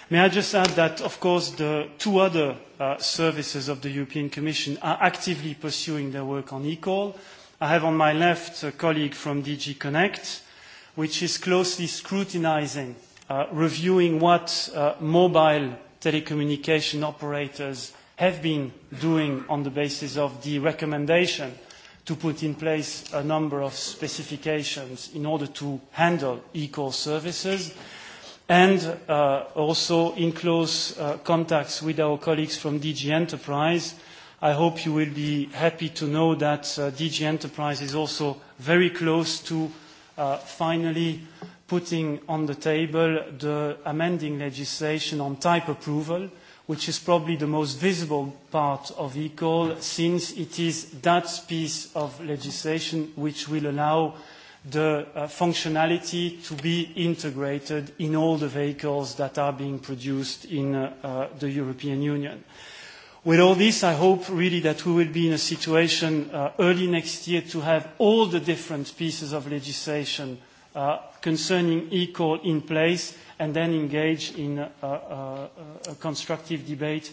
Speaker 17: May I just add that, of course, the two other uh, services of the European Commission are actively pursuing their work on eCall. I have on my left a colleague from DG Connect, which is closely scrutinizing, uh, reviewing what uh, mobile telecommunication operators have been doing on the basis of the recommendation to put in place a number of specifications in order to handle eCall services. Mm-hmm and uh, also in close uh, contacts with our colleagues from DG Enterprise. I hope you will be happy to know that uh, DG Enterprise is also very close to uh, finally putting on the table the amending legislation on type approval, which is probably the most visible part of ECOL since it is that piece of legislation which will allow the uh, functionality to be integrated in all the vehicles that are being produced in uh, uh, the European Union. With all this, I hope really that we will be in a situation early next year to have all the different pieces of legislation concerning eCall in place, and then engage in a constructive debate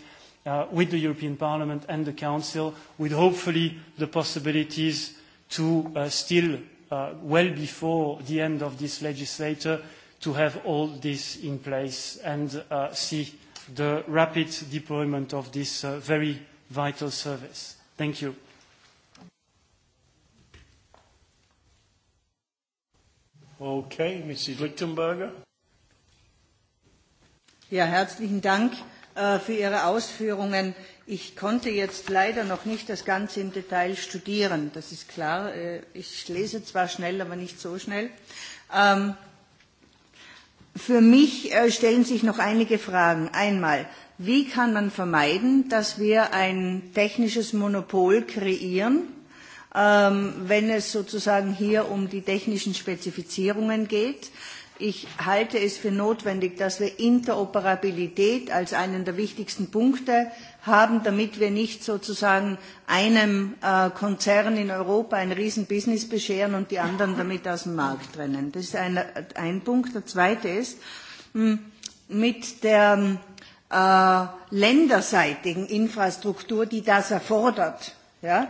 Speaker 17: with the European Parliament and the Council, with hopefully the possibilities to still uh, well before the end of this legislature to have all this in place and uh, see the rapid deployment of this uh, very vital service. Thank you.
Speaker 1: Okay, Mrs. Lichtenberger.
Speaker 12: Ja, herzlichen Dank äh, für Ihre Ausführungen. Ich konnte jetzt leider noch nicht das Ganze im Detail studieren. Das ist klar. Äh, ich lese zwar schnell, aber nicht so schnell. Ähm, für mich äh, stellen sich noch einige Fragen. Einmal, wie kann man vermeiden, dass wir ein technisches Monopol kreieren, ähm, wenn es sozusagen hier um die technischen Spezifizierungen geht? Ich halte es für notwendig, dass wir Interoperabilität als einen der wichtigsten Punkte haben, damit wir nicht sozusagen einem äh, Konzern in Europa ein Riesenbusiness bescheren und die anderen damit aus dem Markt trennen. Das ist ein, ein Punkt. Der zweite ist, hm, mit der äh, länderseitigen Infrastruktur, die das erfordert, ja,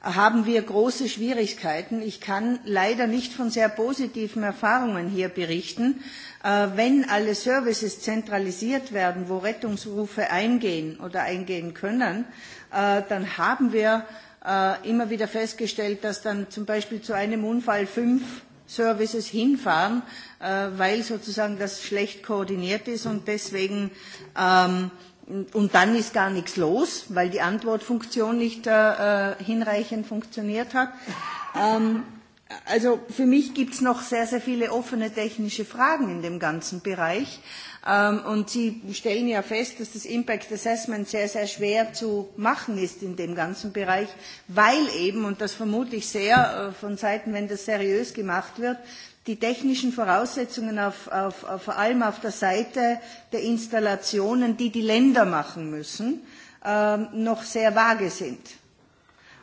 Speaker 12: haben wir große Schwierigkeiten. Ich kann leider nicht von sehr positiven Erfahrungen hier berichten äh, wenn alle Services zentralisiert werden, wo Rettungsrufe eingehen oder eingehen können, äh, dann haben wir äh, immer wieder festgestellt, dass dann zum Beispiel zu einem Unfall fünf Services hinfahren, äh, weil sozusagen das schlecht koordiniert ist und deswegen ähm, und dann ist gar nichts los, weil die Antwortfunktion nicht äh, äh hinreichend funktioniert hat. Ähm, also für mich gibt es noch sehr, sehr viele offene technische Fragen in dem ganzen Bereich. Ähm, und Sie stellen ja fest, dass das Impact Assessment sehr, sehr schwer zu machen ist in dem ganzen Bereich, weil eben, und das vermute ich sehr äh, von Seiten, wenn das seriös gemacht wird, die technischen Voraussetzungen auf, auf, auf, äh, vor allem auf der Seite der Installationen, die die Länder machen müssen, ähm, noch sehr vage sind.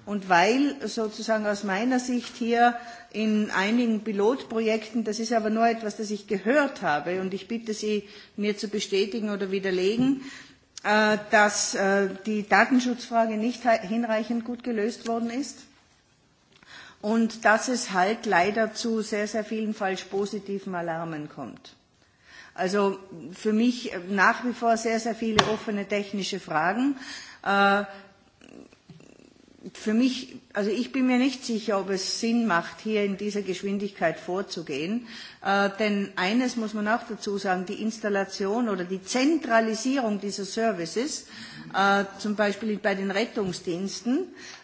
Speaker 12: Und weil sozusagen aus meiner Sicht hier in einigen Pilotprojekten. Das ist aber nur etwas, das ich gehört habe und ich bitte Sie, mir zu bestätigen oder widerlegen, äh, dass äh, die Datenschutzfrage nicht hinreichend gut gelöst worden ist und dass es halt leider zu sehr, sehr vielen falsch positiven Alarmen kommt. Also für mich nach wie vor sehr, sehr viele offene technische Fragen. Äh, für mich, also ich bin mir nicht sicher, ob es Sinn macht, hier in dieser Geschwindigkeit vorzugehen. Äh, denn eines muss man auch dazu sagen, die Installation oder die Zentralisierung dieser Services, äh, zum Beispiel bei den Rettungsdiensten,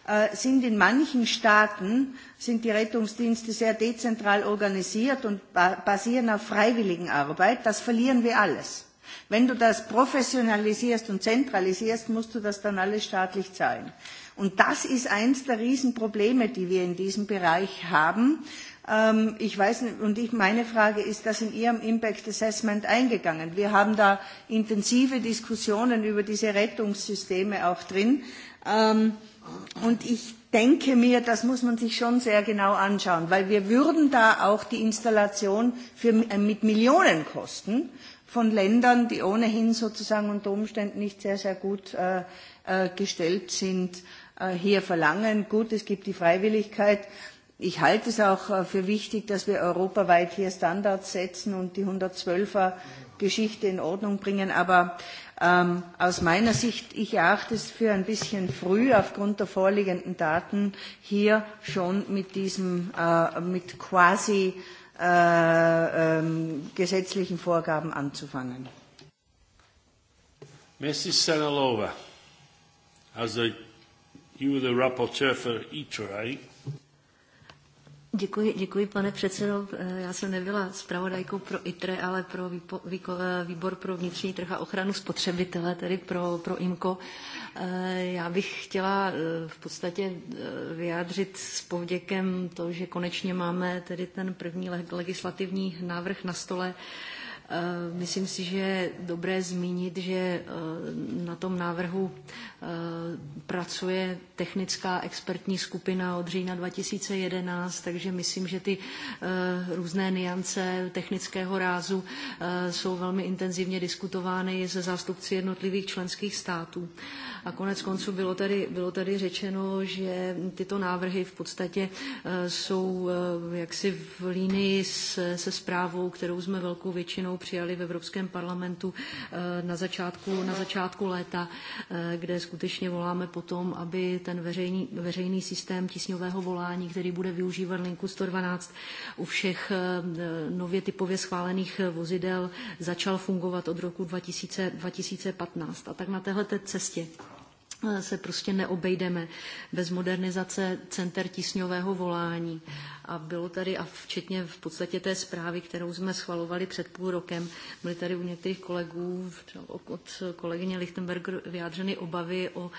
Speaker 12: äh, sind in manchen Staaten, sind die Rettungsdienste sehr dezentral organisiert und ba basieren auf freiwilligen Arbeit. Das verlieren wir alles. Wenn du das professionalisierst und zentralisierst, musst du das dann alles staatlich zahlen. Und das ist eins der Riesenprobleme, die wir in diesem Bereich haben. Ähm, ich weiß, und ich, meine Frage ist, das in Ihrem Impact Assessment eingegangen. Wir haben da intensive Diskussionen über diese Rettungssysteme auch drin. Ähm, und ich denke mir, das muss man sich schon sehr genau anschauen, weil wir würden da auch die Installation für, äh, mit Millionen kosten von Ländern, die ohnehin sozusagen unter Umständen nicht sehr, sehr gut äh, äh gestellt sind, Äh, hier verlangen. Gut, es gibt die Freiwilligkeit. Ich halte es auch äh, für wichtig, dass wir europaweit hier Standards setzen und die 112er Geschichte in Ordnung bringen. Aber ähm, aus meiner Sicht, ich erachte es für ein bisschen früh, aufgrund der vorliegenden Daten, hier schon mit diesem, äh, mit quasi äh, ähm, gesetzlichen Vorgaben anzufangen.
Speaker 1: Mrs. Senalova, also You were the rapporteur for ITRAI.
Speaker 15: Děkuji, děkuji, pane předsedo. Eh, já jsem nebyla zpravodajkou pro ITRE, ale pro výpo, výko, eh, výbor pro vnitřní trh a ochranu spotřebitele, tedy pro, pro IMKO. Eh, já bych chtěla v podstatě vyjádřit s povděkem to, že konečně máme tedy ten první legislativní návrh na stole. Eh, myslím si, že je dobré zmínit, že eh, na tom návrhu eh, pracuje technická expertní skupina od října 2011, takže myslím, že ty různé niance technického rázu jsou velmi intenzivně diskutovány se zástupci jednotlivých členských států. A konec konců bylo tady, bylo tady řečeno, že tyto návrhy v podstatě jsou jaksi v línii se zprávou, kterou jsme velkou většinou ho přijali v Evropském parlamentu eh, na začátku, na začátku léta, eh, kde skutečně voláme potom, aby ten veřejný, veřejný systém tisňového volání, který bude využívat linku 112 u všech eh, nově typově schválených vozidel, začal fungovat od roku 2000, 2015. A tak na téhle cestě se prostě neobejdeme bez modernizace center tísňového volání. A bylo tady, a včetně v podstatě té zprávy, kterou jsme schvalovali před půl rokem, byly tady u některých kolegů od kolegyně Lichtenberger vyjádřeny obavy o, um,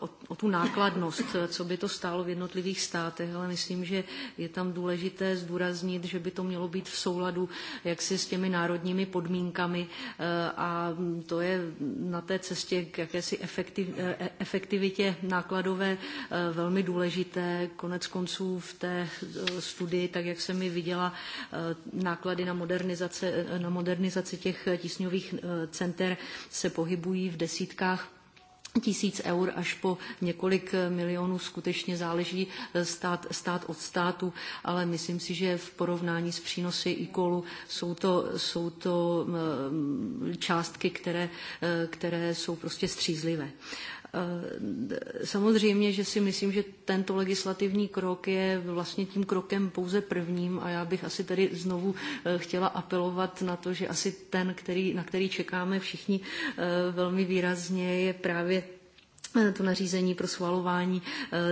Speaker 15: o, o tu nákladnost, co by to stálo v jednotlivých státech, ale myslím, že je tam důležité zdůraznit, že by to mělo být v souladu jaksi s těmi národními podmínkami uh, a to je na té cestě k jakési efektivitě efektiv, eh, eh, efektivitě nákladové eh, velmi důležité. Konec konců v té studii, tak jak jsem mi viděla, náklady na modernizace, na modernizace těch tisňových center se pohybují v desítkách tisíc eur až po několik milionů skutečně záleží eh, stát, stát od státu, ale myslím si, že v porovnání s přínosy e-callu jsou to, jsou to eh, částky, které, eh, které jsou prostě střízlivé. Eh, samozřejmě, že si myslím, že tento legislativní krok je vlastně tím krokem pouze prvním a já bych asi tedy znovu eh, chtěla apelovat na to, že asi ten, který, na který čekáme všichni eh, velmi výrazně, je právě to nařízení pro svalování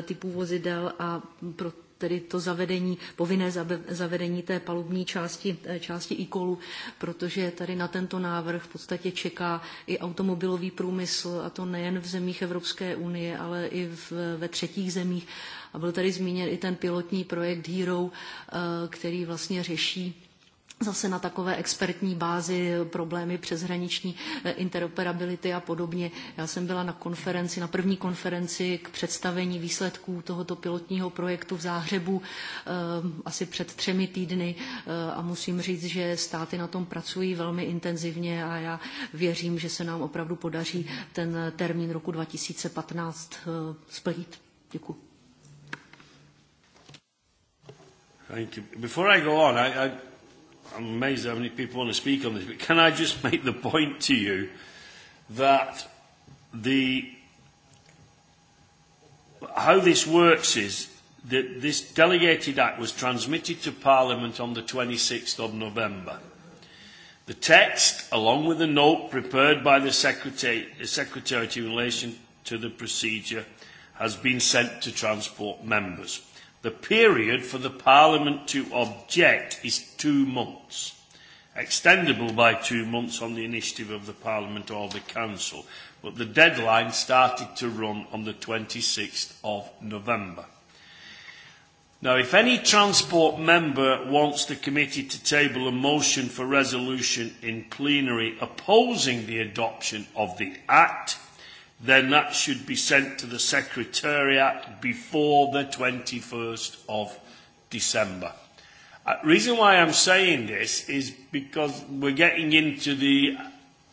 Speaker 15: typů vozidel a pro tedy to zavedení, povinné zavedení té palubní části, části e-kolu, protože tady na tento návrh v podstatě čeká i automobilový průmysl, a to nejen v zemích Evropské unie, ale i v, ve třetích zemích. A byl tady zmíněn i ten pilotní projekt Hero, eh, který vlastně řeší zase na takové expertní bázi problémy přeshraniční eh, interoperability a podobně. Já jsem byla na konferenci, na první konferenci k představení výsledků tohoto pilotního projektu v Záhřebu eh, asi před třemi týdny eh, a musím říct, že státy na tom pracují velmi intenzivně a já věřím, že se nám opravdu podaří ten termín roku 2015 splnit. Děkuji.
Speaker 1: Thank you. Before I go on, I, I amazed how many people want to speak on this, but can I just make the point to you that the how this works is that this delegated act was transmitted to Parliament on the 26th of November. The text, along with the note prepared by the Secretary, Secretary in relation to the procedure, has been sent to transport members. The period for the Parliament to object is two months, extendable by two months on the initiative of the Parliament or the Council. But the deadline started to run on the 26th of November. Now, if any Transport member wants the committee to table a motion for resolution in plenary opposing the adoption of the Act, then that should be sent to the Secretariat before the 21st of December. Uh, reason why I'm saying this is because we're getting into the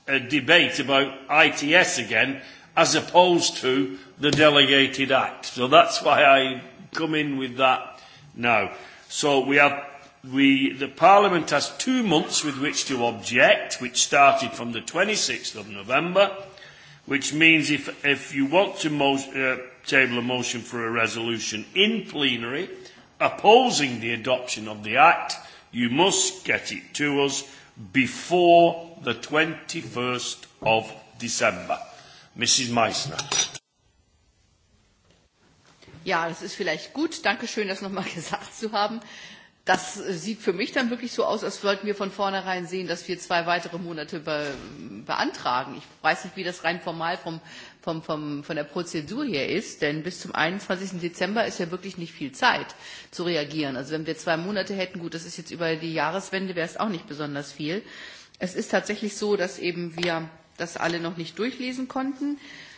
Speaker 1: uh, debate about ITS again as opposed to the Delegated Act. So that's why I come in with that now. So we have we, the Parliament has two months with which to object, which started from the 26th of November which means if, if you want to mo- uh, table a motion for a resolution in plenary opposing the adoption of the Act, you must get it to us before the 21st of December. Mrs. Meissner.
Speaker 21: Ja, das ist vielleicht gut. Danke schön, das nochmal gesagt zu haben. Äh, Das sieht für mich dann wirklich so aus, als wollten wir von vornherein sehen, dass wir zwei weitere Monate be beantragen. Ich weiß nicht, wie das rein formal vom, vom, vom, von der Prozedur her ist, denn bis zum 21. Dezember ist ja wirklich nicht viel Zeit zu reagieren. Also wenn wir zwei Monate hätten, gut, das ist jetzt über die Jahreswende, wäre es auch nicht besonders viel. Es ist tatsächlich so, dass eben wir das alle noch nicht durchlesen konnten. Äh,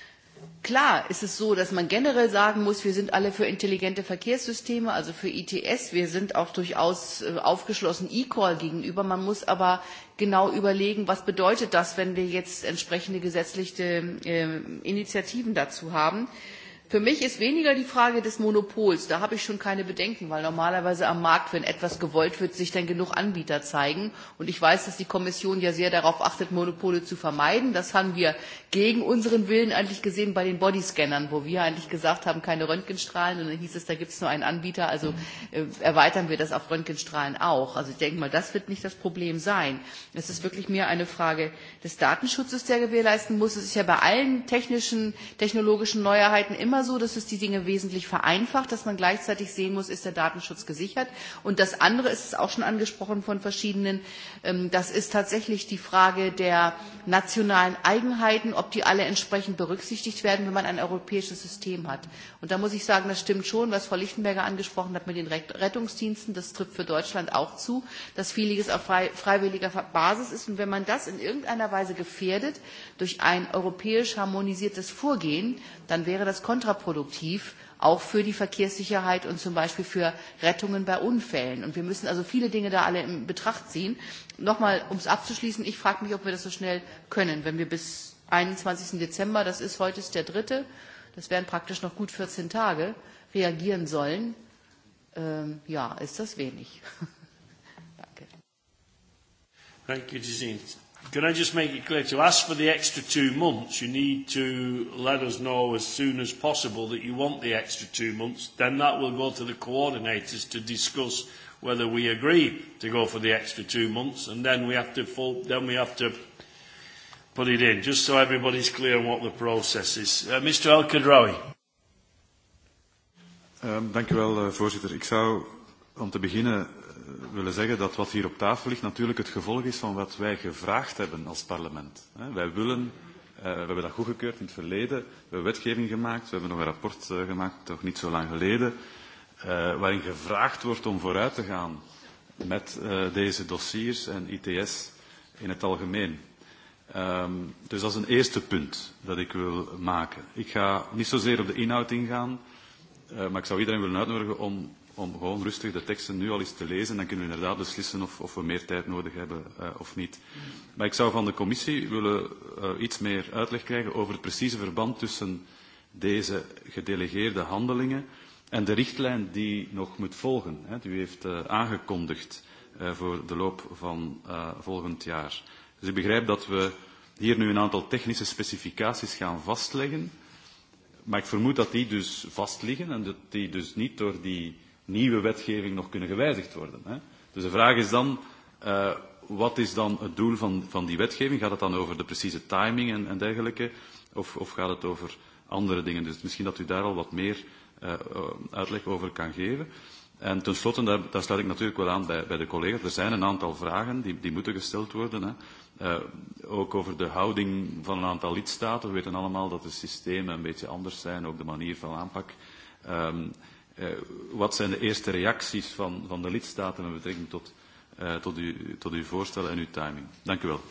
Speaker 21: Klar ist es so, dass man generell sagen muss, wir sind alle für intelligente Verkehrssysteme, also für ITS. Wir sind auch durchaus äh, aufgeschlossen E-Call gegenüber. Man muss aber genau überlegen, was bedeutet das, wenn wir jetzt entsprechende gesetzliche äh, Initiativen dazu haben. Für mich ist weniger die Frage des Monopols. Da habe ich schon keine Bedenken, weil normalerweise am Markt, wenn etwas gewollt wird, sich dann genug Anbieter zeigen. Und ich weiß, dass die Kommission ja sehr darauf achtet, Monopole zu vermeiden. Das haben wir gegen unseren Willen eigentlich gesehen bei den Bodyscannern, wo wir eigentlich gesagt haben, keine Röntgenstrahlen. Und dann hieß es, da gibt es nur einen Anbieter. Also äh, erweitern wir das auf Röntgenstrahlen auch. Also ich denke mal, das wird nicht das Problem sein. Es ist wirklich mehr eine Frage des Datenschutzes, der gewährleisten muss. Es ist ja bei allen technischen, technologischen Neuheiten immer so, dass es die Dinge wesentlich vereinfacht, dass man gleichzeitig sehen muss, ist der Datenschutz gesichert. Und das andere ist es auch schon angesprochen von verschiedenen, ähm, das ist tatsächlich die Frage der nationalen Eigenheiten, ob die alle entsprechend berücksichtigt werden, wenn man ein europäisches System hat. Und da muss ich sagen, das stimmt schon, was Frau Lichtenberger angesprochen hat mit den Rettungsdiensten, das trifft für Deutschland auch zu, dass vieles auf freiwilliger Basis ist. Und wenn man das in irgendeiner Weise gefährdet durch ein europäisch harmonisiertes Vorgehen, dann wäre das kontraproduktiv, auch für die Verkehrssicherheit und zum Beispiel für Rettungen bei Unfällen. Und wir müssen also viele Dinge da alle in Betracht ziehen. Nochmal, um es abzuschließen, ich frage mich, ob wir das so schnell können, wenn wir bis 21. Dezember, das ist heute ist der dritte, das wären praktisch noch gut 14 Tage, reagieren sollen. Ähm, ja, ist das wenig. Danke.
Speaker 1: Thank you, Can I just make it clear to ask for the extra two months? You need to let us know as soon as possible that you want the extra two months. Then that will go to the coordinators to discuss whether we agree to go for the extra two months, and then we have to fall, then we have to put it in. Just so everybody's clear on what the process is, uh, Mr. El Khadraoui.
Speaker 7: Um, ehm, dank u wel, uh, voorzitter. Ik zou om te beginnen willen zeggen dat wat hier op tafel ligt natuurlijk het gevolg is van wat wij gevraagd hebben als parlement. Wij willen, eh, we hebben dat goedgekeurd in het verleden, we hebben wetgeving gemaakt, we hebben nog een rapport eh, gemaakt, toch niet zo lang geleden, eh, waarin gevraagd wordt om vooruit te gaan met deze dossiers en ITS in het algemeen. Ehm, dus dat is een eerste punt dat ik wil maken. Ik ga niet zozeer op de inhoud ingaan, maar ik zou iedereen willen uitnodigen om om gewoon rustig de teksten nu al eens te lezen. Dan kunnen we inderdaad beslissen of, of we meer tijd nodig hebben uh, of niet. Maar ik zou van de commissie willen uh, iets meer uitleg krijgen over het precieze verband tussen deze gedelegeerde handelingen en de richtlijn die nog moet volgen. Hè. U heeft uh, aangekondigd uh, voor de loop van uh, volgend jaar. Dus ik begrijp dat we hier nu een aantal technische specificaties gaan vastleggen. Maar ik vermoed dat die dus vastliggen en dat die dus niet door die nieuwe wetgeving nog kunnen gewijzigd worden. Hè. Dus de vraag is dan, uh, wat is dan het doel van, van die wetgeving? Gaat het dan over de precieze timing en, en dergelijke? Of, of gaat het over andere dingen? Dus misschien dat u daar al wat meer uh, uitleg over kan geven. En tenslotte, daar, daar sluit ik natuurlijk wel aan bij, bij de collega. Er zijn een aantal vragen die, die moeten gesteld worden. Hè. Uh, ook over de houding van een aantal lidstaten. We weten allemaal dat de systemen een beetje anders zijn, ook de manier van aanpak. Um, uh, Uh, wat zijn de eerste reacties van, van de lidstaten met betrekking tot, uh, tot, u, tot uw voorstel en uw timing? Dank u wel.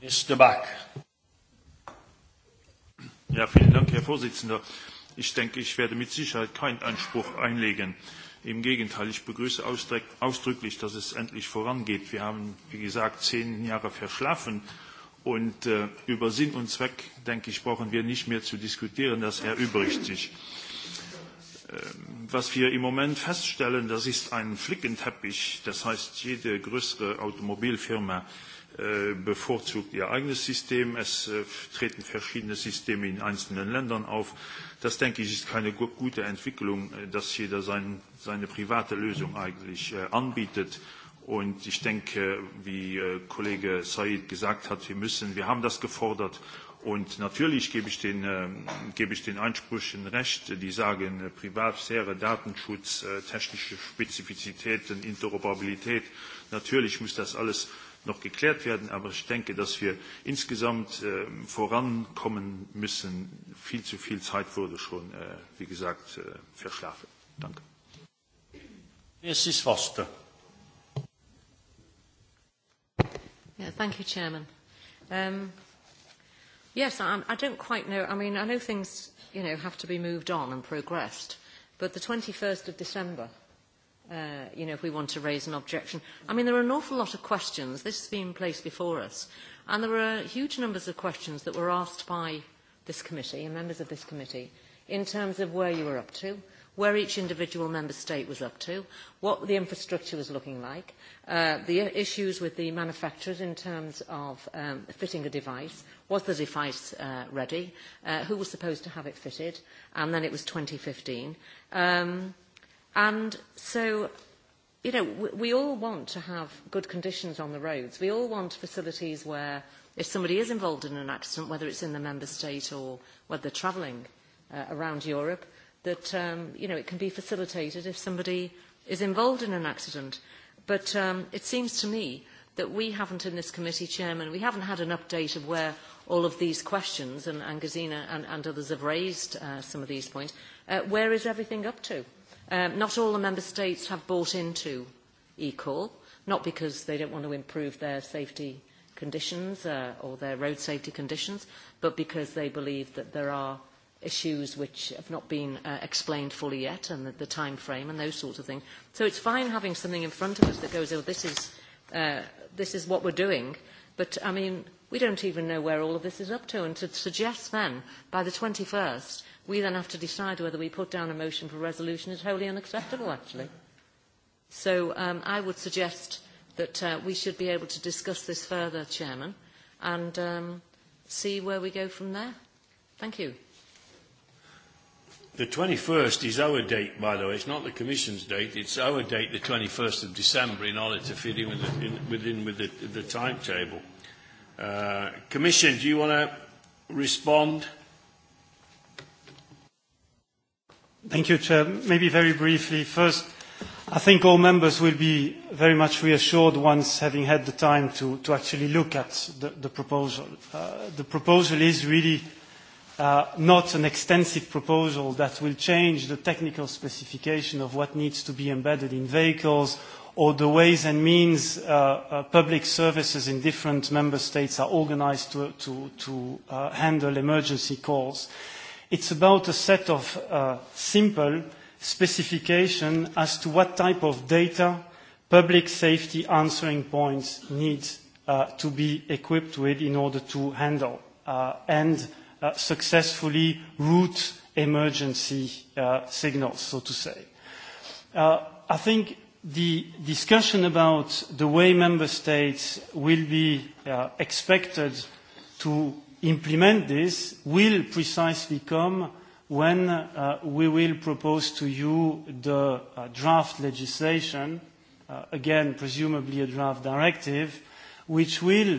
Speaker 4: Mr. Bak. Ja, vielen Dank, Herr Vorsitzender. Ich denke, ich werde mit Sicherheit keinen Anspruch einlegen. Im Gegenteil, ich begrüße ausdrücklich, dass es endlich vorangeht. Wir haben, wie gesagt, zehn Jahre verschlafen. Und äh, über Sinn und Zweck, denke ich, brauchen wir nicht mehr zu diskutieren. Das erübrigt sich. Ähm, was wir im Moment feststellen, das ist ein Flickenteppich. Das heißt, jede größere Automobilfirma äh, bevorzugt ihr eigenes System. Es äh, treten verschiedene Systeme in einzelnen Ländern auf. Das, denke ich, ist keine gute Entwicklung, äh, dass jeder sein, seine private Lösung eigentlich anbietet. Und ich denke, wie Kollege Said gesagt hat, wir müssen, wir haben das gefordert Und natürlich gebe ich den, äh, gebe ich den Ansprüchen recht, die sagen, äh, Privatsphäre, Datenschutz, äh, technische Spezifizitäten, Interoperabilität. Natürlich muss das alles noch geklärt werden, aber ich denke, dass wir insgesamt äh, vorankommen müssen. Viel zu viel Zeit wurde schon, äh, wie gesagt, äh, verschlafen. Danke. Mrs. Foster.
Speaker 24: Yeah, thank you, Chairman. Um, Yes, I, I don't quite know. I mean, I know things, you know, have to be moved on and progressed. But the 21st of December, uh, you know, if we want to raise an objection. I mean, there are an awful lot of questions. This has been placed before us. And there are huge numbers of questions that were asked by this committee and members of this committee in terms of where you were up to, where each individual member state was up to, what the infrastructure was looking like, uh, the issues with the manufacturers in terms of um, fitting a device, Was the device uh, ready? Uh, who was supposed to have it fitted? And then it was 2015. Um, and so, you know, we, we all want to have good conditions on the roads. We all want facilities where if somebody is involved in an accident, whether it's in the member state or whether they're travelling uh, around Europe, that, um, you know, it can be facilitated if somebody is involved in an accident. But um, it seems to me that we haven't in this committee, Chairman, we haven't had an update of where all of these questions, and Angazina and, and others have raised uh, some of these points, uh, where is everything up to? Um, not all the Member States have bought into eCall, not because they don't want to improve their safety conditions uh, or their road safety conditions, but because they believe that there are issues which have not been uh, explained fully yet and the, the time frame and those sorts of things. So it's fine having something in front of us that goes, oh, this is Uh, this is what we're doing. But I mean, we don't even know where all of this is up to. And to suggest then, by the 21st, we then have to decide whether we put down a motion for resolution is wholly unacceptable, actually. So um, I would suggest that uh, we should be able to discuss this further, Chairman, and um, see where we go from there. Thank you.
Speaker 1: The 21st is our date, by the way. It's not the Commission's date. It's our date, the 21st of December, in order to fit in, with the, in within with the, the timetable. Uh, Commission, do you want to respond?
Speaker 17: Thank you, Chair. Maybe very briefly. First, I think all members will be very much reassured once having had the time to, to actually look at the, the proposal. Uh, the proposal is really uh, not an extensive proposal that will change the technical specification of what needs to be embedded in vehicles or the ways and means uh, uh, public services in different member states are organized to, to, to uh, handle emergency calls. It's about a set of uh, simple specification as to what type of data public safety answering points need uh, to be equipped with in order to handle uh, and uh, Uh, successfully route emergency uh, signals, so to say. Uh, I think the discussion about the way member states will be uh, expected to implement this will precisely come when uh, we will propose to you the uh, draft legislation, uh, again, presumably a draft directive, which will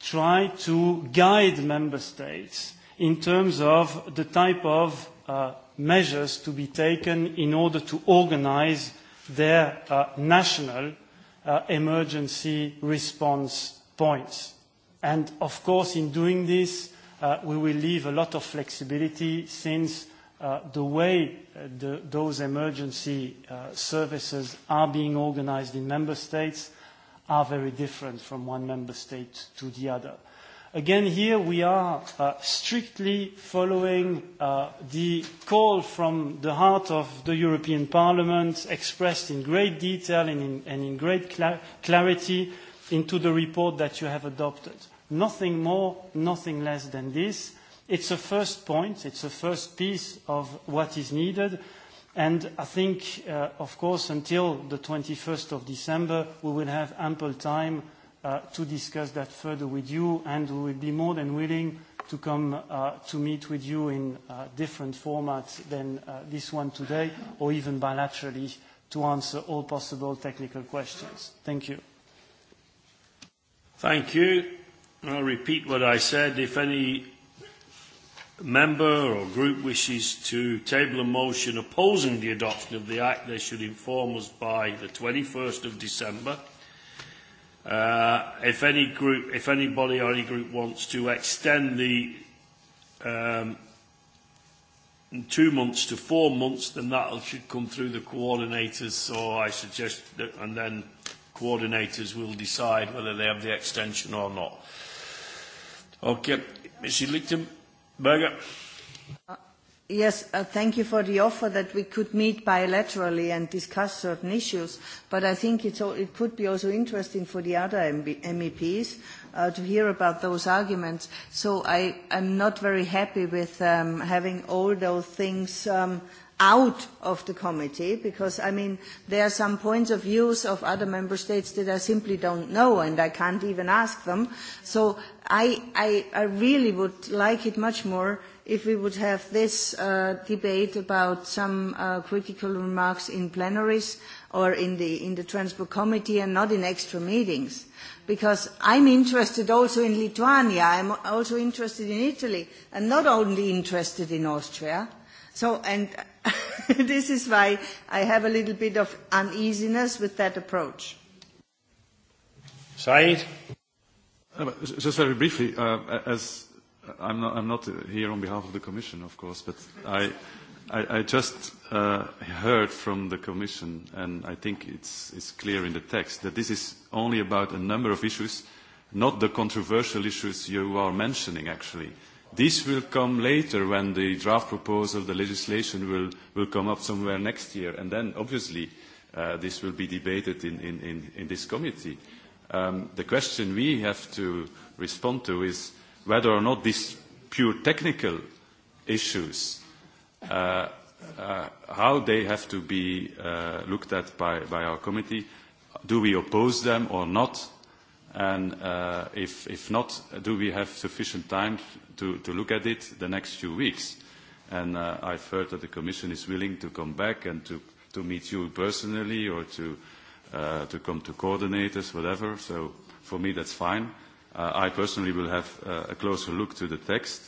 Speaker 17: try to guide member states uh, in terms of the type of uh, measures to be taken in order to organize their uh, national uh, emergency response points. And of course, in doing this, uh, we will leave a lot of flexibility since uh, the way uh, the, those emergency uh, services are being organized in member states are very different from one member state to the other. Again, here we are uh, strictly following uh, the call from the heart of the European Parliament, expressed in great detail and in, and in great cl- clarity into the report that you have adopted. Nothing more, nothing less than this. It's a first point, it's a first piece of what is needed. And I think, uh, of course, until the 21st of December, we will have ample time. Uh, to discuss that further with you, and we'll be more than willing to come uh, to meet with you in uh, different formats than this one today, or even bilaterally, to answer all possible technical questions. Thank you.
Speaker 1: Thank you. I'll repeat what I said. If any member or group wishes to table a motion opposing the adoption of the act, they should inform us by the 21st of December Uh, if any group, if anybody or any group wants to extend the um, two months to four months, then that should come through the coordinators. So I suggest that, and then coordinators will decide whether they have the extension or not. Okay, Mr. Lichtenberger.
Speaker 12: Uh Yes, uh, thank you for the offer that we could meet bilaterally and discuss certain issues, but I think it's all, it could be also interesting for the other MEPs uh, to hear about those arguments. So I, I'm not very happy with um, having all those things um, out of the committee, because, I mean, there are some points of views of other member states that I simply don't know, and I can't even ask them. So I, I, I really would like it much more if we would have this uh, debate about some uh, critical remarks in plenaries or in the, in the transport committee and not in extra meetings. Because I'm interested also in Lithuania, I'm also interested in Italy, and not only interested in Austria. So, and this is why I have a little bit of uneasiness with that approach.
Speaker 7: Said? Uh, just very briefly, uh, as I'm not, I'm not here on behalf of the Commission, of course, but I, I, I just uh, heard from the Commission, and I think it's, it's clear in the text, that this is only about a number of issues, not the controversial issues you are mentioning, actually. This will come later when the draft proposal, the legislation, will, will come up somewhere next year, and then, obviously, uh, this will be debated in, in, in, in this committee. Um, the question we have to respond to is, whether or not these pure technical issues, uh, uh, how they have to be uh, looked at by, by our committee, do we oppose them or not, and uh, if, if not, do we have sufficient time to, to look at it the next few weeks? And uh, I've heard that the Commission is willing to come back and to, to meet you personally or to, uh, to come to coordinators, whatever, so for me that's fine. Uh, uh, I personally will have uh, a closer look to the text,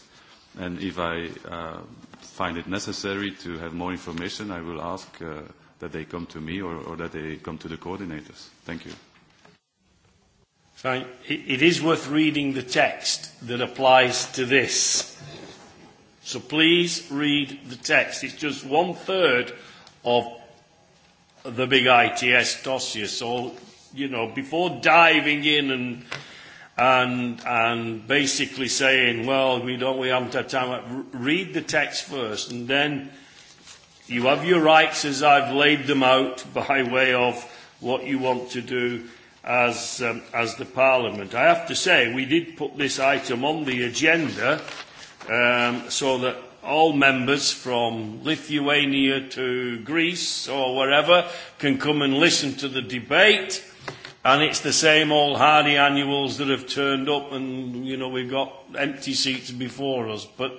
Speaker 7: and if I uh, find it necessary to have more information, I will ask uh, that they come to me or, or that they come to the coordinators. Thank you.
Speaker 1: It is worth reading the text that applies to this. So please read the text. It's just one third of the big ITS dossier. So, you know, before diving in and and and basically saying, well, we don't, we haven't had time. Read the text first, and then you have your rights as I've laid them out by way of what you want to do as um, as the Parliament. I have to say, we did put this item on the agenda um, so that. All members from Lithuania to Greece or wherever can come and listen to the debate. And it's the same old hardy annuals that have turned up and, you know, we've got empty seats before us. But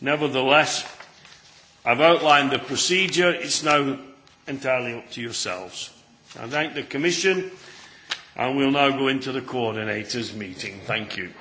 Speaker 1: nevertheless, I've outlined the procedure. It's now entirely up to yourselves. I thank the Commission and we'll now go into the coordinators meeting. Thank you.